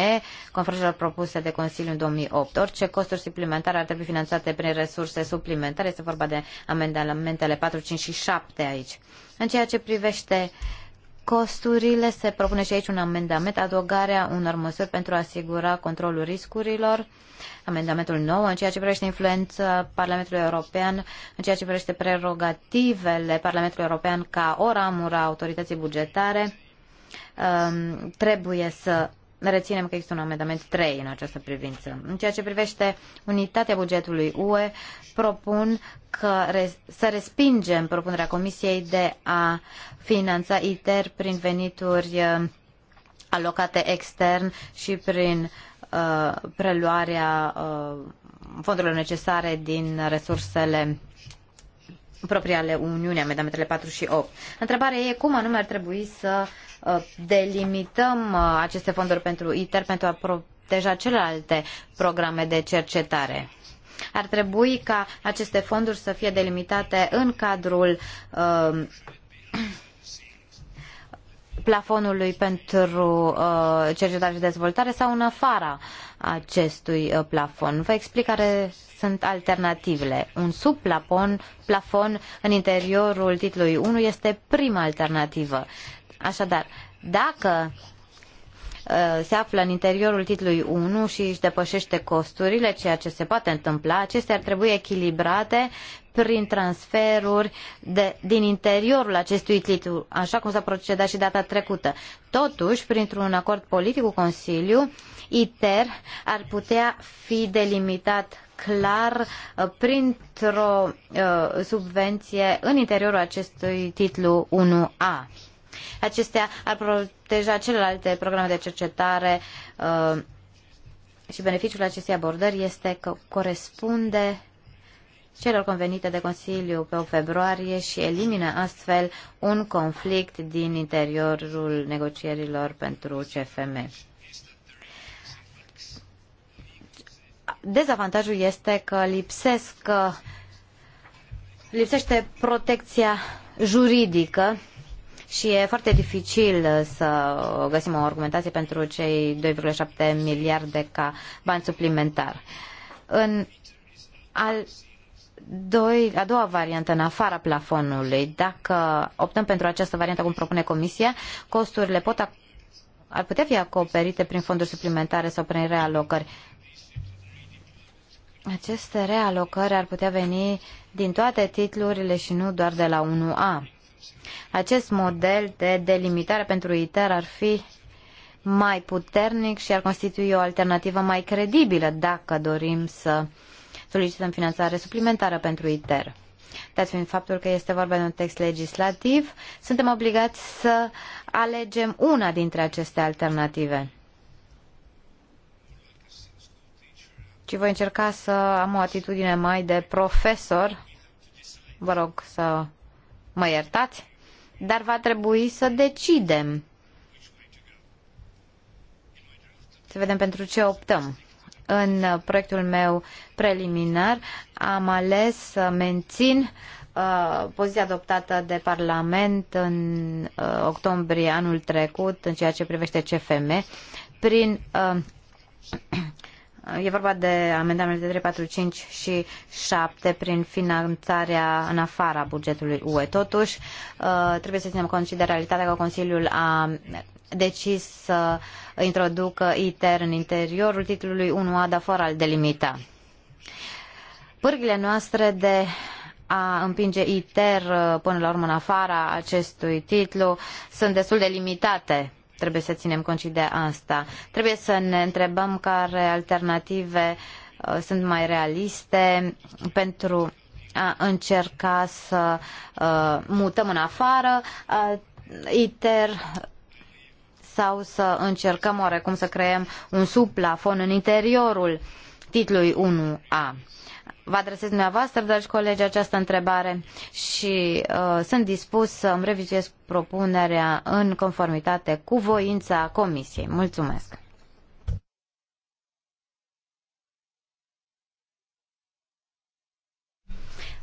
conform celor propuse de Consiliu în 2008. Orice costuri suplimentare ar trebui finanțate prin resurse suplimentare. Este vorba de amendamentele 4, 5 și 7 aici. În ceea ce privește uh, costurile, se propune și aici un amendament, adăugarea unor măsuri pentru a asigura controlul riscurilor, amendamentul nou în ceea ce privește influența Parlamentului European, în ceea ce privește prerogativele Parlamentului European ca o ramură a autorității bugetare, um, trebuie să reținem că există un amendament 3 în această privință. În ceea ce privește unitatea bugetului UE, propun că re- să respingem propunerea Comisiei de a finanța ITER prin venituri uh, alocate extern și prin uh, preluarea uh, fondurilor necesare din resursele proprii ale Uniunii, amendamentele 4 și 8. Întrebarea e cum anume ar trebui să Uh, delimităm uh, aceste fonduri pentru ITER pentru a proteja celelalte programe de cercetare. Ar trebui ca aceste fonduri să fie delimitate în cadrul uh, plafonului pentru uh, cercetare și dezvoltare sau în afara acestui uh, plafon. Vă explic care sunt alternativele. Un subplafon plafon în interiorul titlului 1 este prima alternativă. Așadar, dacă uh, se află în interiorul titlului 1 și își depășește costurile, ceea ce se poate întâmpla, acestea ar trebui echilibrate prin transferuri de, din interiorul acestui titlu, așa cum s-a procedat și data trecută. Totuși, printr-un acord politic cu Consiliu, ITER ar putea fi delimitat clar uh, printr-o uh, subvenție în interiorul acestui titlu 1A. Acestea ar proteja celelalte programe de cercetare uh, și beneficiul acestei abordări este că corespunde celor convenite de Consiliu pe 8 februarie și elimină astfel un conflict din interiorul negocierilor pentru CFM. Dezavantajul este că lipsesc, lipsește protecția juridică și e foarte dificil uh, să găsim o argumentație pentru cei 2,7 miliarde ca bani suplimentar. În al doi, a doua variantă, în afara plafonului, dacă optăm pentru această variantă, cum propune Comisia, costurile pot ar putea fi acoperite prin fonduri suplimentare sau prin realocări. Aceste realocări ar putea veni din toate titlurile și nu doar de la 1A. Acest model de delimitare pentru ITER ar fi mai puternic și ar constitui o alternativă mai credibilă dacă dorim să solicităm finanțare suplimentară pentru ITER. Dați fiind faptul că este vorba de un text legislativ, suntem obligați să alegem una dintre aceste alternative. Și voi încerca să am o atitudine mai de profesor. Vă rog să mă iertați, dar va trebui să decidem. Să vedem pentru ce optăm. În proiectul meu preliminar am ales să mențin uh, poziția adoptată de Parlament în uh, octombrie anul trecut în ceea ce privește CFM prin uh, E vorba de amendamentele 3, 4, 5 și 7 prin finanțarea în afara bugetului UE. Totuși, uh, trebuie să ținem cont și de realitatea că Consiliul a decis să introducă ITER în interiorul titlului 1A, dar fără a-l delimita. Pârghile noastre de a împinge ITER uh, până la urmă în afara acestui titlu sunt destul de limitate Trebuie să ținem cont și de asta. Trebuie să ne întrebăm care alternative uh, sunt mai realiste pentru a încerca să uh, mutăm în afară uh, ITER sau să încercăm oarecum să creăm un suplafon în interiorul titlului 1A vă adresez dumneavoastră, dragi colegi, această întrebare și uh, sunt dispus să îmi revizuiesc propunerea în conformitate cu voința Comisiei. Mulțumesc!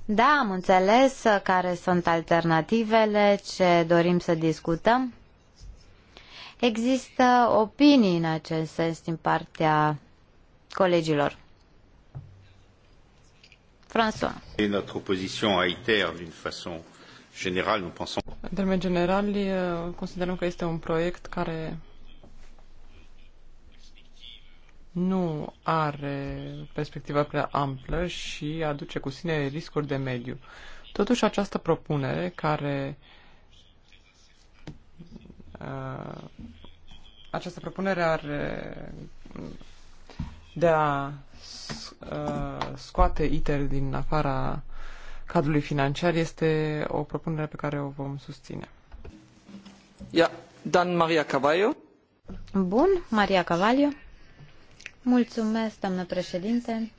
Da, am înțeles care sunt alternativele, ce dorim să discutăm. Există opinii în acest sens din partea colegilor. François. Euh, În termeni generali, uh, considerăm că este un proiect care nu are perspectiva prea amplă și aduce cu sine riscuri de mediu. Totuși, această propunere care uh, această propunere are de a Uh, scoate ITER din afara cadrului financiar este o propunere pe care o vom susține. Ia, Dan Maria Cavallo. Bun, Maria Cavallo. Mulțumesc, doamnă președinte.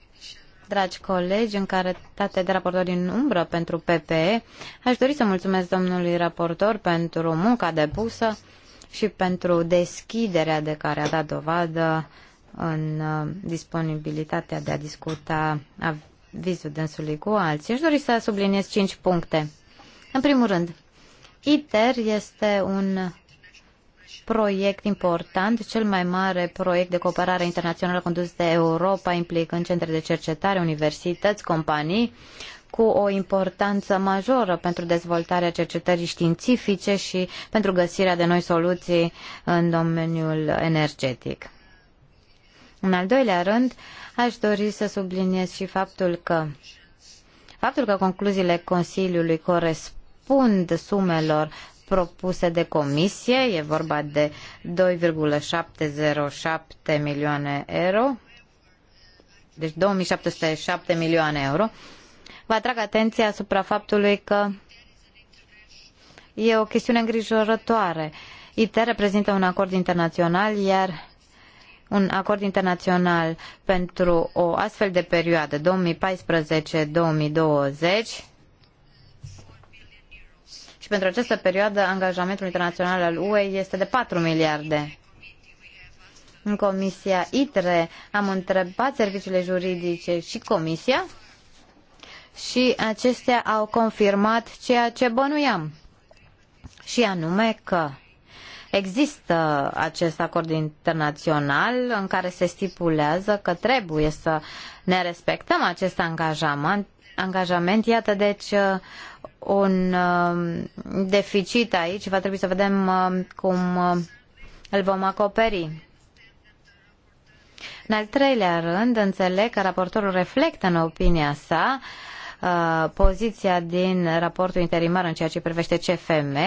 Dragi colegi, în calitate de raportor din umbră pentru PPE, aș dori să mulțumesc domnului raportor pentru munca depusă și pentru deschiderea de care a dat dovadă în uh, disponibilitatea de a discuta avizul dânsului cu alții. Aș dori să subliniez cinci puncte. În primul rând, ITER este un proiect important, cel mai mare proiect de cooperare internațională condus de Europa, implicând centre de cercetare, universități, companii, cu o importanță majoră pentru dezvoltarea cercetării științifice și pentru găsirea de noi soluții în domeniul energetic. În al doilea rând, aș dori să subliniez și faptul că faptul că concluziile Consiliului corespund sumelor propuse de comisie, e vorba de 2,707 milioane euro, deci 2707 milioane euro, vă atrag atenția asupra faptului că e o chestiune îngrijorătoare. ITER reprezintă un acord internațional, iar un acord internațional pentru o astfel de perioadă 2014-2020 și pentru această perioadă angajamentul internațional al UE este de 4 miliarde. În Comisia ITRE am întrebat serviciile juridice și Comisia și acestea au confirmat ceea ce bănuiam și anume că Există acest acord internațional în care se stipulează că trebuie să ne respectăm acest angajament. angajament. Iată, deci, un um, deficit aici. Va trebui să vedem um, cum um, îl vom acoperi. În al treilea rând, înțeleg că raportorul reflectă în opinia sa uh, Uh, poziția din raportul interimar în ceea ce privește CFM,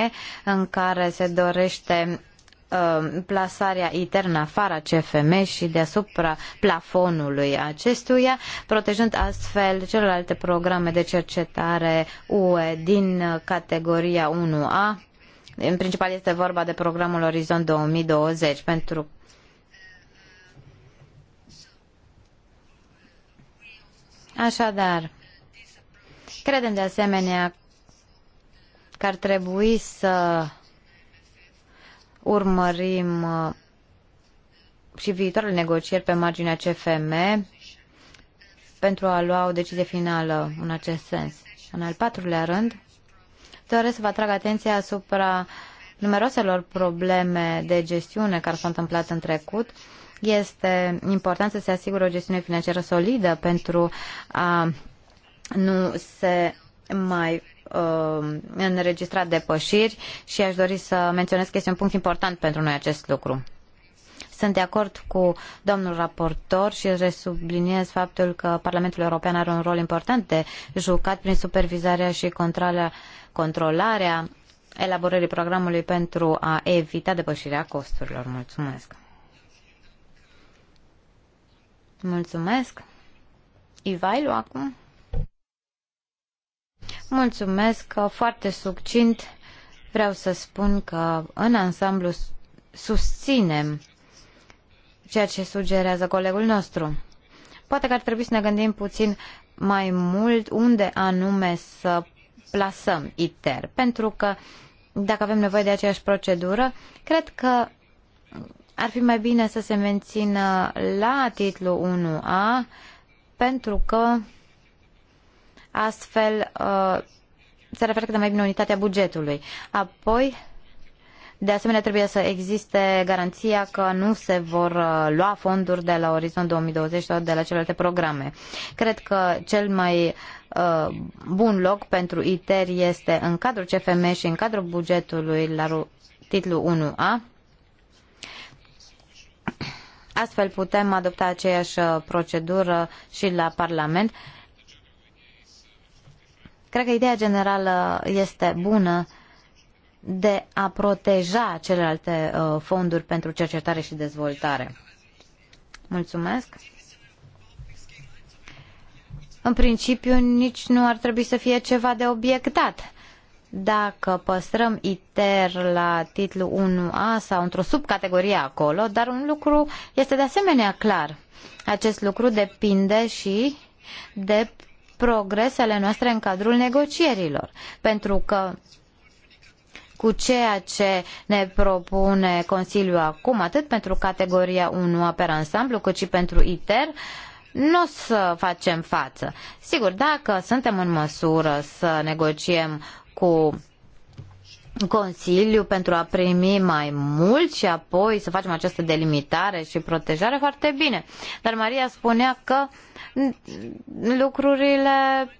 în care se dorește uh, plasarea internă afara CFM și deasupra plafonului acestuia, protejând astfel celelalte programe de cercetare UE din categoria 1A. În principal este vorba de programul Orizont 2020, pentru Așadar, Credem de asemenea că ar trebui să urmărim uh, și viitoarele negocieri pe marginea CFM pentru a lua o decizie finală în acest sens. În al patrulea rând, doresc să vă atrag atenția asupra numeroselor probleme de gestiune care s-au întâmplat în trecut. Este important să se asigure o gestiune financiară solidă pentru a nu se mai uh, înregistrat depășiri și aș dori să menționez că este un punct important pentru noi acest lucru. Sunt de acord cu domnul raportor și resubliniez faptul că Parlamentul European are un rol important de jucat prin supervizarea și controlarea elaborării programului pentru a evita depășirea costurilor. Mulțumesc! Mulțumesc! Ivailu acum? Mulțumesc, uh, foarte succint. Vreau să spun că în ansamblu susținem ceea ce sugerează colegul nostru. Poate că ar trebui să ne gândim puțin mai mult unde anume să plasăm ITER, pentru că dacă avem nevoie de aceeași procedură, cred că ar fi mai bine să se mențină la titlu 1A, pentru că Astfel, uh, se reflectă mai bine unitatea bugetului. Apoi, de asemenea, trebuie să existe garanția că nu se vor uh, lua fonduri de la Orizont 2020 sau de la celelalte programe. Cred că cel mai uh, bun loc pentru ITER este în cadrul CFM și în cadrul bugetului la titlu 1A. Astfel putem adopta aceeași procedură și la Parlament. Uh, Cred că ideea generală este bună de a proteja celelalte uh, fonduri pentru cercetare și dezvoltare. Mulțumesc. În principiu, nici nu ar trebui să fie ceva de obiectat. Dacă păstrăm ITER la titlu 1A sau într-o subcategorie acolo, dar un lucru este de asemenea clar. Acest lucru depinde și de progresele noastre în cadrul negocierilor, pentru că cu ceea ce ne propune Consiliul acum, atât pentru categoria 1A per ansamblu, cât și pentru ITER, nu o să facem față. Sigur, dacă suntem în măsură să negociem cu Consiliu pentru a primi mai mult și apoi să facem această delimitare și protejare foarte bine. Dar Maria spunea că lucrurile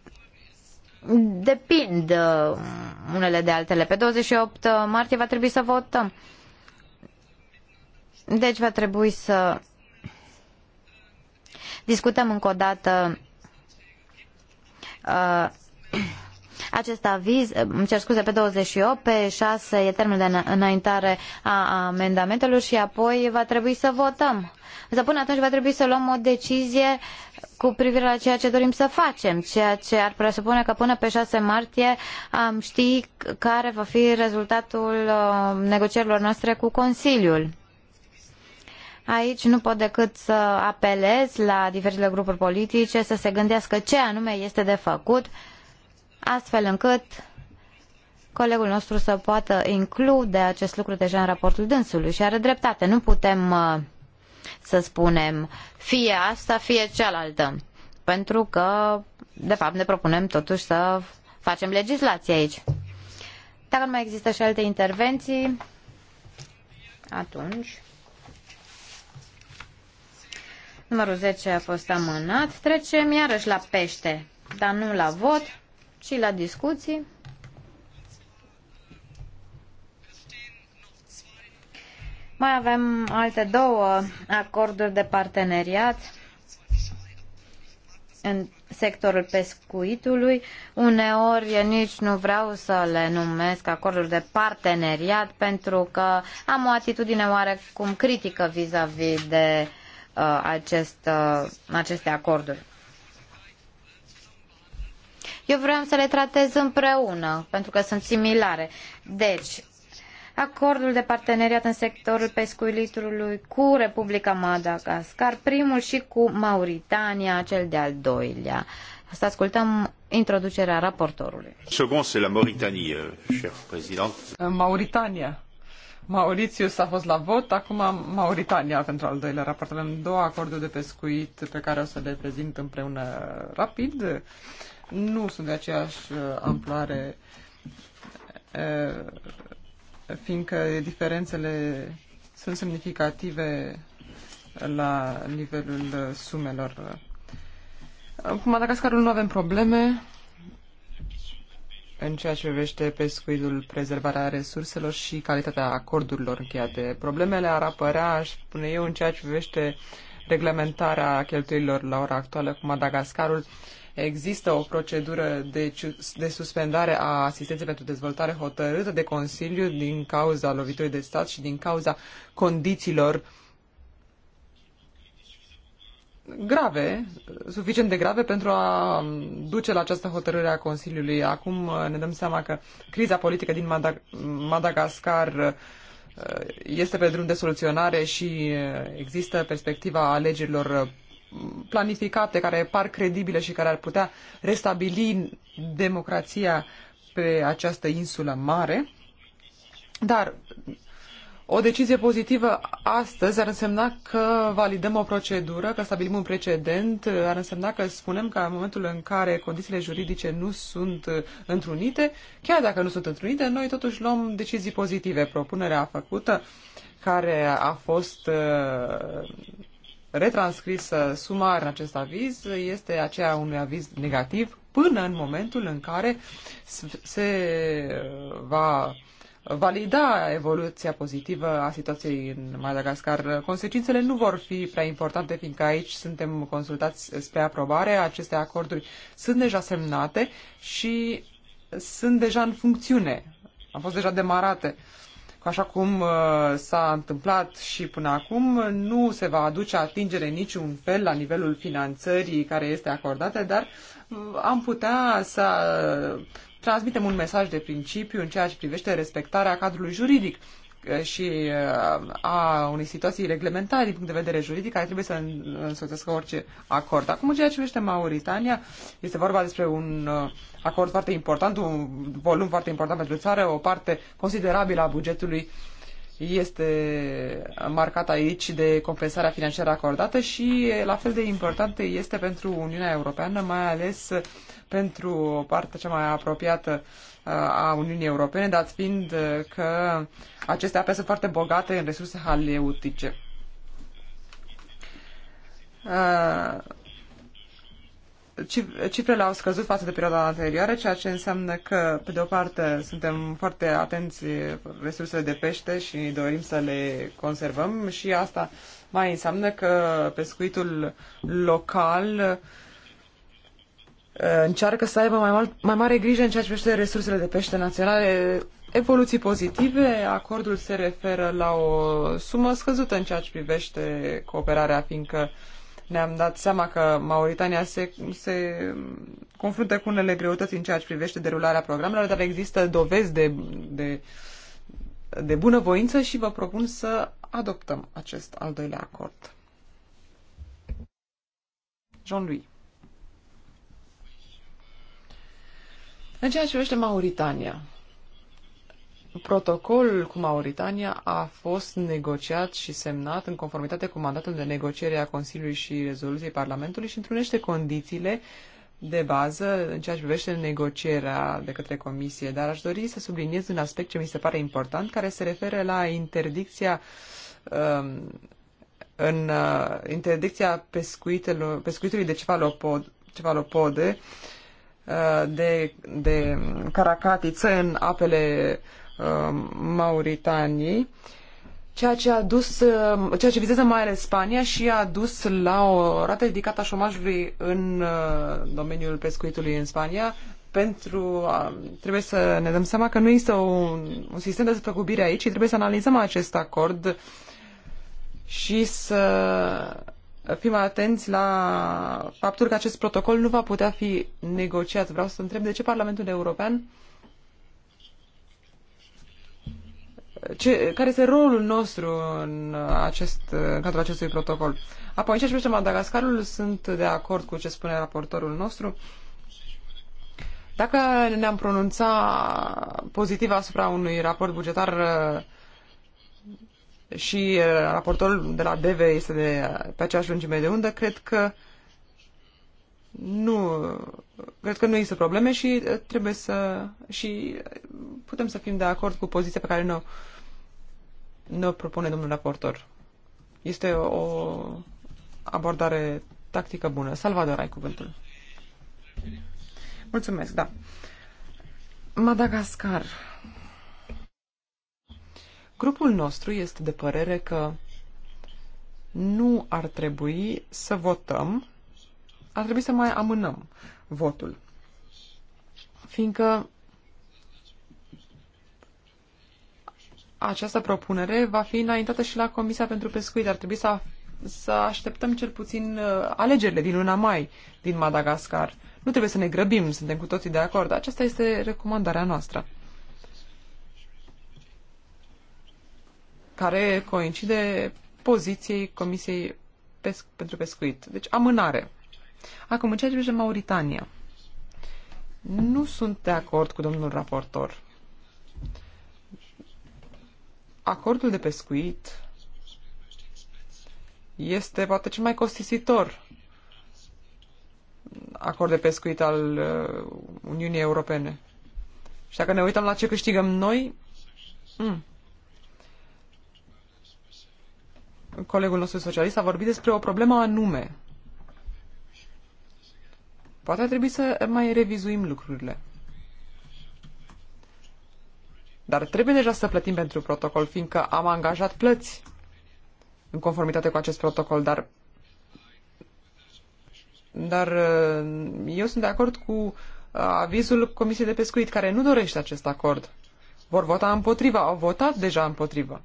depind uh, unele de altele. Pe 28 martie va trebui să votăm. Deci va trebui să discutăm încă o dată uh, acest aviz, îmi cer scuze, pe 28, pe 6 e termenul de înaintare a amendamentelor și apoi va trebui să votăm. Însă până atunci va trebui să luăm o decizie cu privire la ceea ce dorim să facem, ceea ce ar presupune că până pe 6 martie am ști care va fi rezultatul uh, negocierilor noastre cu Consiliul. Aici nu pot decât să apelez la diferitele grupuri politice să se gândească ce anume este de făcut astfel încât colegul nostru să poată include acest lucru deja în raportul dânsului și are dreptate. Nu putem uh, să spunem fie asta, fie cealaltă, pentru că, de fapt, ne propunem totuși să facem legislație aici. Dacă nu mai există și alte intervenții, atunci... Numărul 10 a fost amânat. Trecem iarăși la pește, dar nu la vot și la discuții. Mai avem alte două acorduri de parteneriat în sectorul pescuitului. Uneori nici nu vreau să le numesc acorduri de parteneriat pentru că am o atitudine oarecum critică vis-a-vis -vis de uh, acest, uh, aceste acorduri. Eu vreau să le tratez împreună, pentru că sunt similare. Deci, acordul de parteneriat în sectorul pescuitului cu Republica Madagascar, primul și cu Mauritania, cel de-al doilea. Să ascultăm introducerea raportorului. Second, c'est la Mauritanie, euh, cher président. Mauritania. Mauritius a fost la vot, acum Mauritania pentru al doilea raport. Avem două acorduri de pescuit pe care o să le prezint împreună rapid nu sunt de aceeași uh, amploare, uh, fiindcă diferențele sunt semnificative la nivelul uh, sumelor. Cu Madagascarul nu avem probleme în ceea ce privește pescuitul, prezervarea resurselor și calitatea acordurilor încheiate. Problemele ar apărea, aș spune eu, în ceea ce privește reglementarea cheltuielilor la ora actuală cu Madagascarul Există o procedură de, de suspendare a asistenței pentru dezvoltare hotărâtă de Consiliu din cauza loviturii de stat și din cauza condițiilor grave, suficient de grave pentru a duce la această hotărâre a Consiliului. Acum uh, ne dăm seama că criza politică din Madag- Madagascar uh, este pe drum de soluționare și uh, există perspectiva alegerilor planificate, care par credibile și care ar putea restabili democrația pe această insulă mare. Dar o decizie pozitivă astăzi ar însemna că validăm o procedură, că stabilim un precedent, ar însemna că spunem că în momentul în care condițiile juridice nu sunt întrunite, chiar dacă nu sunt întrunite, noi totuși luăm decizii pozitive. Propunerea făcută, care a fost retranscrisă sumar în acest aviz este aceea unui aviz negativ până în momentul în care se uh, va valida evoluția pozitivă a situației în Madagascar. Consecințele nu vor fi prea importante, fiindcă aici suntem consultați spre aprobare. Aceste acorduri sunt deja semnate și sunt deja în funcțiune. Au fost deja demarate. Uh, așa cum uh, s-a întâmplat și până acum, nu se va aduce atingere niciun fel la nivelul finanțării care este acordată, dar uh, am putea să uh, transmitem un mesaj de principiu în ceea ce privește respectarea cadrului juridic și uh, a unei situații reglementare din punct de vedere juridic care trebuie să însoțească orice acord. Acum, în ceea ce privește Mauritania, este vorba despre un uh, acord foarte important, un volum foarte important pentru țară, o parte considerabilă a bugetului este marcat aici de compensarea financiară acordată și uh, la fel de important este pentru Uniunea Europeană, mai ales pentru o parte cea mai apropiată a Uniunii Europene, dat fiind uh, că aceste ape sunt foarte bogate în resurse haleutice. Uh, cifrele au scăzut față de perioada anterioară, ceea ce înseamnă că, pe de o parte, suntem foarte atenți resursele de pește și dorim să le conservăm și asta mai înseamnă că pescuitul local uh, Uh, încearcă să aibă mai, mal, mai mare grijă în ceea ce privește resursele de pește naționale. Evoluții pozitive, acordul se referă la o sumă scăzută în ceea ce privește cooperarea, fiindcă ne-am dat seama că Mauritania se, se confruntă cu unele greutăți în ceea ce privește derularea programelor, dar există dovezi de, de, de bunăvoință și vă propun să adoptăm acest al doilea acord. Jean-Louis. În ceea ce privește Mauritania, protocolul cu Mauritania a fost negociat și semnat în conformitate cu mandatul de negociere a Consiliului și rezoluției Parlamentului și întrunește condițiile de bază în ceea ce privește negocierea de către Comisie, dar aș dori să subliniez un aspect ce mi se pare important, care se referă la interdicția um, în uh, interdicția pescuitelor, pescuitului de cefalopod, cefalopode Uh, de, de caracatiță în apele uh, Mauritaniei, ceea ce a dus, uh, ceea ce vizează mai ales Spania și a dus la o rată ridicată a șomajului în domeniul pescuitului în Spania, pentru a, trebuie să ne dăm seama că nu există un, un sistem de despăgubire aici și trebuie să analizăm acest acord și să fim atenți la faptul că acest protocol nu va putea fi negociat. Vreau să întreb de ce Parlamentul European ce, care este rolul nostru în, acest, în cadrul acestui protocol. Apoi, în ceea ce privește Madagascarul, sunt de acord cu ce spune raportorul nostru. Dacă ne-am pronunța pozitiv asupra unui raport bugetar uh, și uh, raportorul de la DV este de, uh, pe aceeași lungime de undă, cred că nu, cred că nu există probleme și uh, trebuie să, și putem să fim de acord cu poziția pe care ne-o, ne propune domnul raportor. Este o abordare tactică bună. Salvador, ai cuvântul. Mulțumesc, da. Madagascar. Grupul nostru este de părere că nu ar trebui să votăm, ar trebui să mai amânăm votul. Fiindcă această propunere va fi înaintată și la Comisia pentru Pescuit. Ar trebui să, să așteptăm cel puțin uh, alegerile din luna mai din Madagascar. Nu trebuie să ne grăbim, suntem cu toții de acord. Aceasta este recomandarea noastră. care coincide poziției Comisiei Pesc pentru Pescuit. Deci amânare. Acum, în ceea ce privește Mauritania, nu sunt de acord cu domnul raportor. Acordul de pescuit este poate cel mai costisitor acord de pescuit al uh, Uniunii Europene. Și dacă ne uităm la ce câștigăm noi, mm, colegul nostru socialist a vorbit despre o problemă anume. Poate ar trebui să mai revizuim lucrurile. Dar trebuie deja să plătim pentru protocol, fiindcă am angajat plăți în conformitate cu acest protocol, dar dar uh, eu sunt de acord cu uh, avizul Comisiei de Pescuit, care nu dorește acest acord. Vor vota împotriva, au votat deja împotriva.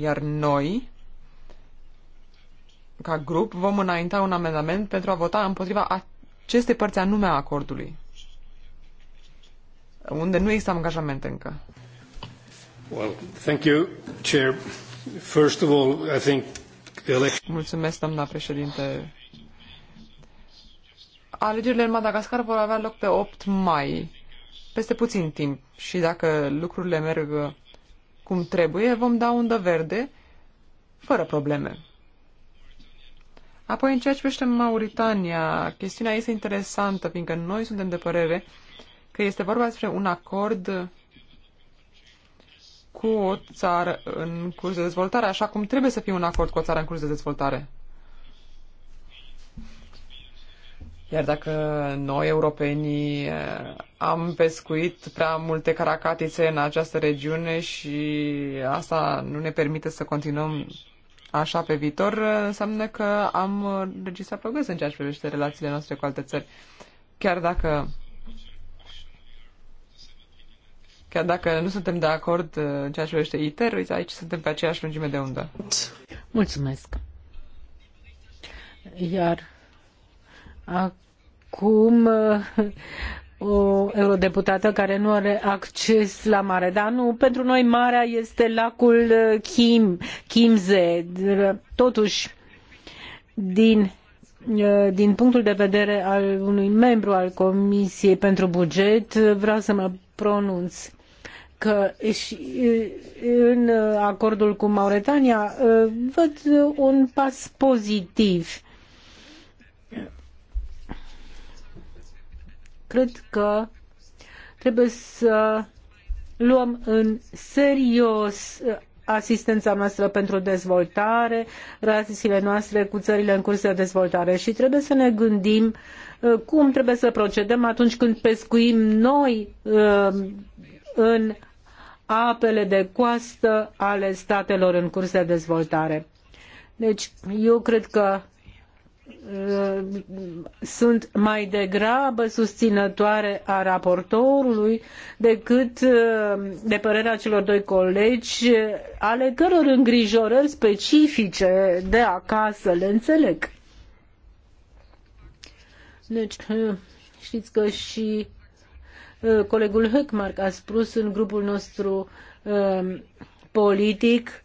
Iar noi, ca grup, vom înainta un amendament pentru a vota împotriva acestei părți anume a acordului, unde nu există angajament încă. Well, thank you, Chair. First of all, I think the election... Mulțumesc, doamna președinte. Alegerile în Madagascar vor avea loc pe 8 mai, peste puțin timp, și dacă lucrurile merg cum trebuie, vom da undă verde fără probleme. Apoi, în ceea ce privește Mauritania, chestiunea este interesantă, fiindcă noi suntem de părere că este vorba despre un acord cu o țară în curs de dezvoltare, așa cum trebuie să fie un acord cu o țară în curs de dezvoltare. Iar dacă noi, europenii, am pescuit prea multe caracatițe în această regiune și asta nu ne permite să continuăm așa pe viitor, înseamnă că am registrat progres în ceea ce privește relațiile noastre cu alte țări. Chiar dacă Chiar dacă nu suntem de acord în ceea ce privește ITER, uite, aici suntem pe aceeași lungime de undă. Mulțumesc. Iar acum uh, o eurodeputată care nu are acces la mare. Dar nu, pentru noi marea este lacul uh, Kim, Kimze. Totuși, din uh, din punctul de vedere al unui membru al Comisiei pentru Buget, vreau să mă pronunț că și în acordul cu Mauretania văd un pas pozitiv Cred că trebuie să luăm în serios asistența noastră pentru dezvoltare, relațiile noastre cu țările în curs de dezvoltare și trebuie să ne gândim uh, cum trebuie să procedăm atunci când pescuim noi uh, în apele de coastă ale statelor în curs de dezvoltare. Deci, eu cred că sunt mai degrabă susținătoare a raportorului decât uh, de părerea celor doi colegi uh, ale căror îngrijorări specifice de acasă le înțeleg. Deci, uh, știți că și colegul Höckmark a spus în grupul nostru politic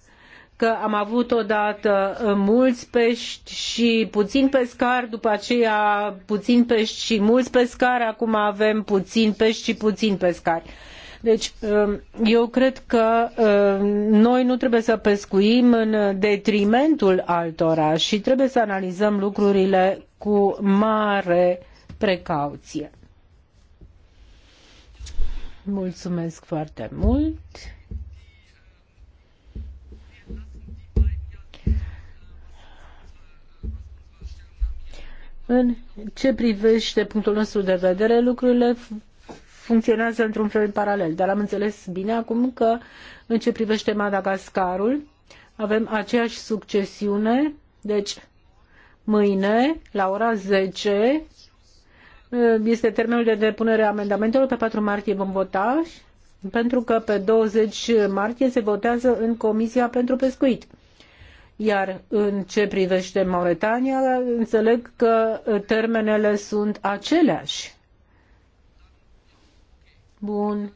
că am avut odată uh, mulți pești și puțin pescari, după aceea puțin pești și mulți pescari, acum avem puțin pești și puțin pescari. Deci, um, eu cred că um, noi nu trebuie să pescuim în detrimentul altora și trebuie să analizăm lucrurile cu mare precauție. Mulțumesc foarte mult. În ce privește punctul nostru de vedere, lucrurile funcționează într-un fel paralel, dar am înțeles bine acum că în ce privește Madagascarul avem aceeași succesiune, deci mâine la ora 10 ă, este termenul de depunere a amendamentelor, pe 4 martie vom vota pentru că pe 20 martie se votează în Comisia pentru Pescuit. Iar în ce privește Mauretania, înțeleg că termenele sunt aceleași. Bun.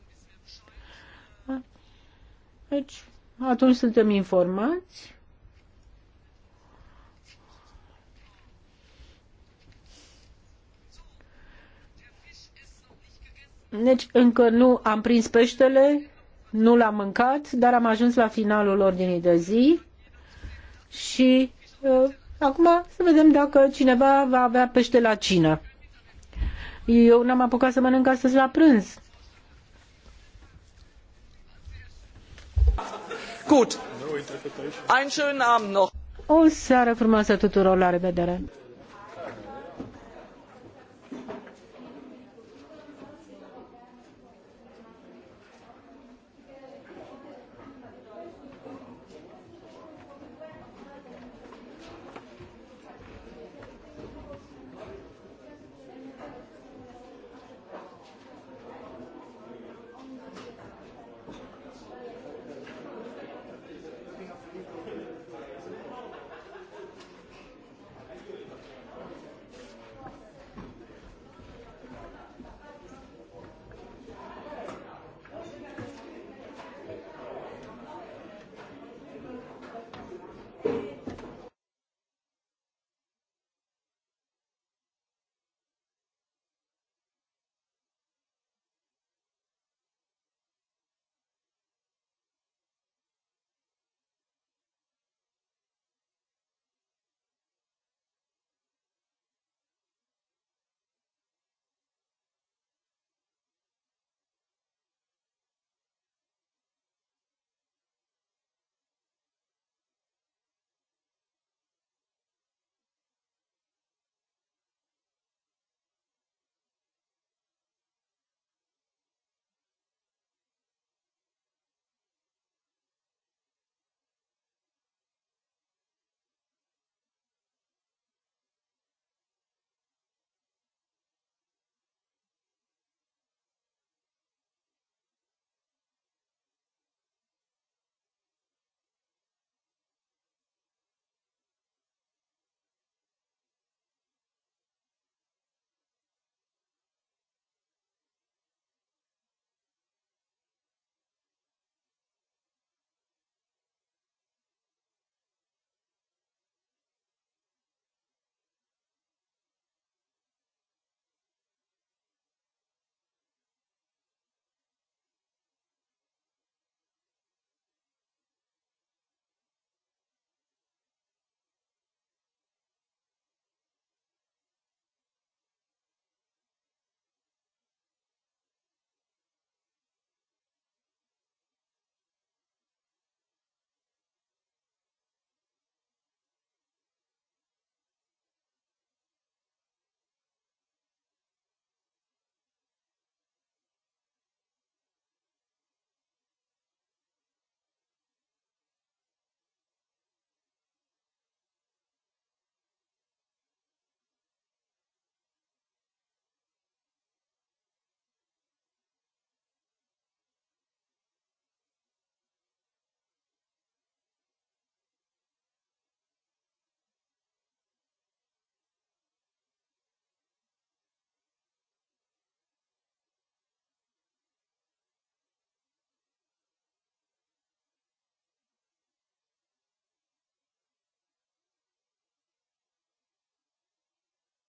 Deci, atunci suntem informați. Deci, încă nu am prins peștele, nu l-am mâncat, dar am ajuns la finalul ordinii de zi și uh, acum să vedem dacă cineva va avea pește la cină. Eu n-am apucat să mănânc astăzi la prânz. Gut. Ein schönen Abend noch. O seară frumoasă tuturor, la revedere!